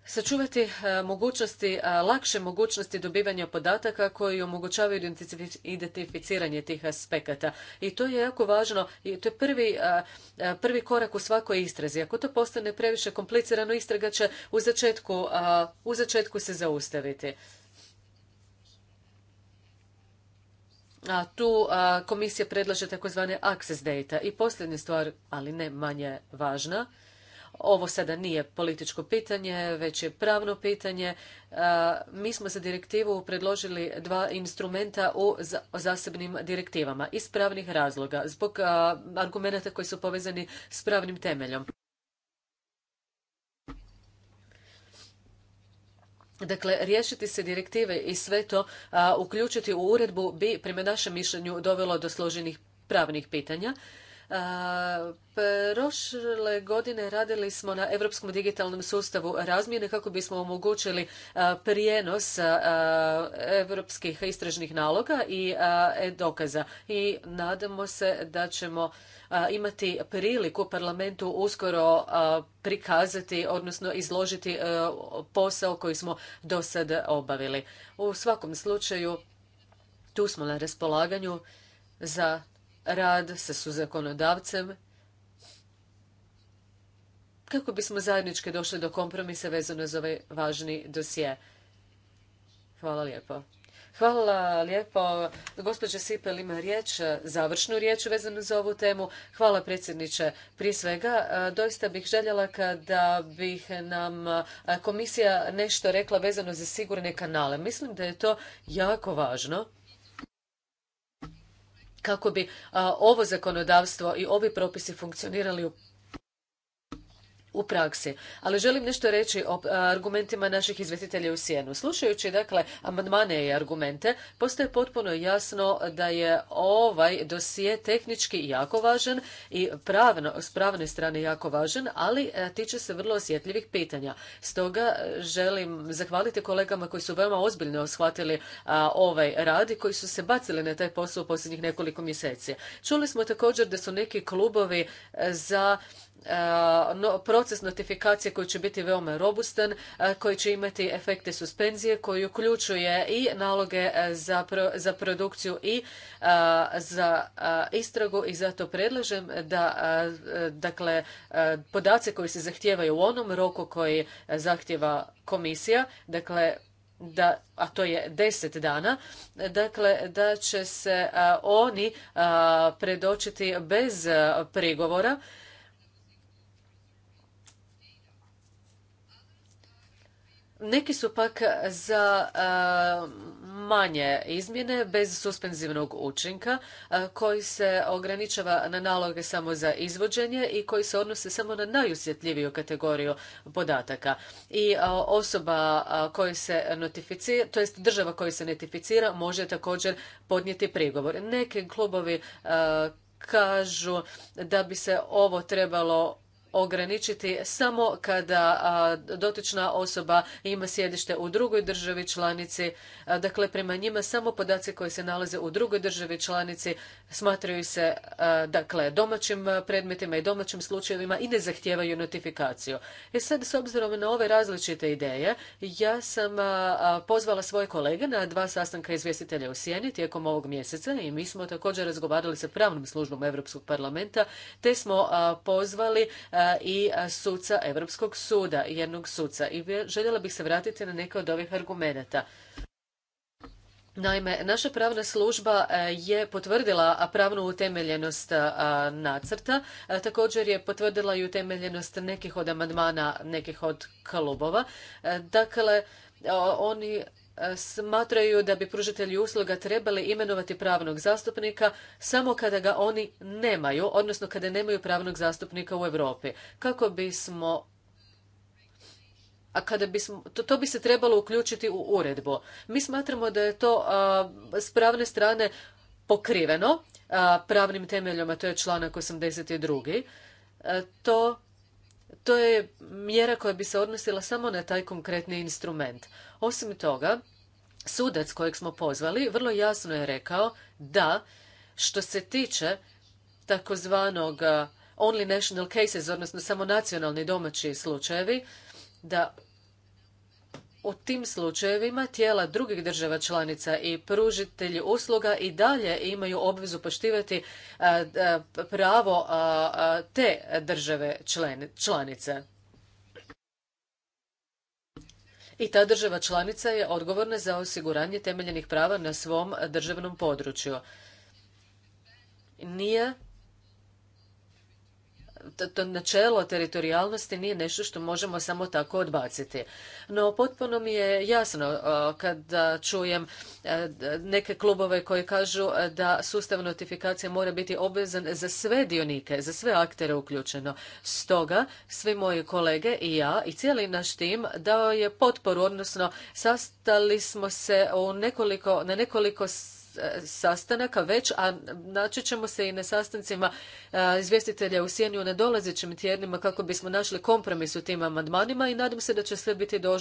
sačuvati e, mogućnosti, e, lakše mogućnosti dobivanja podataka koji omogućavaju identificiranje tih aspekata. I to je jako važno i to je e, prvi, korak u svakoj istrazi. Ako to postane previše komplicirano, istraga će u začetku, u se zaustaviti. A tu komisija predlaže takozvane access data. I posljednja stvar, ali ne manje važna, ovo sada nije političko pitanje, već je pravno pitanje. E, mi smo za direktivu predložili dva instrumenta u zasebnim direktivama iz pravnih razloga, zbog e, argumenata koji su povezani s pravnim temeljom. Dakle, riješiti se direktive i sve to uključiti u uredbu bi, prema našem mišljenju, dovelo do složenih pravnih pitanja. Prošle godine radili smo na Europskom digitalnom sustavu razmjene kako bismo omogućili prijenos europskih istražnih naloga i dokaza i nadamo se da ćemo imati priliku parlamentu uskoro prikazati odnosno izložiti e, posao koji smo do sad obavili. U svakom slučaju tu smo na raspolaganju za rad sa suzakonodavcem kako bismo zajednički došli do kompromisa vezano za ovaj važni dosje. Hvala lijepo. Hvala lijepo. Gospođa Sipel ima riječ, završnu riječ vezanu za ovu temu. Hvala predsjedniče. Prije svega, e, doista bih željela kada bih nam e, komisija nešto rekla vezano za sigurne kanale. Mislim da je to jako važno kako bi ovo zakonodavstvo i ovi propisi funkcionirali u u praksi. Ali želim nešto reći o e, argumentima naših izvjestitelja u sjenu. Slušajući dakle amandmane i argumente, postoje potpuno jasno da je ovaj dosije tehnički jako važan i pravno, s pravne strane jako važan, ali e, tiče se vrlo osjetljivih pitanja. Stoga e, želim zahvaliti kolegama koji su veoma ozbiljno shvatili ovaj rad i koji su se bacili na taj posao u posljednjih nekoliko mjeseci. Čuli smo također da su neki klubovi za proces notifikacije koji će biti veoma robustan, koji će imati efekte suspenzije, koji uključuje i naloge za, produkciju i za istragu i zato predlažem da dakle podaci koji se zahtijevaju u onom roku koji zahtjeva komisija, dakle da, a to je deset dana, dakle da će se oni predočiti bez prigovora Neki su pak za e, manje izmjene bez suspenzivnog učinka e, koji se ograničava na naloge samo za izvođenje i koji se odnose samo na najusjetljiviju kategoriju podataka. I e, osoba koja se notificira, to jest država koja se notificira može također podnijeti prigovor. Neki klubovi kažu da bi se ovo trebalo ograničiti samo kada dotična osoba ima sjedište u drugoj državi članici. Dakle, prema njima samo podaci koji se nalaze u drugoj državi članici smatraju se dakle, domaćim predmetima i domaćim slučajevima i ne zahtijevaju notifikaciju. E sad, s obzirom na ove različite ideje, ja sam pozvala svoje kolege na dva sastanka izvjestitelja u Sjeni tijekom ovog mjeseca i mi smo također razgovarali sa pravnom službom Europskog parlamenta te smo pozvali i suca Europskog suda, jednog suca. I željela bih se vratiti na neke od ovih argumenata. Naime, naša pravna služba e, je potvrdila pravnu utemeljenost nacrta, također je potvrdila i utemeljenost nekih od amandmana nekih od klubova. E, dakle, oni smatraju da bi pružatelji usluga trebali imenovati pravnog zastupnika samo kada ga oni nemaju, odnosno kada nemaju pravnog zastupnika u Europi. Kako bismo a kada bismo, to, bi se trebalo uključiti u uredbu. Mi smatramo da je to s pravne strane pokriveno pravnim temeljom, a to je članak 82. A, e, to to je mjera koja bi se odnosila samo na taj konkretni instrument. Osim toga, sudac kojeg smo pozvali vrlo jasno je rekao da što se tiče takozvanog uh, only national cases, odnosno samo nacionalni domaći slučajevi, da u tim slučajevima tijela drugih država članica i pružitelji usluga i dalje imaju obvezu poštivati e, e, pravo e, te države članice. I ta država članica je odgovorna za osiguranje temeljenih prava na svom državnom području. Nije to načelo teritorijalnosti nije nešto što možemo samo tako odbaciti. No potpuno mi je jasno e, kada čujem e, neke klubove koji kažu e, da sustav notifikacije mora biti obvezan za sve dionike, za sve aktere uključeno. Stoga svi moji kolege i ja i cijeli naš tim dao je potporu, odnosno sastali smo se u na nekoliko sastanaka već, a naći ćemo se i na sastancima e, izvjestitelja u Sjeni u nedolazećim tjednima kako bismo našli kompromis u tim amandmanima i nadam se da će sve biti do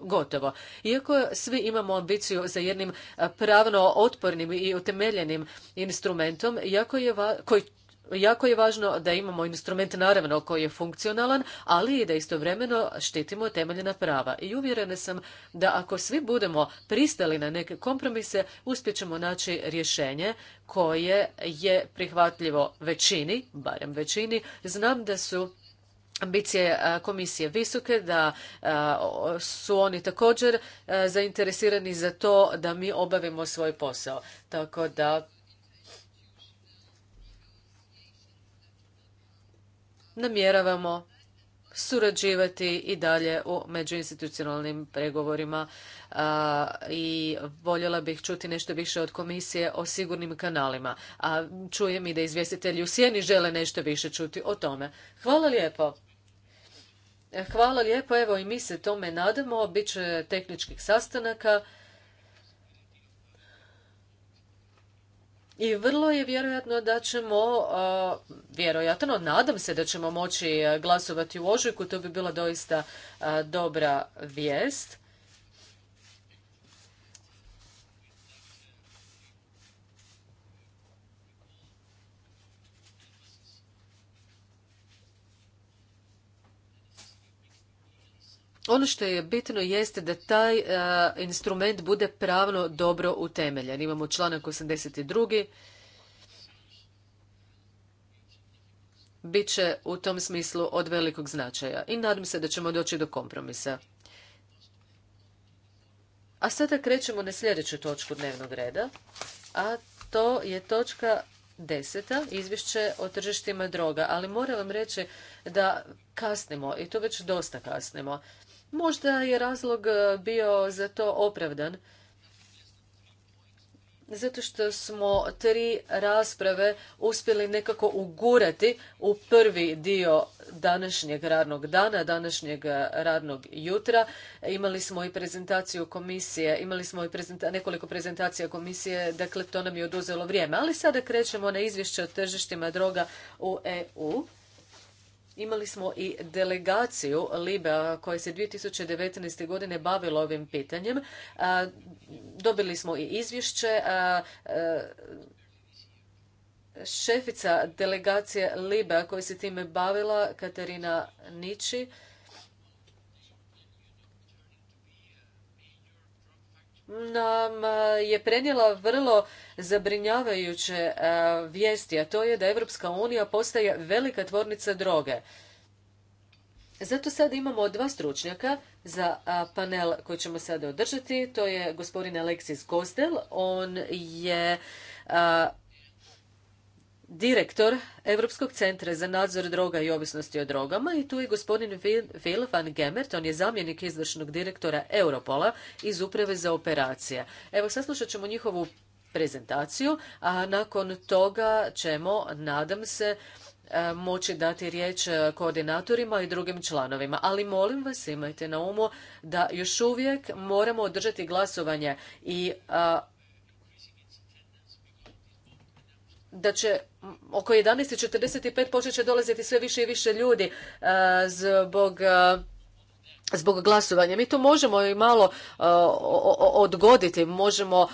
gotovo. Iako svi imamo ambiciju za jednim e, pravno otpornim i utemeljenim instrumentom, jako je koji jako je važno da imamo instrument naravno koji je funkcionalan, ali i da istovremeno štitimo temeljna prava. I uvjerena sam da ako svi budemo pristali na neke kompromise, uspjećemo naći rješenje koje je prihvatljivo većini, barem većini. Znam da su ambicije komisije visoke, da su oni također zainteresirani za to da mi obavimo svoj posao. Tako da namjeravamo surađivati i dalje u međuinstitucionalnim pregovorima i voljela bih čuti nešto više od komisije o sigurnim kanalima. A čujem i da izvjestitelji u sjeni žele nešto više čuti o tome. Hvala lijepo. Hvala lijepo, evo i mi se tome nadamo, bit tehničkih sastanaka. i vrlo je vjerojatno da ćemo, vjerojatno, nadam se da ćemo moći glasovati u ožujku, to bi bila doista dobra vijest. ono što je bitno jeste da taj e, instrument bude pravno dobro utemeljen. Imamo članak 82. Biće u tom smislu od velikog značaja i nadam se da ćemo doći do kompromisa. A sada krećemo na sljedeću točku dnevnog reda, a to je točka deseta, izvješće o tržištima droga. Ali moram vam reći da kasnimo, i to već dosta kasnimo. Možda je razlog e, bio za to opravdan. Zato što smo tri rasprave uspjeli nekako ugurati u prvi dio današnjeg radnog dana, današnjeg e, radnog jutra. Imali smo i prezentaciju komisije, imali smo i nekoliko prezentacija komisije, dakle to nam je oduzelo vrijeme. Ali sada krećemo na izvješće o tržištima droga u EU. Imali smo i delegaciju Libea koja se 2019. godine bavila ovim pitanjem. Dobili smo i izvješće. Šefica delegacije Liba koja se time bavila, Katarina Niči, nam e, je prenijela vrlo zabrinjavajuće e, vijesti, a to je da Europska unija postaje velika tvornica droge. Zato sad imamo dva stručnjaka za panel koji ćemo sada održati. To je gospodin Aleksis Kostel. On je direktor Europskog centra za nadzor droga i ovisnosti o drogama i tu je gospodin Will van Gemert, on je zamjenik izvršnog direktora Europola iz Uprave za operacije. Evo, saslušat ćemo njihovu prezentaciju, a nakon toga ćemo, nadam se, e, moći dati riječ koordinatorima i drugim članovima. Ali molim vas, imajte na umu da još uvijek moramo održati glasovanje i da će oko 11.45 počet će dolaziti sve više i više ljudi e, zbog e, zbog glasovanja. Mi to možemo i malo e, odgoditi, možemo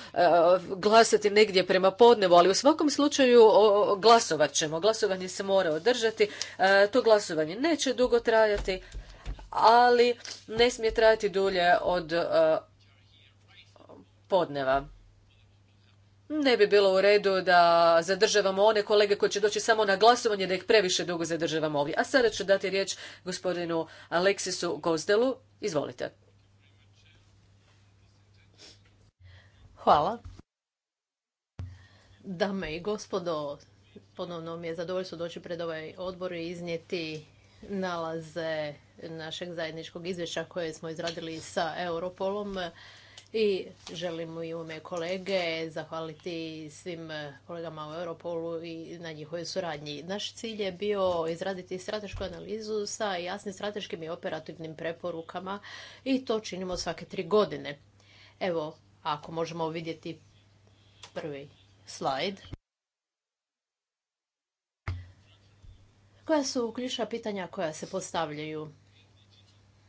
glasati negdje prema podnevu, ali u svakom slučaju glasovat ćemo. Glasovanje se mora održati. To glasovanje neće dugo trajati, ali ne smije trajati dulje od podneva ne bi bilo u redu da zadržavamo one kolege koji će doći samo na glasovanje, da ih previše dugo zadržavamo ovdje. A sada ću dati riječ gospodinu Aleksisu Gozdelu. Izvolite. Hvala. Dame i gospodo, ponovno mi je zadovoljstvo doći pred ovaj odbor i iznijeti nalaze našeg zajedničkog izvješća koje smo izradili sa Europolom i želim i u ime kolege zahvaliti svim kolegama u Europolu i na njihovoj suradnji. Naš cilj je bio izraditi stratešku analizu sa jasnim strateškim i operativnim preporukama i to činimo svake tri godine. Evo, ako možemo vidjeti prvi slajd. Koja su ključna pitanja koja se postavljaju?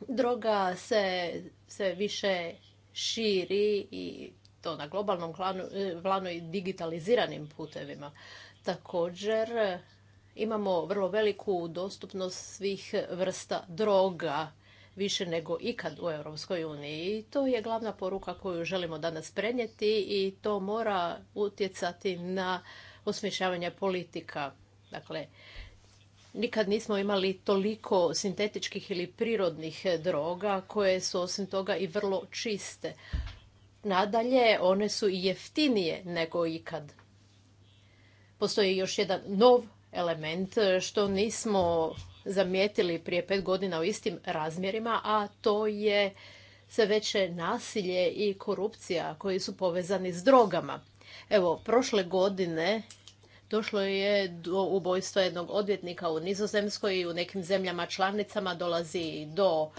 Droga se sve više širi i to na globalnom e, planu, i digitaliziranim putevima. Također e, imamo vrlo veliku dostupnost svih vrsta droga više nego ikad u Europskoj uniji. I to je glavna poruka koju želimo danas prenijeti i to mora utjecati na osmišljavanje politika. Dakle, nikad nismo imali toliko sintetičkih ili prirodnih droga koje su osim toga i vrlo čiste. Nadalje, one su i jeftinije nego ikad. Postoji još jedan nov element što nismo zamijetili prije pet godina u istim razmjerima, a to je sve veće nasilje i korupcija koji su povezani s drogama. Evo, prošle godine Došlo je do ubojstva jednog odvjetnika u Nizozemskoj i u nekim zemljama članicama dolazi do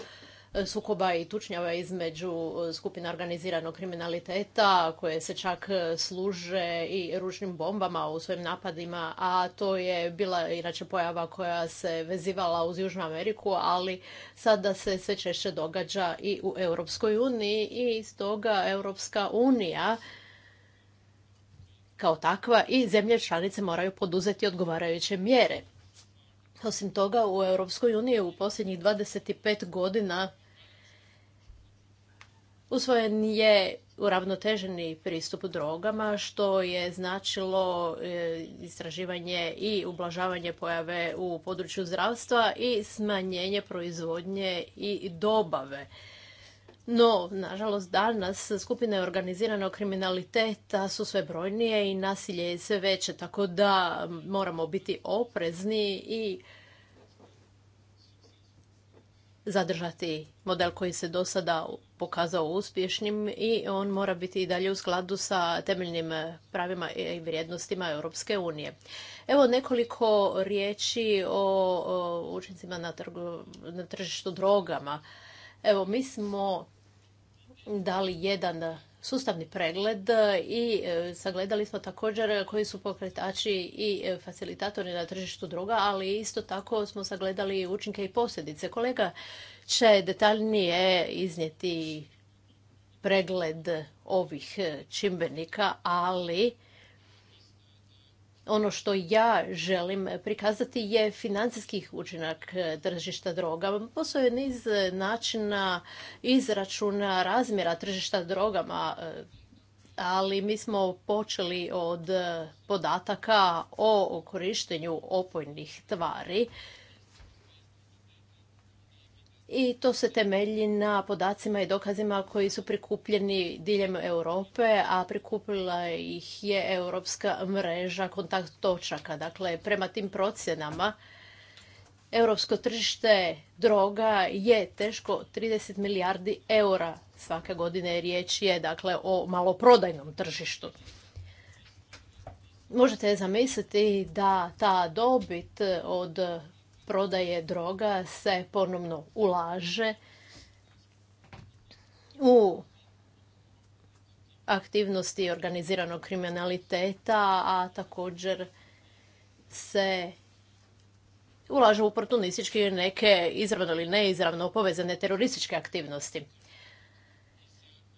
e, sukoba i tučnjava između e, skupina organiziranog kriminaliteta koje se čak e, služe i ružnim bombama u svojim napadima, a to je bila inače pojava koja se vezivala uz Južnu Ameriku, ali sada se sve češće događa i u Europskoj uniji i stoga Europska unija kao takva i zemlje članice moraju poduzeti odgovarajuće mjere. Osim toga, u Europskoj u posljednjih 25 godina usvojen je uravnoteženi pristup drogama, što je značilo e, istraživanje i ublažavanje pojave u području zdravstva i smanjenje proizvodnje i dobave. No, nažalost, danas skupine organiziranog kriminaliteta su sve brojnije i nasilje je sve veće, tako da moramo biti oprezni i zadržati model koji se do sada pokazao uspješnim i on mora biti i dalje u skladu sa temeljnim pravima i vrijednostima Europske unije. Evo nekoliko riječi o učincima na tržištu drogama. Evo, mi smo dali jedan sustavni pregled i e, sagledali smo također koji su pokretači i e, facilitatori na tržištu druga, ali isto tako smo sagledali učinke i posljedice. Kolega će detaljnije iznijeti pregled ovih čimbenika, ali ono što ja želim prikazati je financijski učinak e, tržišta droga. Postoje niz načina izračuna razmjera tržišta drogama, e, ali mi smo počeli od podataka o korištenju opojnih tvari i to se temelji na podacima i dokazima koji su prikupljeni diljem Europe, a prikupila ih je europska mreža kontakt točaka. Dakle, prema tim procjenama europsko tržište droga je teško 30 milijardi eura svake godine. Riječ je dakle o maloprodajnom tržištu. Možete zamisliti da ta dobit od prodaje droga se ponovno ulaže u aktivnosti organiziranog kriminaliteta, a također se ulažu oportunističke neke izravno ili neizravno povezane terorističke aktivnosti.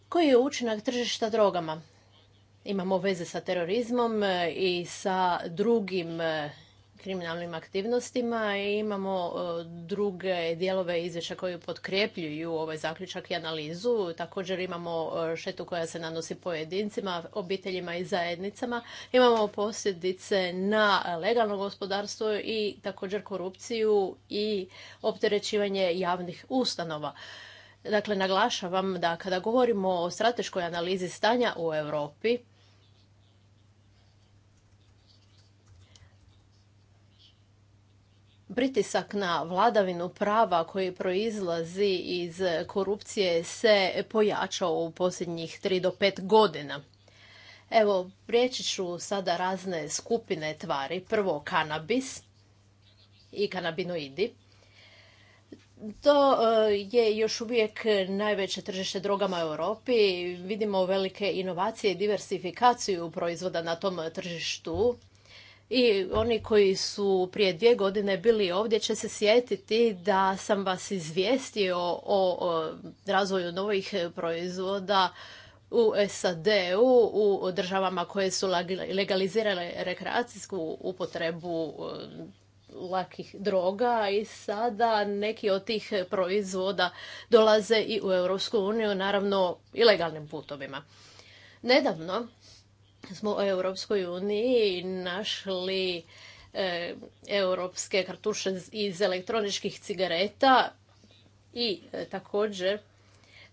Koji je učinak tržišta drogama? Imamo veze sa terorizmom i sa drugim kriminalnim aktivnostima i imamo e, druge dijelove izvješća koji potkrepljuju ovaj zaključak i analizu. Također imamo e, štetu koja se nanosi pojedincima, obiteljima i zajednicama. Imamo posljedice na legalno gospodarstvo i također korupciju i opterećivanje javnih ustanova. Dakle, naglašavam da kada govorimo o strateškoj analizi stanja u Europi, pritisak na vladavinu prava koji proizlazi iz korupcije se pojačao u posljednjih 3 do 5 godina. Evo, prijeći ću sada razne skupine tvari. Prvo, kanabis i kanabinoidi. To e, je još uvijek najveće tržište drogama u Europi. Vidimo velike inovacije i diversifikaciju proizvoda na tom tržištu i oni koji su prije dvije godine bili ovdje će se sjetiti da sam vas izvijestio o, razvoju novih proizvoda u SAD-u, u državama koje su legalizirale rekreacijsku upotrebu e, lakih droga i sada neki od tih proizvoda dolaze i u Europsku uniju, naravno ilegalnim putovima. Nedavno smo u Europskoj uniji našli e, europske kartuše iz elektroničkih cigareta i e, također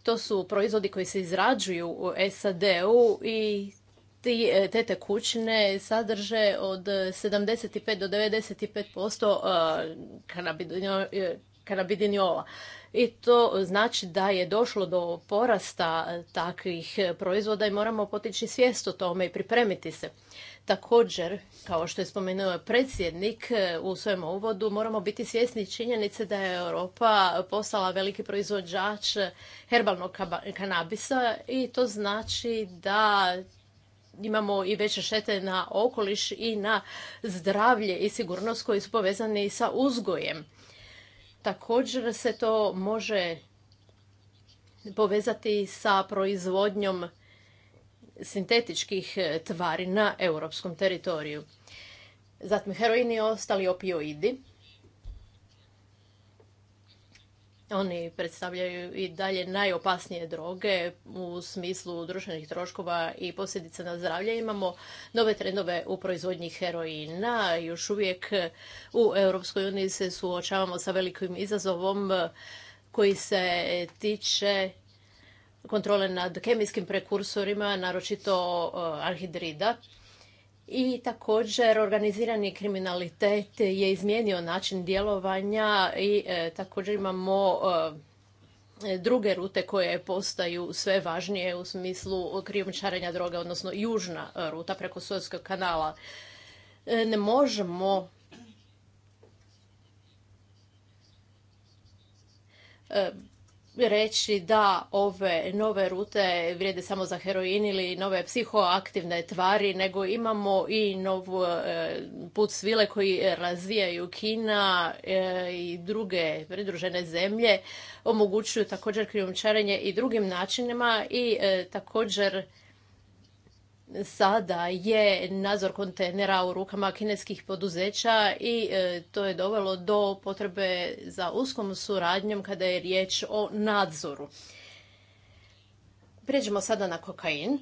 to su proizvodi koji se izrađuju u SAD-u i e, te tekućine sadrže od 75 do 95% kanabino, karabidiniola. I to znači da je došlo do porasta takvih proizvoda i moramo potići svijest o tome i pripremiti se. Također, kao što je spomenuo predsjednik e, u svojem uvodu, moramo biti svjesni činjenice da je Europa postala veliki proizvođač herbalnog kanabisa i to znači da imamo i veće štete na okoliš i na zdravlje i sigurnost koji su povezani sa uzgojem. Također se to može povezati sa proizvodnjom sintetičkih tvari na europskom teritoriju. Zatim heroini i ostali opioidi. Oni predstavljaju i dalje najopasnije droge u smislu društvenih troškova i posljedica na zdravlje. Imamo nove trendove u proizvodnji heroina. Još uvijek u Europskoj uniji se suočavamo sa velikim izazovom koji se tiče kontrole nad kemijskim prekursorima, naročito eh, arhidrida i također organizirani kriminalitet je izmijenio način djelovanja i e, također imamo e, druge rute koje postaju sve važnije u smislu krijumčarenja droga, odnosno južna ruta preko Suezkog kanala. E, ne možemo reći da ove nove rute vrijede samo za heroin ili nove psihoaktivne tvari, nego imamo i nov e, put svile koji razvijaju Kina e, i druge pridružene zemlje, omogućuju također krijumčarenje i drugim načinima i e, također sada je nadzor kontejnera u rukama kineskih poduzeća i e, to je dovelo do potrebe za uskom suradnjom kada je riječ o nadzoru. Prijeđemo sada na kokain.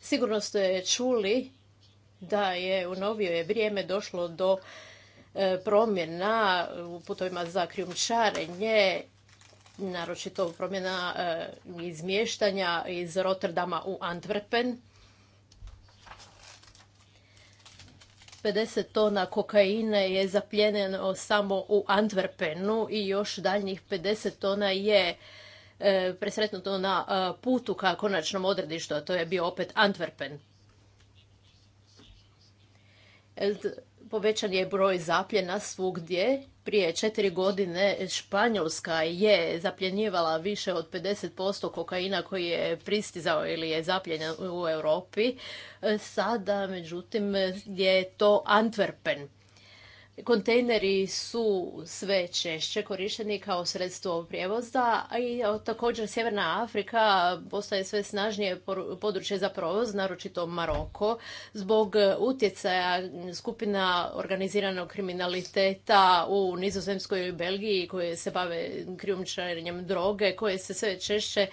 Sigurno ste čuli da je u novije vrijeme došlo do e, promjena u putovima za krijumčarenje naročito promjena e, izmještanja iz Rotterdama u Antwerpen. 50 tona kokaine je zapljeneno samo u Antwerpenu i još daljnjih 50 tona je e, presretnuto na e, putu ka konačnom odredištu, a to je bio opet Antwerpen. Povećan je broj zapljena svugdje prije četiri godine Španjolska je zapljenjivala više od 50% kokaina koji je pristizao ili je zapljenjen u Europi. E, sada, međutim, je to Antwerpen. Kontejneri su sve češće korišteni kao sredstvo prijevoza, a i također Sjeverna Afrika postaje sve snažnije područje za provoz, naročito Maroko, zbog utjecaja skupina organiziranog kriminaliteta u Nizozemskoj i Belgiji koje se bave krijumčarenjem droge, koje se sve češće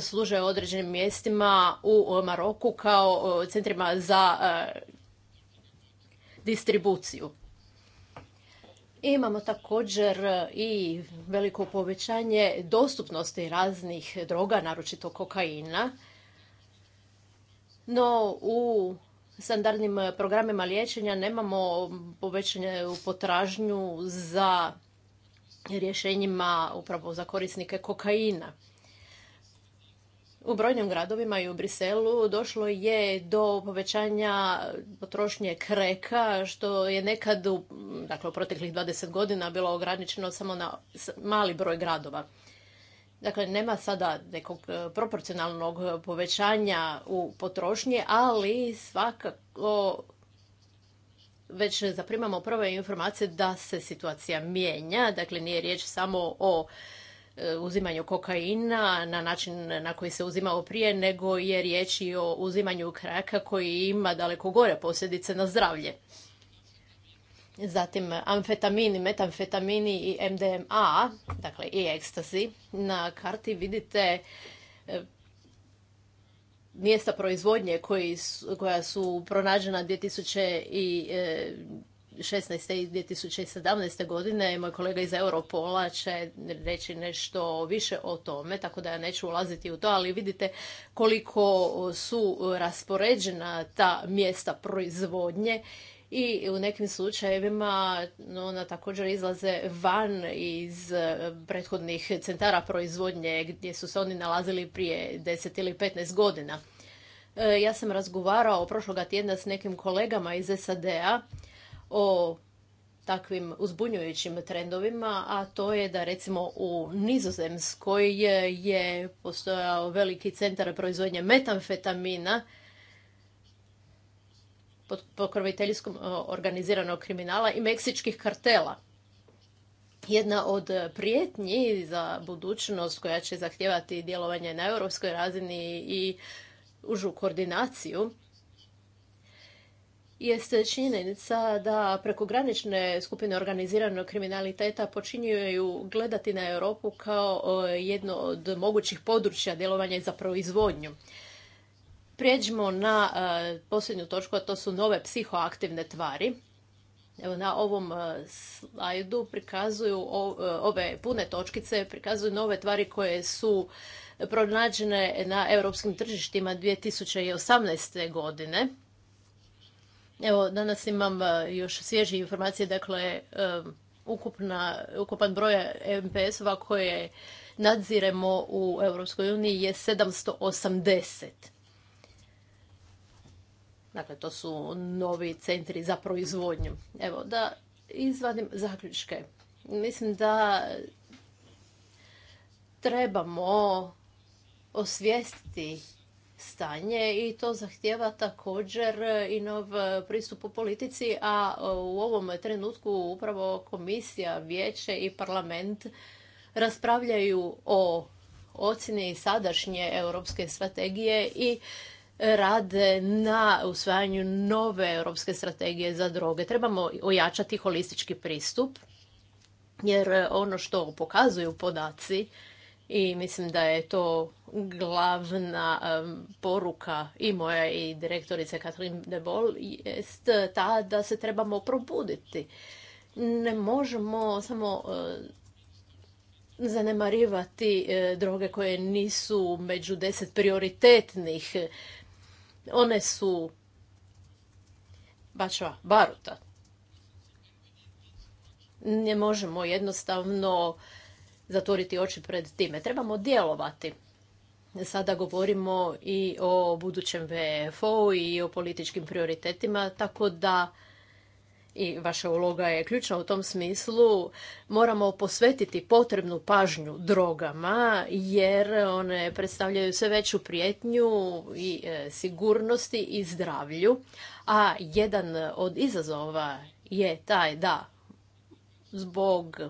služe u određenim mjestima u Maroku kao centrima za e, distribuciju. Imamo također i veliko povećanje dostupnosti raznih droga, naročito kokaina. No u standardnim programima liječenja nemamo povećanje u potražnju za rješenjima upravo za korisnike kokaina. U brojnim gradovima i u Briselu došlo je do povećanja potrošnje kreka, što je nekad u, dakle, u proteklih 20 godina bilo ograničeno samo na mali broj gradova. Dakle, nema sada nekog e, proporcionalnog povećanja u potrošnji, ali svakako već zaprimamo prve informacije da se situacija mijenja. Dakle, nije riječ samo o E, uzimanju kokaina na način na koji se uzimao prije, nego je riječ i o uzimanju kraka koji ima daleko gore posljedice na zdravlje. Zatim amfetamini, metamfetamini i MDMA, dakle i ekstazi. Na karti vidite e, mjesta proizvodnje koja su pronađena 2000 i e, 2016. i 2017. godine. Moj kolega iz Europola će reći nešto više o tome, tako da ja neću ulaziti u to, ali vidite koliko su raspoređena ta mjesta proizvodnje i u nekim slučajevima ona također izlaze van iz e, prethodnih centara proizvodnje gdje su se oni nalazili prije 10 ili 15 godina. E, ja sam razgovarao prošloga tjedna s nekim kolegama iz SAD-a o takvim uzbunjujućim trendovima, a to je da recimo u Nizozemskoj je postojao veliki centar proizvodnje metamfetamina pod pokroviteljskom organiziranog kriminala i meksičkih kartela. Jedna od prijetnji za budućnost koja će zahtijevati djelovanje na europskoj razini i užu koordinaciju jeste činjenica da prekogranične skupine organiziranog kriminaliteta počinjuju gledati na Europu kao e, jedno od mogućih područja djelovanja za proizvodnju. Prijeđimo na e, posljednju točku, a to su nove psihoaktivne tvari. Evo na ovom e, slajdu prikazuju ove pune točkice, prikazuju nove tvari koje su pronađene na europskim tržištima 2018. godine. Evo, danas imam e, još svježe informacije, dakle, e, ukupan broj MPS-ova koje nadziremo u Europskoj uniji je 780. Dakle, to su novi centri za proizvodnju. Evo, da izvadim zaključke. Mislim da trebamo osvijestiti stanje i to zahtjeva također e, i nov e, pristup u politici, a e, u ovom trenutku upravo komisija, vijeće i parlament raspravljaju o ocjeni sadašnje europske strategije i rade na usvajanju nove europske strategije za droge. Trebamo ojačati holistički pristup, jer ono što pokazuju podaci i mislim da je to glavna poruka i moja i direktorice Katrin de Bol jest ta da se trebamo probuditi. Ne možemo samo zanemarivati e, droge koje nisu među deset prioritetnih. One su bačva baruta. Ne možemo jednostavno zatvoriti oči pred time. Trebamo djelovati. Sada govorimo i o budućem VFO i o političkim prioritetima, tako da i vaša uloga je ključna u tom smislu, moramo posvetiti potrebnu pažnju drogama jer one predstavljaju sve veću prijetnju i e, sigurnosti i zdravlju, a jedan od izazova je taj da zbog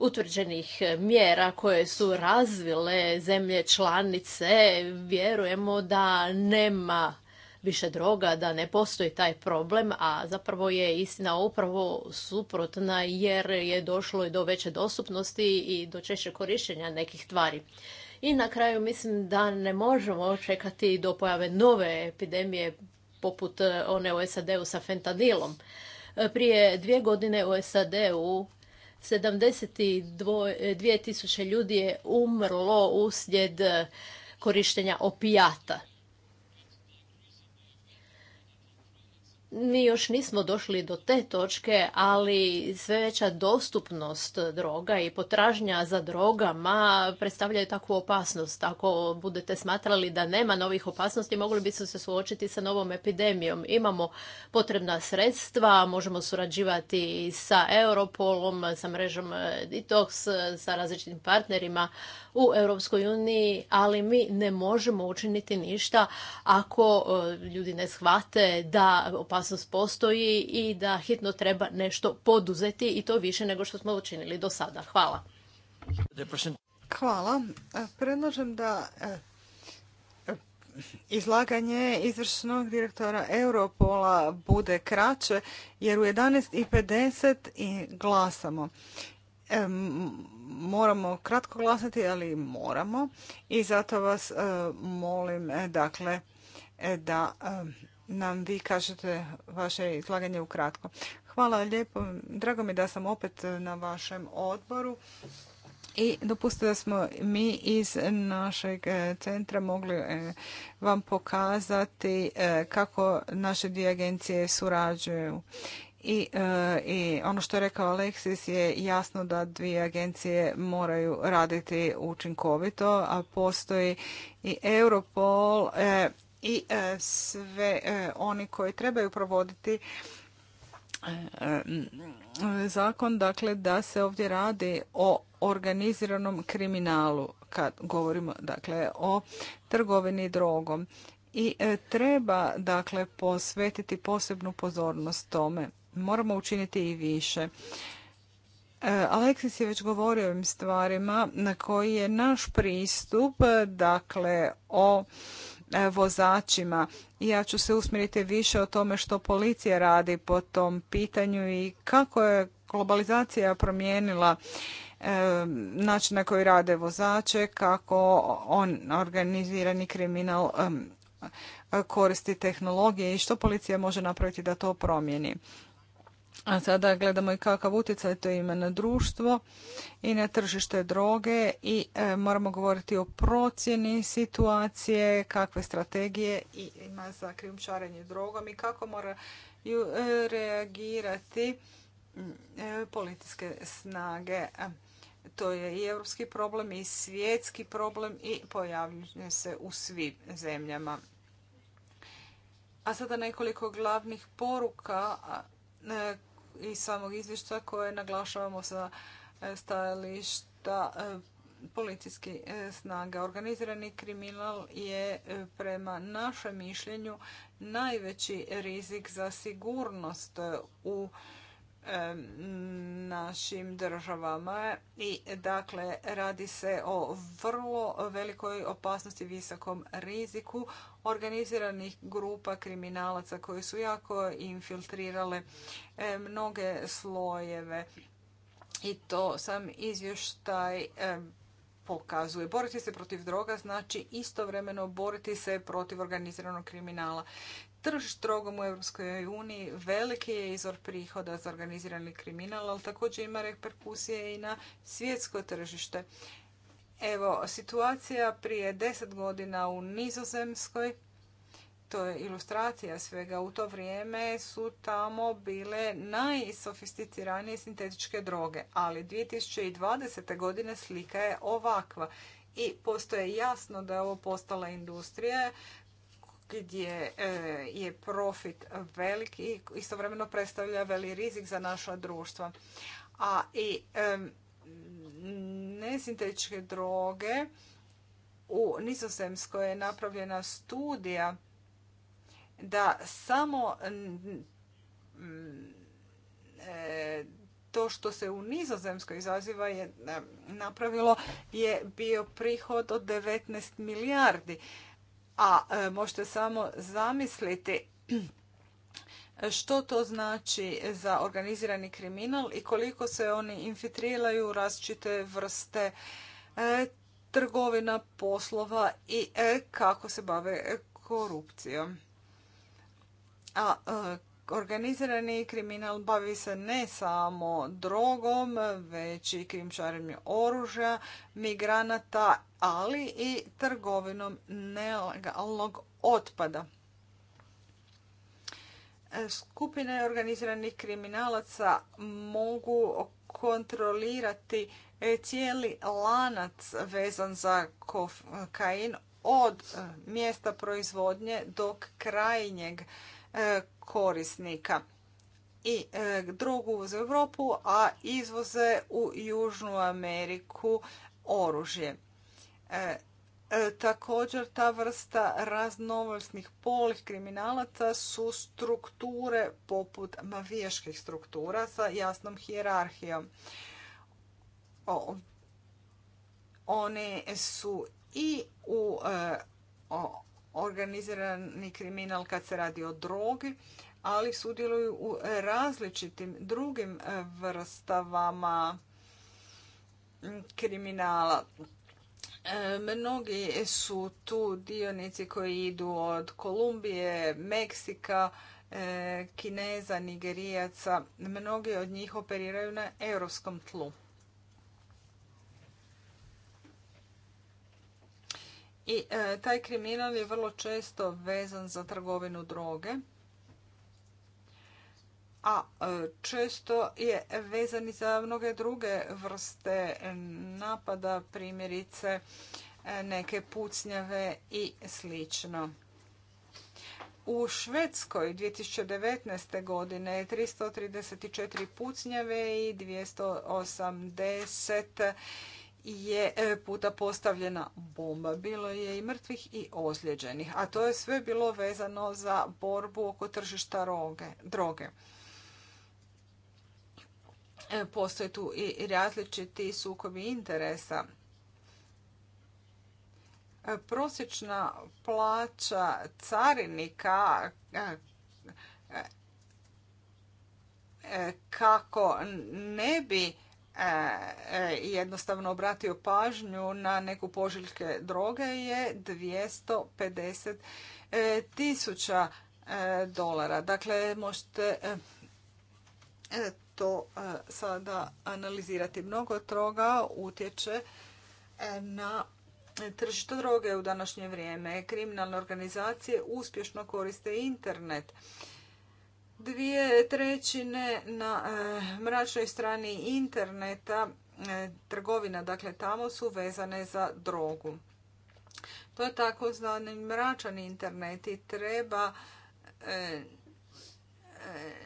utvrđenih e, mjera koje su razvile zemlje članice, vjerujemo da nema više droga, da ne postoji taj problem, a zapravo je istina upravo suprotna jer je došlo i do veće dostupnosti i do češće korištenja nekih tvari. I na kraju mislim da ne možemo čekati do pojave nove epidemije poput e, one u SAD-u sa fentanilom. E, prije dvije godine u SAD-u 72.000 ljudi je umrlo uslijed eh, korištenja opijata. mi još nismo došli do te točke, ali sve veća dostupnost droga i potražnja za drogama predstavljaju takvu opasnost. Ako budete smatrali da nema novih opasnosti, mogli bismo se suočiti sa novom epidemijom. Imamo potrebna sredstva, možemo surađivati sa Europolom, sa mrežom Detox, sa različitim partnerima u Europskoj uniji, ali mi ne možemo učiniti ništa ako e, ljudi ne shvate da opasnost opasnost postoji i da hitno treba nešto poduzeti i to više nego što smo učinili do sada. Hvala. Hvala. E, predlažem da e, izlaganje izvršnog direktora Europola bude kraće jer u 11.50 glasamo. E, moramo kratko glasati, ali moramo i zato vas molim dakle da nam vi kažete vaše izlaganje ukratko. Hvala lijepo. Drago mi da sam opet na vašem odboru. I dopustite da smo mi iz našeg e, centra mogli e, vam pokazati e, kako naše dvije agencije surađuju. I, I ono što je rekao Aleksis je jasno da dvije agencije moraju raditi učinkovito, a postoji i Europol i e, sve e, oni koji trebaju provoditi e, zakon, dakle da se ovdje radi o organiziranom kriminalu kad govorimo dakle o trgovini drogom i treba dakle posvetiti posebnu pozornost tome. Moramo učiniti i više. Aleksis je već govorio o ovim stvarima na koji je naš pristup, dakle o E, vozačima. Ja ću se usmjeriti više o tome što policija radi po tom pitanju i kako je globalizacija promijenila e, način na koji rade vozače, kako on organizirani kriminal e, koristi tehnologije i što policija može napraviti da to promijeni. A sada gledamo i kakav utjecaj to ima na društvo i na tržište droge i e, moramo govoriti o procjeni situacije, kakve strategije ima za krijumčarenje drogom i kako moraju e, reagirati e, politiske snage. To je i europski problem i svjetski problem i pojavljuje se u svim zemljama. A sada nekoliko glavnih poruka iz samog izvješća koje naglašavamo sa e, stajališta e, policijskih e, snaga. Organizirani kriminal je prema našem mišljenju najveći rizik za sigurnost u našim državama i dakle radi se o vrlo velikoj opasnosti, visokom riziku organiziranih grupa kriminalaca koji su jako infiltrirale e, mnoge slojeve i to sam izvještaj e, pokazuje. Boriti se protiv droga znači istovremeno boriti se protiv organiziranog kriminala. Tržišt drogom u EU veliki je izvor prihoda za organizirani kriminal, ali također ima reperkusije i na svjetsko tržište. Evo, situacija prije deset godina u Nizozemskoj, to je ilustracija svega, u to vrijeme su tamo bile najsofisticiranije sintetičke droge, ali 2020. godine slika je ovakva i postoje jasno da je ovo postala industrija gdje e, je profit velik i istovremeno predstavlja veli rizik za naša društva. A i e, nesintetičke droge u Nizozemskoj je napravljena studija da samo e, to što se u Nizozemskoj izaziva je napravilo je bio prihod od 19 milijardi a e, možete samo zamisliti što to znači za organizirani kriminal i koliko se oni infiltriraju različite vrste e, trgovina, poslova i e, kako se bave korupcijom. A Organizirani kriminal bavi se ne samo drogom, već i krimčarenjem oružja, migranata, ali i trgovinom nelegalnog otpada. Skupine organiziranih kriminalaca mogu kontrolirati cijeli lanac vezan za kokain od e, mjesta proizvodnje do krajnjeg e, korisnika i e, drugu uvoze u Europu, a izvoze u Južnu Ameriku oružje. E, e, također ta vrsta raznovrsnih polih kriminalaca su strukture poput mafijaških struktura sa jasnom hijerarhijom. one su i u organizirani kriminal kad se radi o drogi, ali sudjeluju u različitim drugim e, vrstavama kriminala. E, mnogi su tu dionici koji idu od Kolumbije, Meksika, e, Kineza, Nigerijaca. Mnogi od njih operiraju na europskom tlu. I e, taj kriminal je vrlo često vezan za trgovinu droge, a e, često je vezan i za mnoge druge vrste napada, primjerice e, neke pucnjave i slično. U Švedskoj 2019. godine je 334 pucnjave i 280 je e, puta postavljena bomba. Bilo je i mrtvih i ozlijeđenih, a to je sve bilo vezano za borbu oko tržišta droge. E, postoje tu i različiti sukobi interesa. E, prosječna plaća carinika kako ne bi i e, e, jednostavno obratio pažnju na neku poželjke droge je 250 e, tisuća dolara. Dakle, možete to sada analizirati. Mnogo droga utječe na tržište droge u današnje vrijeme. Kriminalne organizacije uspješno koriste internet dvije trećine na e, mračnoj strani interneta e, trgovina, dakle tamo su vezane za drogu. To je tako znani mračan internet i treba e,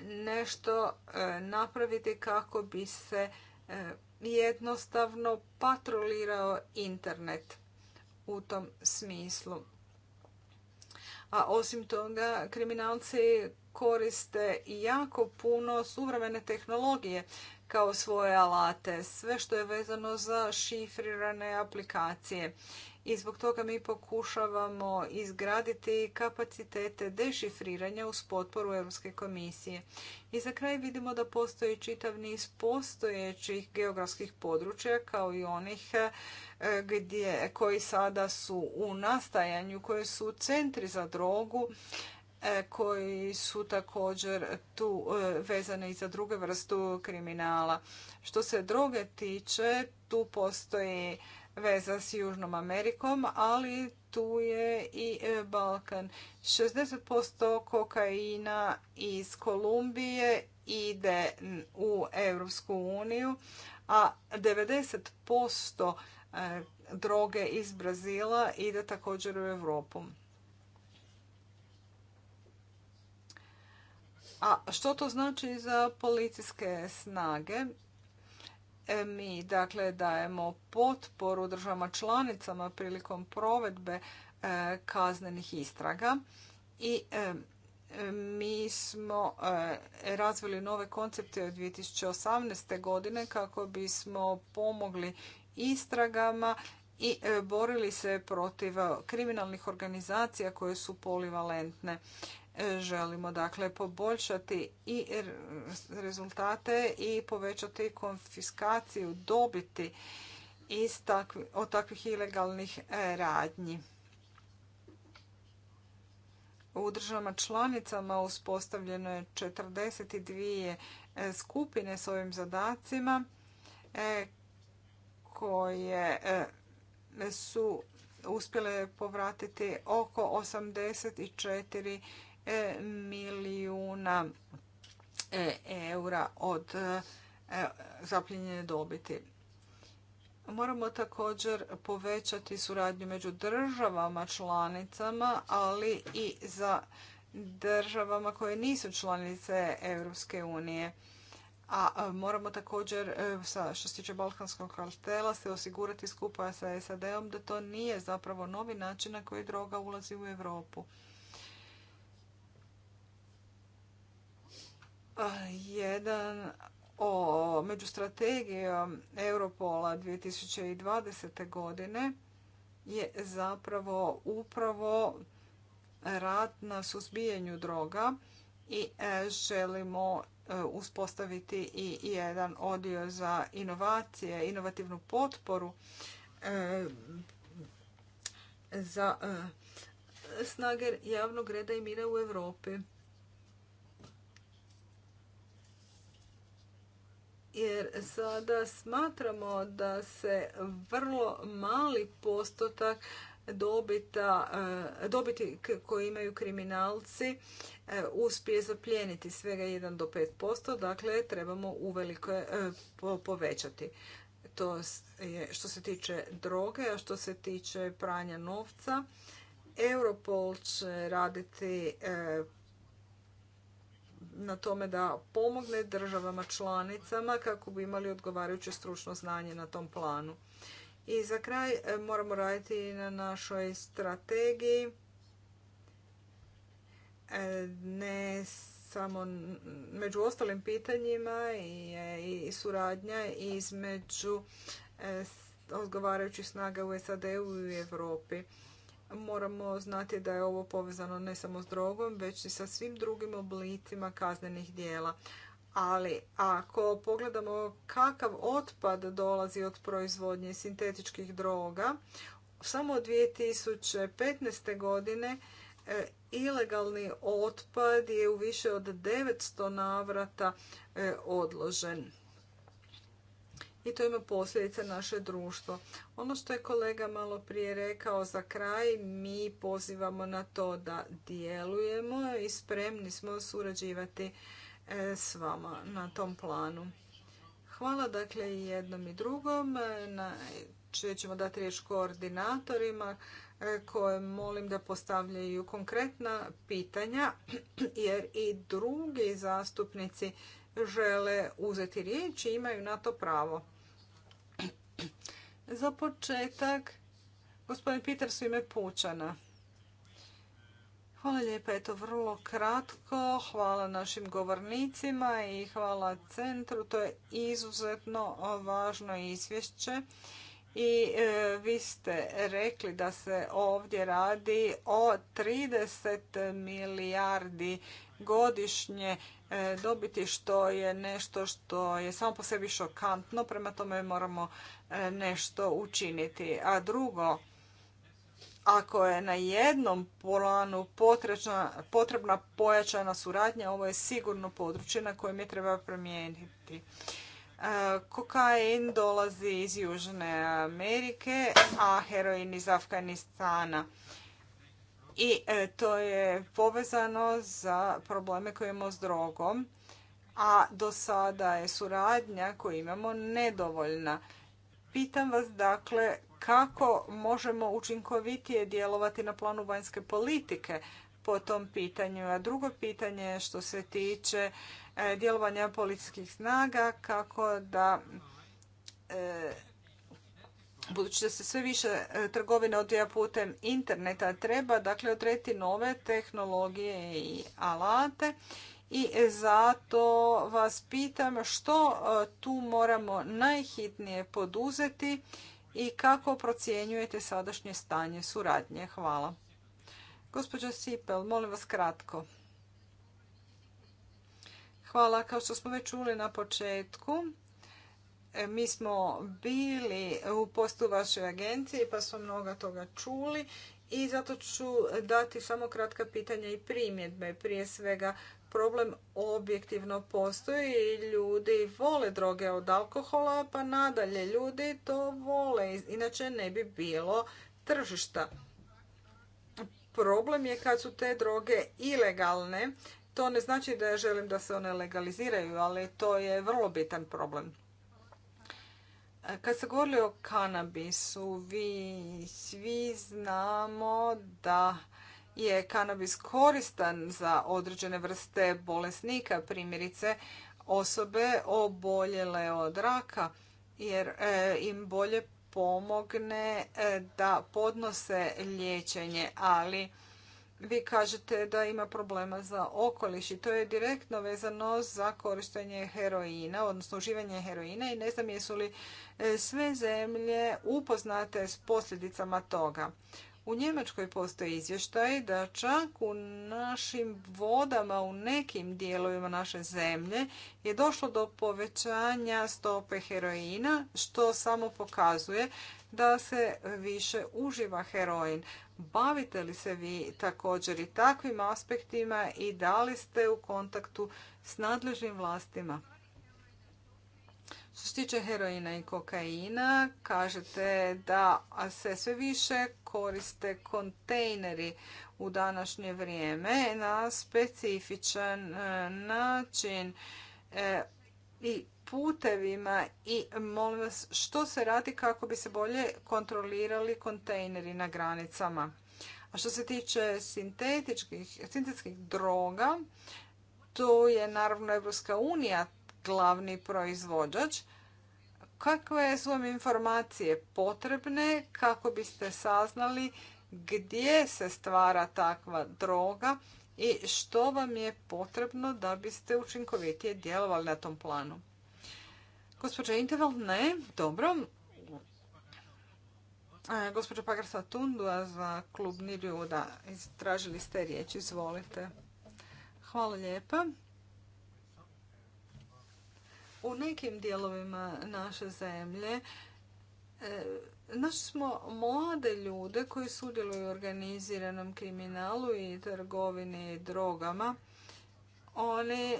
nešto napraviti kako bi se jednostavno patrolirao internet u tom smislu. A osim toga, kriminalci koriste jako puno suvremene tehnologije kao svoje alate, sve što je vezano za šifrirane aplikacije. I zbog toga mi pokušavamo izgraditi kapacitete dešifriranja uz potporu Europske komisije. I za kraj vidimo da postoji čitav niz postojećih geografskih područja kao i onih eh, koji sada su u nastajanju, koji su centri za drogu, E, koji su također tu e, vezane i za druge vrstu kriminala. Što se droge tiče, tu postoji veza s Južnom Amerikom, ali tu je i e, Balkan. 60% kokaina iz Kolumbije ide u Europsku uniju, a 90% droge iz Brazila ide također u Europu. A što to znači za policijske snage? E, mi dakle dajemo potporu državama članicama prilikom provedbe e, kaznenih istraga i e, mi smo razvili nove koncepte od 2018. godine kako bismo pomogli istragama i borili se protiv kriminalnih organizacija koje su polivalentne. Želimo dakle poboljšati i rezultate i povećati konfiskaciju dobiti iz takvi, od takvih ilegalnih e, radnji. U državama članicama uspostavljeno je 42 e, skupine s ovim zadacima e, koje su uspjele povratiti oko 84 E, milijuna e, eura od e, zapljenjene dobiti. Moramo također povećati suradnju među državama članicama, ali i za državama koje nisu članice Europske unije. A moramo također, što se tiče Balkanskog kartela, se osigurati skupa sa SAD-om da to nije zapravo novi način na koji droga ulazi u Europu. jedan o među strategijom Europola 2020. godine je zapravo upravo rad na suzbijanju droga i e, želimo e, uspostaviti i jedan odio za inovacije, inovativnu potporu e, za snage javnog reda i mira u Europi. jer sada smatramo da se vrlo mali postotak dobita, e, dobiti koji imaju kriminalci e, uspije zapljeniti svega 1 do 5%, dakle trebamo uveliko e, povećati. To je što se tiče droge, a što se tiče pranja novca. Europol će raditi na tome da pomogne državama članicama kako bi imali odgovarajuće stručno znanje na tom planu. I za kraj e, moramo raditi na našoj strategiji e, ne samo među ostalim pitanjima i e, suradnja između odgovarajućih snaga u SAD-u i u Europi moramo znati da je ovo povezano ne samo s drogom, već i sa svim drugim oblicima kaznenih dijela. Ali ako pogledamo kakav otpad dolazi od proizvodnje sintetičkih droga, samo od 2015. godine e, ilegalni otpad je u više od 900 navrata e, odložen i to ima posljedice naše društvo. Ono što je kolega malo prije rekao za kraj, mi pozivamo na to da djelujemo i spremni smo surađivati e, s vama na tom planu. Hvala dakle i jednom i drugom. E, na, ćemo dati riječ koordinatorima e, koje molim da postavljaju konkretna pitanja jer i drugi zastupnici žele uzeti riječ i imaju na to pravo. Za početak, gospodin Peter su ime Pučana. Hvala lijepa, eto vrlo kratko. Hvala našim govornicima i hvala centru. To je izuzetno važno izvješće. I e, vi ste rekli da se ovdje radi o 30 milijardi godišnje e, dobiti što je nešto što je samo po sebi šokantno, prema tome moramo nešto učiniti. A drugo, ako je na jednom planu potrebna pojačana suradnja, ovo je sigurno područje na kojem je treba promijeniti. E, kokain dolazi iz Južne Amerike, a heroin iz Afganistana. I e, to je povezano za probleme koje imamo s drogom, a do sada je suradnja koju imamo nedovoljna. Pitam vas dakle kako možemo učinkovitije djelovati na planu vanjske politike po tom pitanju. A drugo pitanje je što se tiče e, djelovanja policijskih snaga, kako da e, budući da se sve više e, trgovine odvija putem interneta, treba dakle odrediti nove tehnologije i alate i zato vas pitam što e, tu moramo najhitnije poduzeti i kako procjenjujete sadašnje stanje suradnje. Hvala. Gospođo Sipel, molim vas kratko. Hvala. Kao što smo već čuli na početku, e, mi smo bili u postu vaše agencije pa smo mnoga toga čuli i zato ću dati samo kratka pitanja i primjedbe. Prije svega problem objektivno postoji i ljudi vole droge od alkohola, pa nadalje ljudi to vole, inače ne bi bilo tržišta. Problem je kad su te droge ilegalne, to ne znači da ja želim da se one legaliziraju, ali to je vrlo bitan problem. Kad se govorili o kanabisu, vi svi znamo da je kanabis koristan za određene vrste bolesnika, primjerice osobe oboljele od raka, jer e, im bolje pomogne e, da podnose liječenje, ali vi kažete da ima problema za okoliš i to je direktno vezano za korištenje heroina, odnosno uživanje heroina i ne znam jesu li e, sve zemlje upoznate s posljedicama toga. U Njemačkoj postoje izvještaj da čak u našim vodama u nekim dijelovima naše zemlje je došlo do povećanja stope heroina, što samo pokazuje da se više uživa heroin. Bavite li se vi također i takvim aspektima i da li ste u kontaktu s nadležnim vlastima? Što se tiče heroina i kokaina, kažete da se sve više koriste kontejneri u današnje vrijeme na specifičan e, način e, i putevima i molim vas što se radi kako bi se bolje kontrolirali kontejneri na granicama. A što se tiče sintetičkih, sintetskih droga, to je naravno Evropska unija glavni proizvođač. Kakve su vam informacije potrebne kako biste saznali gdje se stvara takva droga i što vam je potrebno da biste učinkovitije djelovali na tom planu? Gospođa Interval, ne, dobro. E, gospođa Pagrsa Tundua za klub da tražili ste riječ, izvolite. Hvala lijepa. U nekim dijelovima naše zemlje e, naši smo mlade ljude koji sudjeluju u organiziranom kriminalu i trgovini drogama. Oni e,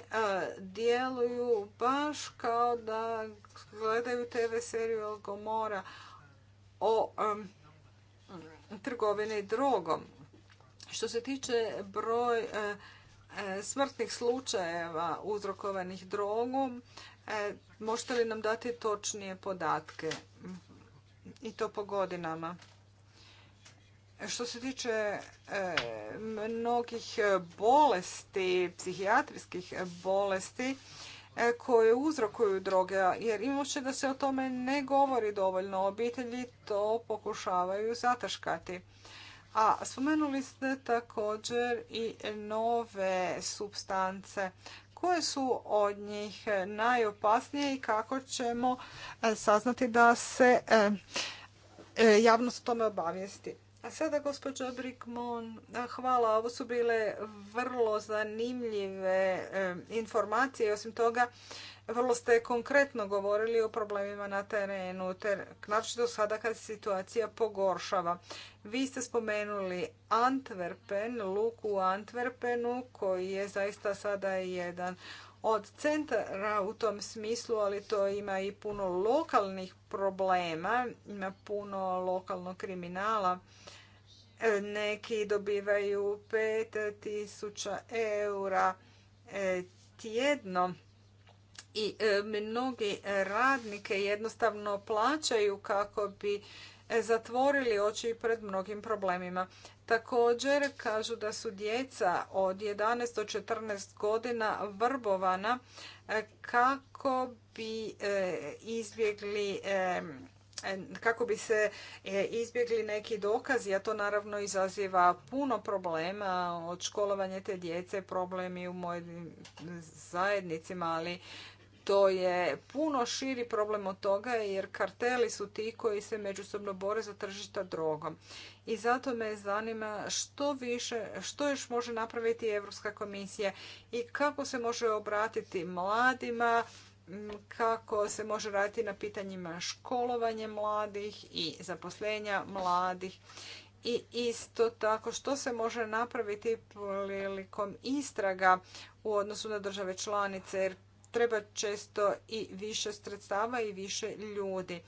djeluju baš kao da gledaju TV seriju Algomora o e, trgovini drogom. Što se tiče broj smrtnih slučajeva uzrokovanih drogom, E, možete li nam dati točnije podatke i to po godinama? Što se tiče e, mnogih bolesti, psihijatrijskih bolesti e, koje uzrokuju droge, jer imoće da se o tome ne govori dovoljno, obitelji to pokušavaju zataškati. A spomenuli ste također i nove substance koje su od njih najopasnije i kako ćemo e, saznati da se e, e, javnost o tome obavijesti. A sada, gospođo Brikmon, hvala. Ovo su bile vrlo zanimljive informacije. Osim toga, vrlo ste konkretno govorili o problemima na terenu, Znači, do sada kad se situacija pogoršava. Vi ste spomenuli Antwerpen, luku u Antwerpenu, koji je zaista sada jedan od centara u tom smislu, ali to ima i puno lokalnih problema, ima puno lokalnog kriminala. Neki dobivaju 5000 eura e, tjedno i e, mnogi radnike jednostavno plaćaju kako bi e, zatvorili oči pred mnogim problemima. Također kažu da su djeca od 11 do 14 godina vrbovana e, kako bi izbjegli kako bi se izbjegli neki dokazi, a to naravno izaziva puno problema od školovanja te djece, problemi u mojim zajednicima, ali to je puno širi problem od toga jer karteli su ti koji se međusobno bore za tržišta drogom. I zato me zanima što više, što još može napraviti Europska komisija i kako se može obratiti mladima, kako se može raditi na pitanjima školovanja mladih i zaposlenja mladih. I isto tako što se može napraviti prilikom istraga u odnosu na države članice jer treba često i više sredstava i više ljudi.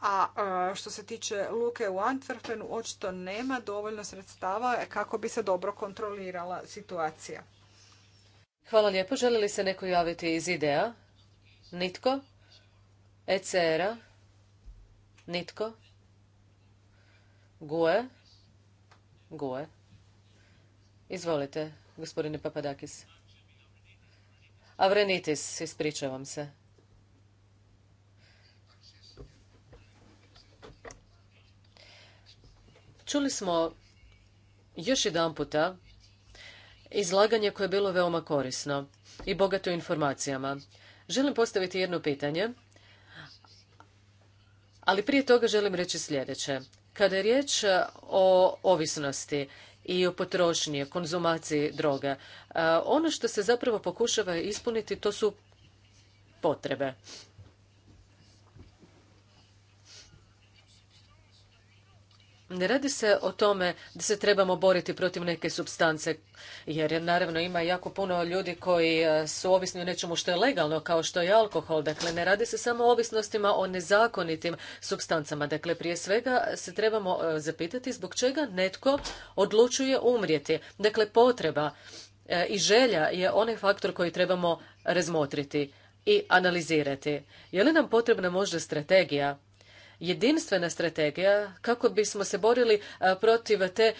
A e, što se tiče luke u Antwerpenu, očito nema dovoljno sredstava kako bi se dobro kontrolirala situacija. Hvala lijepo. Želi li se neko javiti iz IDEA? Nitko? ECR-a? Nitko? GUE? GUE? Izvolite, gospodine Papadakis. Avrenitis, ispričavam se. Čuli smo još jedan puta izlaganje koje je bilo veoma korisno i bogato informacijama. Želim postaviti jedno pitanje, ali prije toga želim reći sljedeće. Kada je riječ o ovisnosti, i o potrošnji, konzumaciji droga. E, ono što se zapravo pokušava ispuniti to su potrebe. Ne radi se o tome da se trebamo boriti protiv neke substance, jer naravno ima jako puno ljudi koji e, su ovisni o nečemu što je legalno, kao što je alkohol. Dakle, ne radi se samo o ovisnostima o nezakonitim substancama. Dakle, prije svega se trebamo e, zapitati zbog čega netko odlučuje umrijeti. Dakle, potreba e, i želja je onaj faktor koji trebamo razmotriti i analizirati. Je li nam potrebna možda strategija jedinstvena strategija kako bismo se borili e, protiv te e,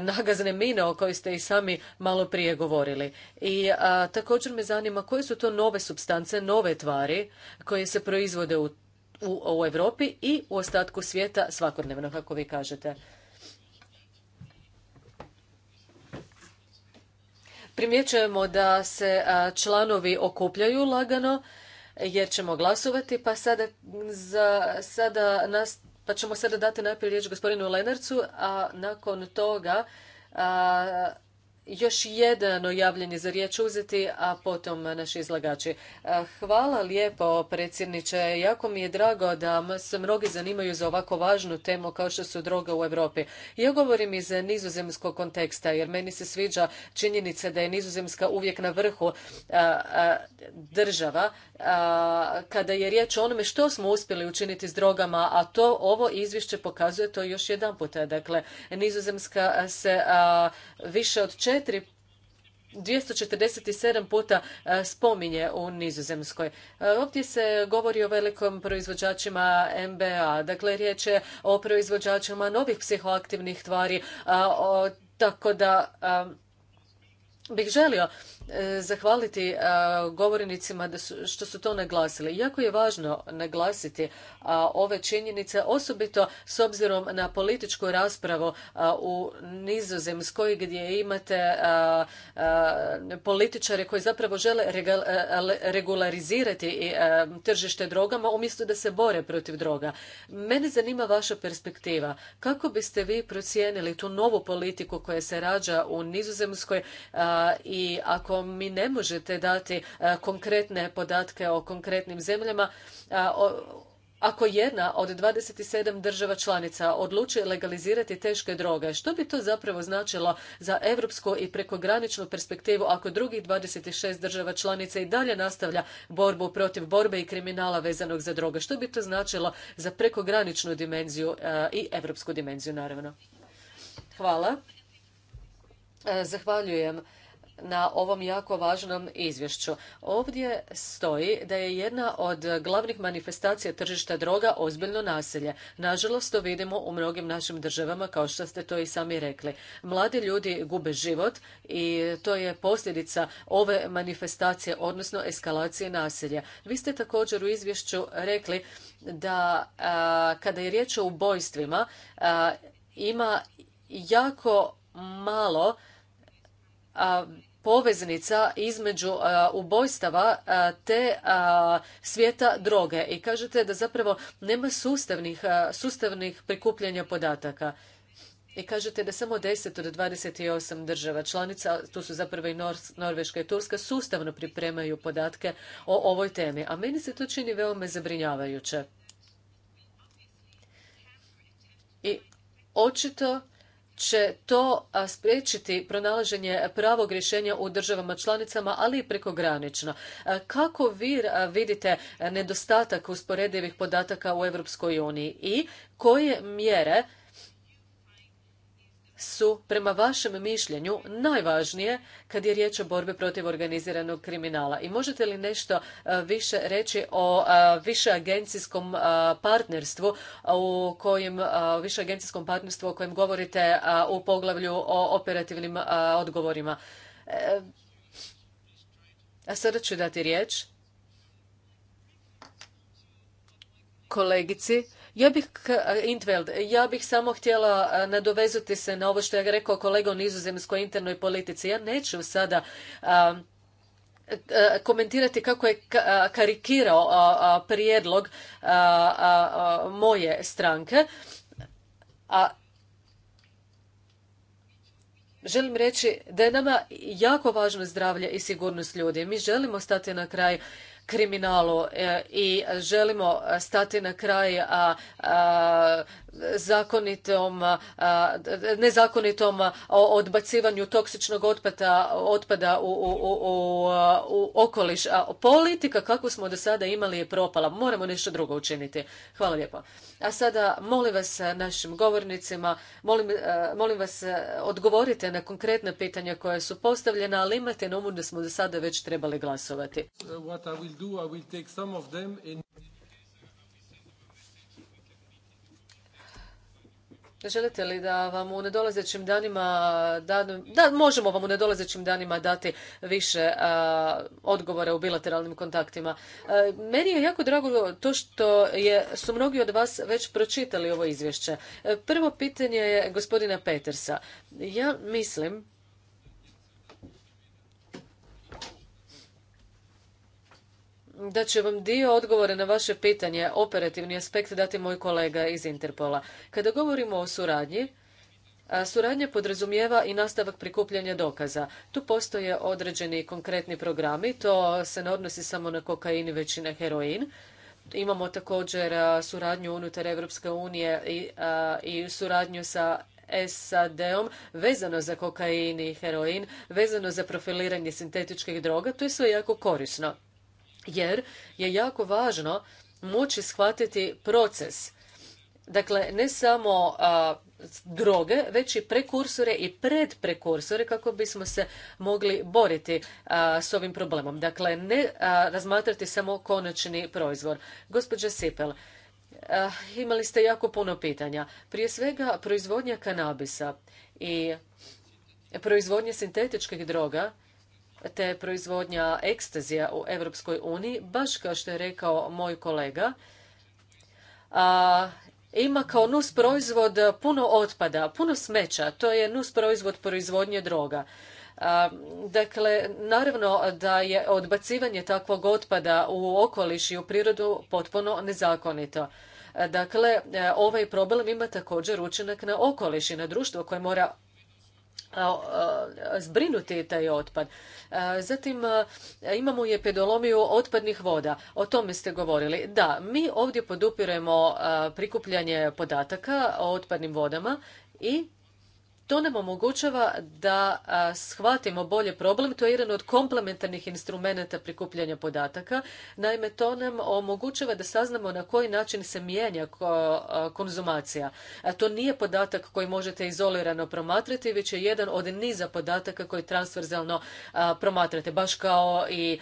nagazne mine o kojoj ste i sami malo prije govorili. I e, također me zanima koje su to nove substance, nove tvari koje se proizvode u, u, u Europi i u ostatku svijeta svakodnevno, kako vi kažete. Primjećujemo da se članovi okupljaju lagano jer ćemo glasovati, pa sada, za, sada nas, pa ćemo sada dati najprije riječ gospodinu Lenarcu, a nakon toga još jedno javljanje za riječ uzeti, a potom naši izlagači. E, hvala lijepo, predsjedniče. Jako mi je drago da se mnogi zanimaju za ovako važnu temu kao što su droge u Europi. Ja govorim iz nizozemskog konteksta, jer meni se sviđa činjenica da je nizozemska uvijek na vrhu e, e, država kada je riječ o onome što smo uspjeli učiniti s drogama, a to ovo izvješće pokazuje to još jedan puta. Dakle, nizozemska se više od četiri 247 puta e, spominje u Nizozemskoj. E, ovdje se govori o velikom proizvođačima MBA, dakle riječ je o proizvođačima novih psihoaktivnih tvari, tako da bih želio E, zahvaliti e, govornicima da su, što su to naglasili. Jako je važno naglasiti e, ove činjenice, osobito s obzirom na političku raspravu u Nizozemskoj gdje imate političare koji zapravo žele regularizirati tržište drogama umjesto da se bore protiv droga. Mene zanima vaša perspektiva. Kako biste vi procijenili tu novu politiku koja se rađa u Nizozemskoj i ako mi ne možete dati e, konkretne podatke o konkretnim zemljama e, ako jedna od 27 država članica odluči legalizirati teške droge, što bi to zapravo značilo za europsku i prekograničnu perspektivu ako drugih 26 država članica i dalje nastavlja borbu protiv borbe i kriminala vezanog za droge? Što bi to značilo za prekograničnu dimenziju e, i europsku dimenziju, naravno? Hvala. zahvaljujem na ovom jako važnom izvješću. Ovdje stoji da je jedna od glavnih manifestacija tržišta droga ozbiljno nasilje. Nažalost, to vidimo u mnogim našim državama, kao što ste to i sami rekli. Mladi ljudi gube život i to je posljedica ove manifestacije, odnosno eskalacije nasilja. Vi ste također u izvješću rekli da kada je riječ o ubojstvima, ima jako malo poveznica između e, ubojstava e, te e, svijeta droge i kažete da zapravo nema sustavnih, sustavnih prikupljanja podataka. I kažete da samo 10 od 28 država članica, tu su zapravo i Norveška i Turska, sustavno pripremaju podatke o ovoj temi. A meni se to čini veoma zabrinjavajuće. I očito će to spriječiti pronalaženje pravog rješenja u državama članicama, ali i prekogranično. Kako vi vidite nedostatak usporedivih podataka u Europskoj uniji i koje mjere su prema vašem mišljenju najvažnije kad je riječ o borbi protiv organiziranog kriminala i možete li nešto e, više reći o e, višeagencijskom e, partnerstvu u kojem agencijskom partnerstvu o kojem govorite u poglavlju o operativnim odgovorima a sada ću dati riječ kolegici ja bih, e, Intveld, ja bih samo htjela e, nadovezati se na ovo što je rekao kolega o nizozemskoj internoj politici. Ja neću sada e, komentirati kako je karikirao prijedlog moje stranke. A želim reći da je nama jako važno zdravlje i sigurnost ljudi. Mi želimo stati na kraj kriminalu e, i želimo stati na kraj a zakonitom, nezakonitom odbacivanju toksičnog otpada, otpada u, okoliš. A politika kakvu smo do sada imali je propala. Moramo nešto drugo učiniti. Hvala lijepo. A sada molim vas našim govornicima, molim, molim vas odgovorite na konkretna pitanja koja su postavljena, ali imate na umu da smo do sada već trebali glasovati. Želite li da vam u nedolazećim danima da, možemo vam u nedolazećim danima dati više odgovore odgovora u bilateralnim kontaktima. meni je jako drago to što je, su mnogi od vas već pročitali ovo izvješće. E, prvo pitanje je gospodina Petersa. Ja mislim da će vam dio odgovora na vaše pitanje, operativni aspekt, dati moj kolega iz Interpola. Kada govorimo o suradnji, Suradnja podrazumijeva i nastavak prikupljanja dokaza. Tu postoje određeni konkretni programi, to se ne odnosi samo na kokain, već i na heroin. Imamo također suradnju unutar Europske unije i, i suradnju sa SAD-om vezano za kokain i heroin, vezano za profiliranje sintetičkih droga. To je sve jako korisno jer je jako važno moći shvatiti proces. Dakle, ne samo droge, već i prekursore i predprekursore kako bismo se mogli boriti s ovim problemom. Dakle, ne razmatrati samo konačni proizvod. Gospođa Sipel, imali ste jako puno pitanja. Prije svega, proizvodnja kanabisa i proizvodnja sintetičkih droga te proizvodnja ekstazija u Europskoj uniji, baš kao što je rekao moj kolega, a, ima kao nus proizvod puno otpada, puno smeća. To je nus proizvod proizvodnje droga. dakle, naravno da je odbacivanje takvog otpada u okoliš i u prirodu potpuno nezakonito. Dakle, e, ovaj problem ima također učinak na okoliš i na društvo koje mora zbrinuti taj otpad. Zatim imamo i pedolomiju otpadnih voda. O tome ste govorili. Da, mi ovdje podupiremo prikupljanje podataka o otpadnim vodama i to nam omogućava da shvatimo bolje problem. To je jedan od komplementarnih instrumenata prikupljanja podataka. Naime, to nam omogućava da saznamo na koji način se mijenja konzumacija. To nije podatak koji možete izolirano promatrati, već je jedan od niza podataka koji transverzalno promatrate, baš kao i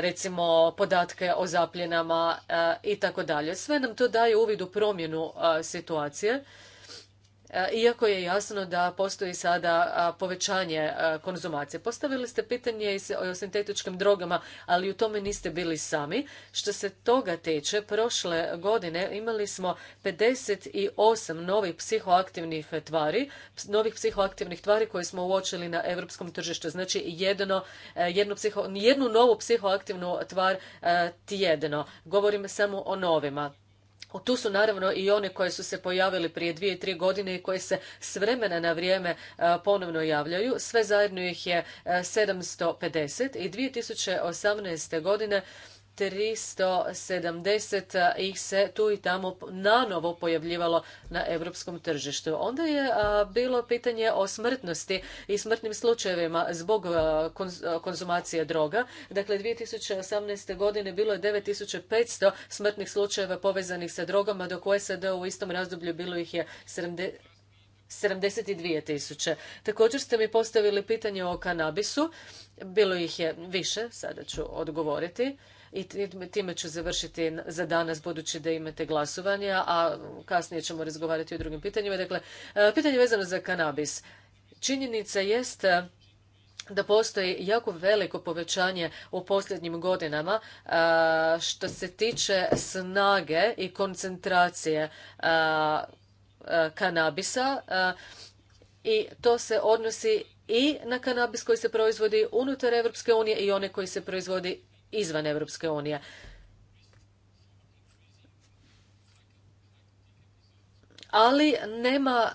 recimo podatke o zapljenama i tako dalje. Sve nam to daje uvid u promjenu situacije E, iako je jasno da postoji sada povećanje e, konzumacije. Postavili ste pitanje i o sintetičkim drogama, ali u tome niste bili sami. Što se toga tiče, prošle godine imali smo 58 novih psihoaktivnih tvari, novih psihoaktivnih tvari koje smo uočili na europskom tržištu. Znači jedno, e, jednu, jednu novu psihoaktivnu tvar tjedno. Govorim samo o novima tu su naravno i one koje su se pojavile prije dvije, tri godine i koje se s vremena na vrijeme e, ponovno javljaju. Sve zajedno ih je 750 e, i 2018. godine 370 ih se tu i tamo nanovo pojavljivalo na europskom tržištu. Onda je bilo pitanje o smrtnosti i smrtnim slučajevima zbog konzumacije droga. Dakle, 2018. godine bilo je 9500 smrtnih slučajeva povezanih sa drogama, dok u SAD u istom razdoblju bilo ih je 70, 72 tisuće. Također ste mi postavili pitanje o kanabisu. Bilo ih je više, sada ću odgovoriti. I time ću završiti za danas budući da imate glasovanja, a kasnije ćemo razgovarati o drugim pitanjima. Dakle, e, pitanje vezano za kanabis. Činjenica jest e, da postoji jako veliko povećanje u posljednjim godinama e, što se tiče snage i koncentracije kanabisa i to se odnosi i na kanabis koji se proizvodi unutar Europske unije i one koji se proizvodi izvan Europske unije. Ali nema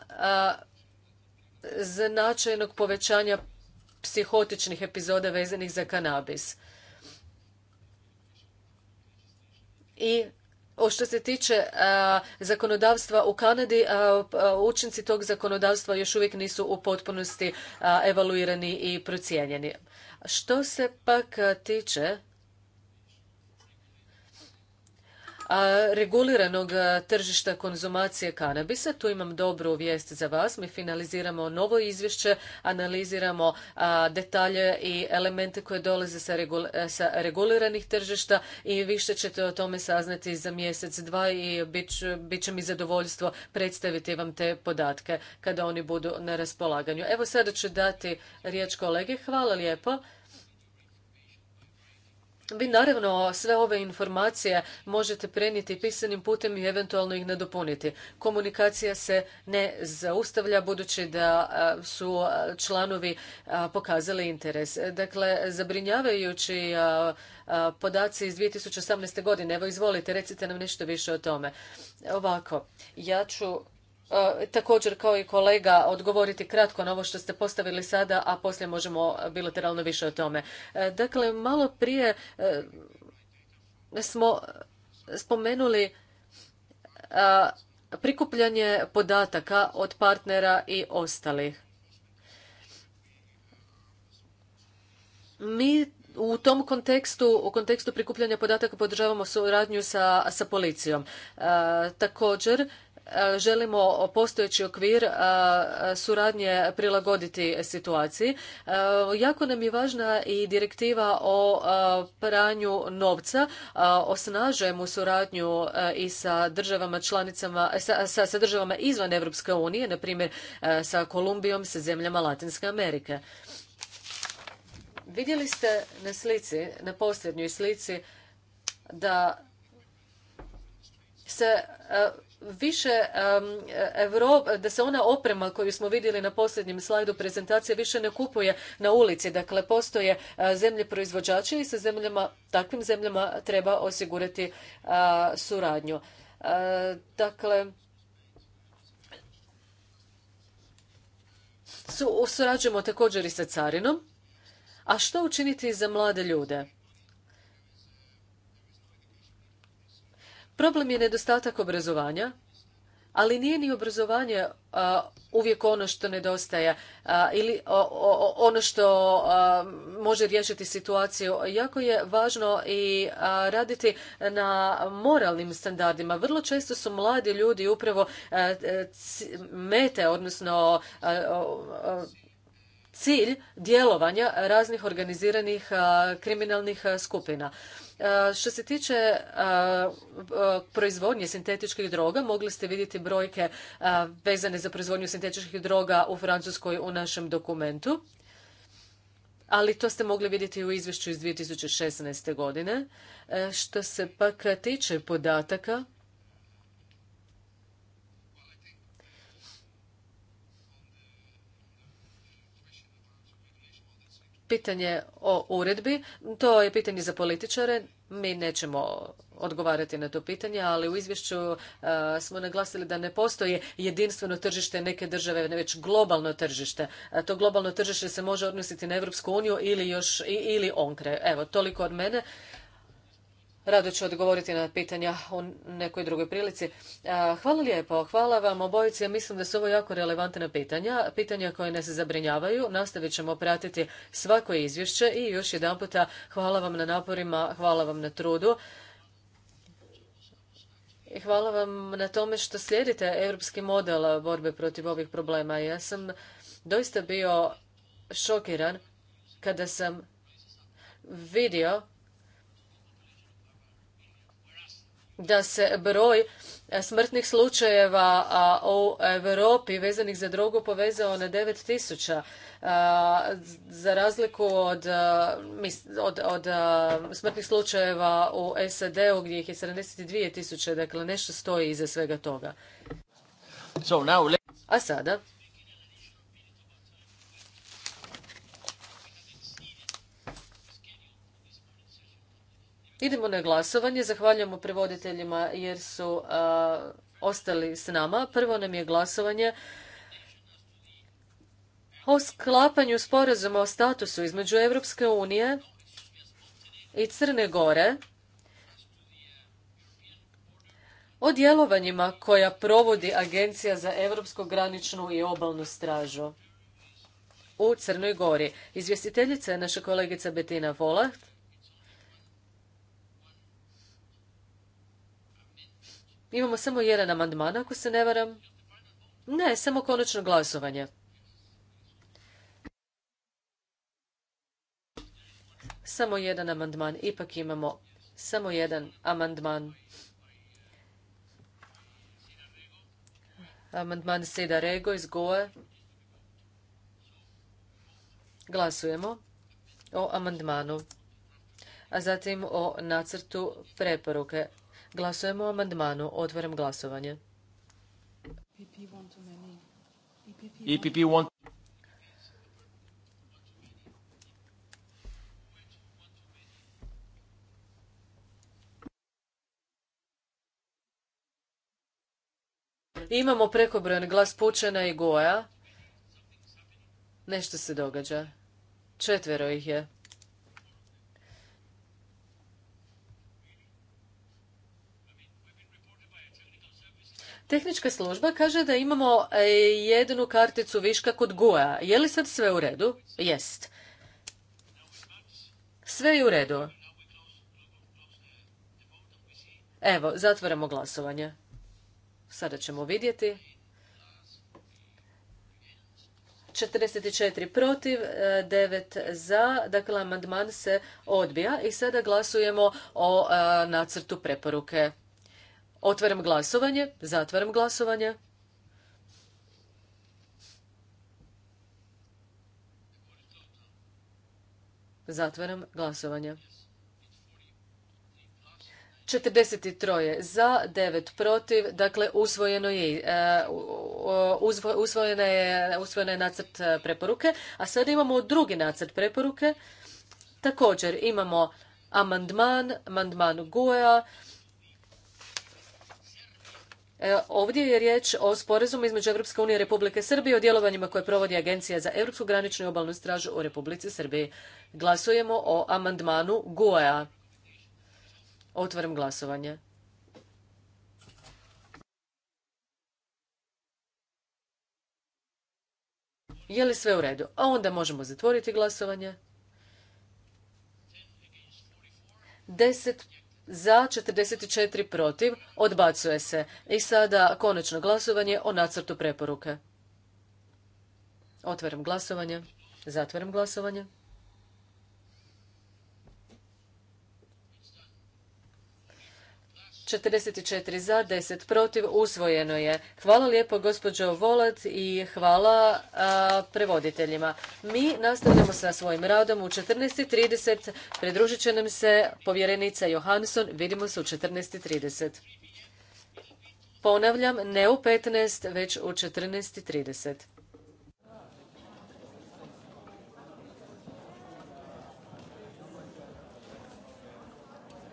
značajnog povećanja psihotičnih epizoda vezanih za kanabis. I što se tiče zakonodavstva u Kanadi, učinci tog zakonodavstva još uvijek nisu u potpunosti evaluirani i procijenjeni. Što se pak tiče reguliranog tržišta konzumacije kanabisa. Tu imam dobru vijest za vas. Mi finaliziramo novo izvješće, analiziramo detalje i elemente koje dolaze sa reguliranih tržišta i više ćete o tome saznati za mjesec, dva i bit će mi zadovoljstvo predstaviti vam te podatke kada oni budu na raspolaganju. Evo sada ću dati riječ kolegi. Hvala lijepo. Vi naravno sve ove informacije možete prenijeti pisanim putem i eventualno ih nadopuniti. Komunikacija se ne zaustavlja budući da su članovi pokazali interes. Dakle, zabrinjavajući podaci iz 2018. godine. Evo, izvolite, recite nam nešto više o tome. Ovako, ja ću E, također kao i kolega odgovoriti kratko na ovo što ste postavili sada, a poslije možemo bilateralno više o tome. E, dakle, malo prije e, smo spomenuli prikupljanje podataka od partnera i ostalih. Mi u tom kontekstu, u kontekstu prikupljanja podataka podržavamo suradnju sa, sa policijom. također, želimo postojeći okvir suradnje prilagoditi situaciji. Jako nam je važna i direktiva o pranju novca. Osnažujemo suradnju i sa državama članicama, sa, državama izvan Europske unije, na primjer sa Kolumbijom, sa zemljama Latinske Amerike. Vidjeli ste na slici, na posljednjoj slici, da se više da se ona oprema koju smo vidjeli na posljednjem slajdu prezentacije više ne kupuje na ulici. Dakle, postoje e, zemlje proizvođače i sa zemljama, takvim zemljama treba osigurati e, suradnju. E, dakle, surađujemo također i sa carinom. A što učiniti za mlade ljude? Problem je nedostatak obrazovanja, ali nije ni obrazovanje uvijek ono što nedostaje ili ono što može riješiti situaciju. Jako je važno i raditi na moralnim standardima. Vrlo često su mladi ljudi upravo mete, odnosno cilj djelovanja raznih organiziranih kriminalnih skupina. E, što se tiče e, e, proizvodnje sintetičkih droga, mogli ste vidjeti brojke vezane za proizvodnju sintetičkih droga u Francuskoj u našem dokumentu, ali to ste mogli vidjeti u izvješću iz 2016. godine. Što se pak tiče podataka, pitanje o uredbi, to je pitanje za političare. Mi nećemo odgovarati na to pitanje, ali u izvješću e, smo naglasili da ne postoji jedinstveno tržište neke države, ne već globalno tržište. E, to globalno tržište se može odnositi na Europsku uniju ili još ili onkre. Evo, toliko od mene. Rado ću odgovoriti na pitanja u nekoj drugoj prilici. Hvala lijepo, hvala vam obojice. Mislim da su ovo jako relevantna pitanja, pitanja koje se zabrinjavaju. Nastavit ćemo pratiti svako izvješće i još jedan puta hvala vam na naporima, hvala vam na trudu. I hvala vam na tome što slijedite europski model borbe protiv ovih problema. Ja sam doista bio šokiran kada sam vidio da se broj e, smrtnih slučajeva u Europi vezanih za drogu povezao na 9000 za razliku od, e, od e, smrtnih slučajeva u SAD-u gdje ih je 72.000 dakle nešto stoji iza svega toga. A sada Idemo na glasovanje. Zahvaljujemo prevoditeljima jer su ostali s nama. Prvo nam je glasovanje o sklapanju sporazuma o statusu između Europske unije i Crne Gore o djelovanjima koja provodi Agencija za europsku graničnu i obalnu stražu u Crnoj Gori. Izvjestiteljica je naša kolegica Betina Volaht. Imamo samo jedan amandman, ako se ne varam. Ne, samo konačno glasovanje. Samo jedan amandman. Ipak imamo samo jedan amandman. Amandman Seda Rego iz Goe. Glasujemo o amandmanu, a zatim o nacrtu preporuke. Glasujemo o amandmanu. Otvaram glasovanje. E Imamo prekobrojan glas pučena i Goja. Nešto se događa. Četvero ih je. Tehnička služba kaže da imamo e, jednu karticu viška kod Goja. Je li sad sve u redu? Jest. Sve je u redu. Evo, zatvaramo glasovanje. Sada ćemo vidjeti. 44 protiv, 9 e, za, dakle amandman se odbija i sada glasujemo o e, nacrtu preporuke. Otvaram glasovanje, zatvaram glasovanje. Zatvaram glasovanje. 43 za, 9 protiv, dakle usvojeno je, e, usvojena je, je nacrt e, preporuke, a sada imamo drugi nacrt preporuke. Također imamo amandman, amandman Guea, E, ovdje je riječ o sporazumu između Europske unije i Republike Srbije o djelovanjima koje provodi Agencija za europsku graničnu i obalnu stražu u Republici Srbiji. Glasujemo o amandmanu GUEA. Otvaram glasovanje. Je li sve u redu? A onda možemo zatvoriti glasovanje. 10 za 44 protiv odbacuje se. I sada konačno glasovanje o nacrtu preporuke. Otvaram glasovanje. Zatvaram glasovanje. 44 za, 10 protiv, usvojeno je. Hvala lijepo gospođo Volat i hvala prevoditeljima. Mi nastavljamo sa svojim radom u 14.30. Pridružit će nam se povjerenica Johansson. Vidimo se u 14.30. Ponavljam, ne u 15, već u 14.30.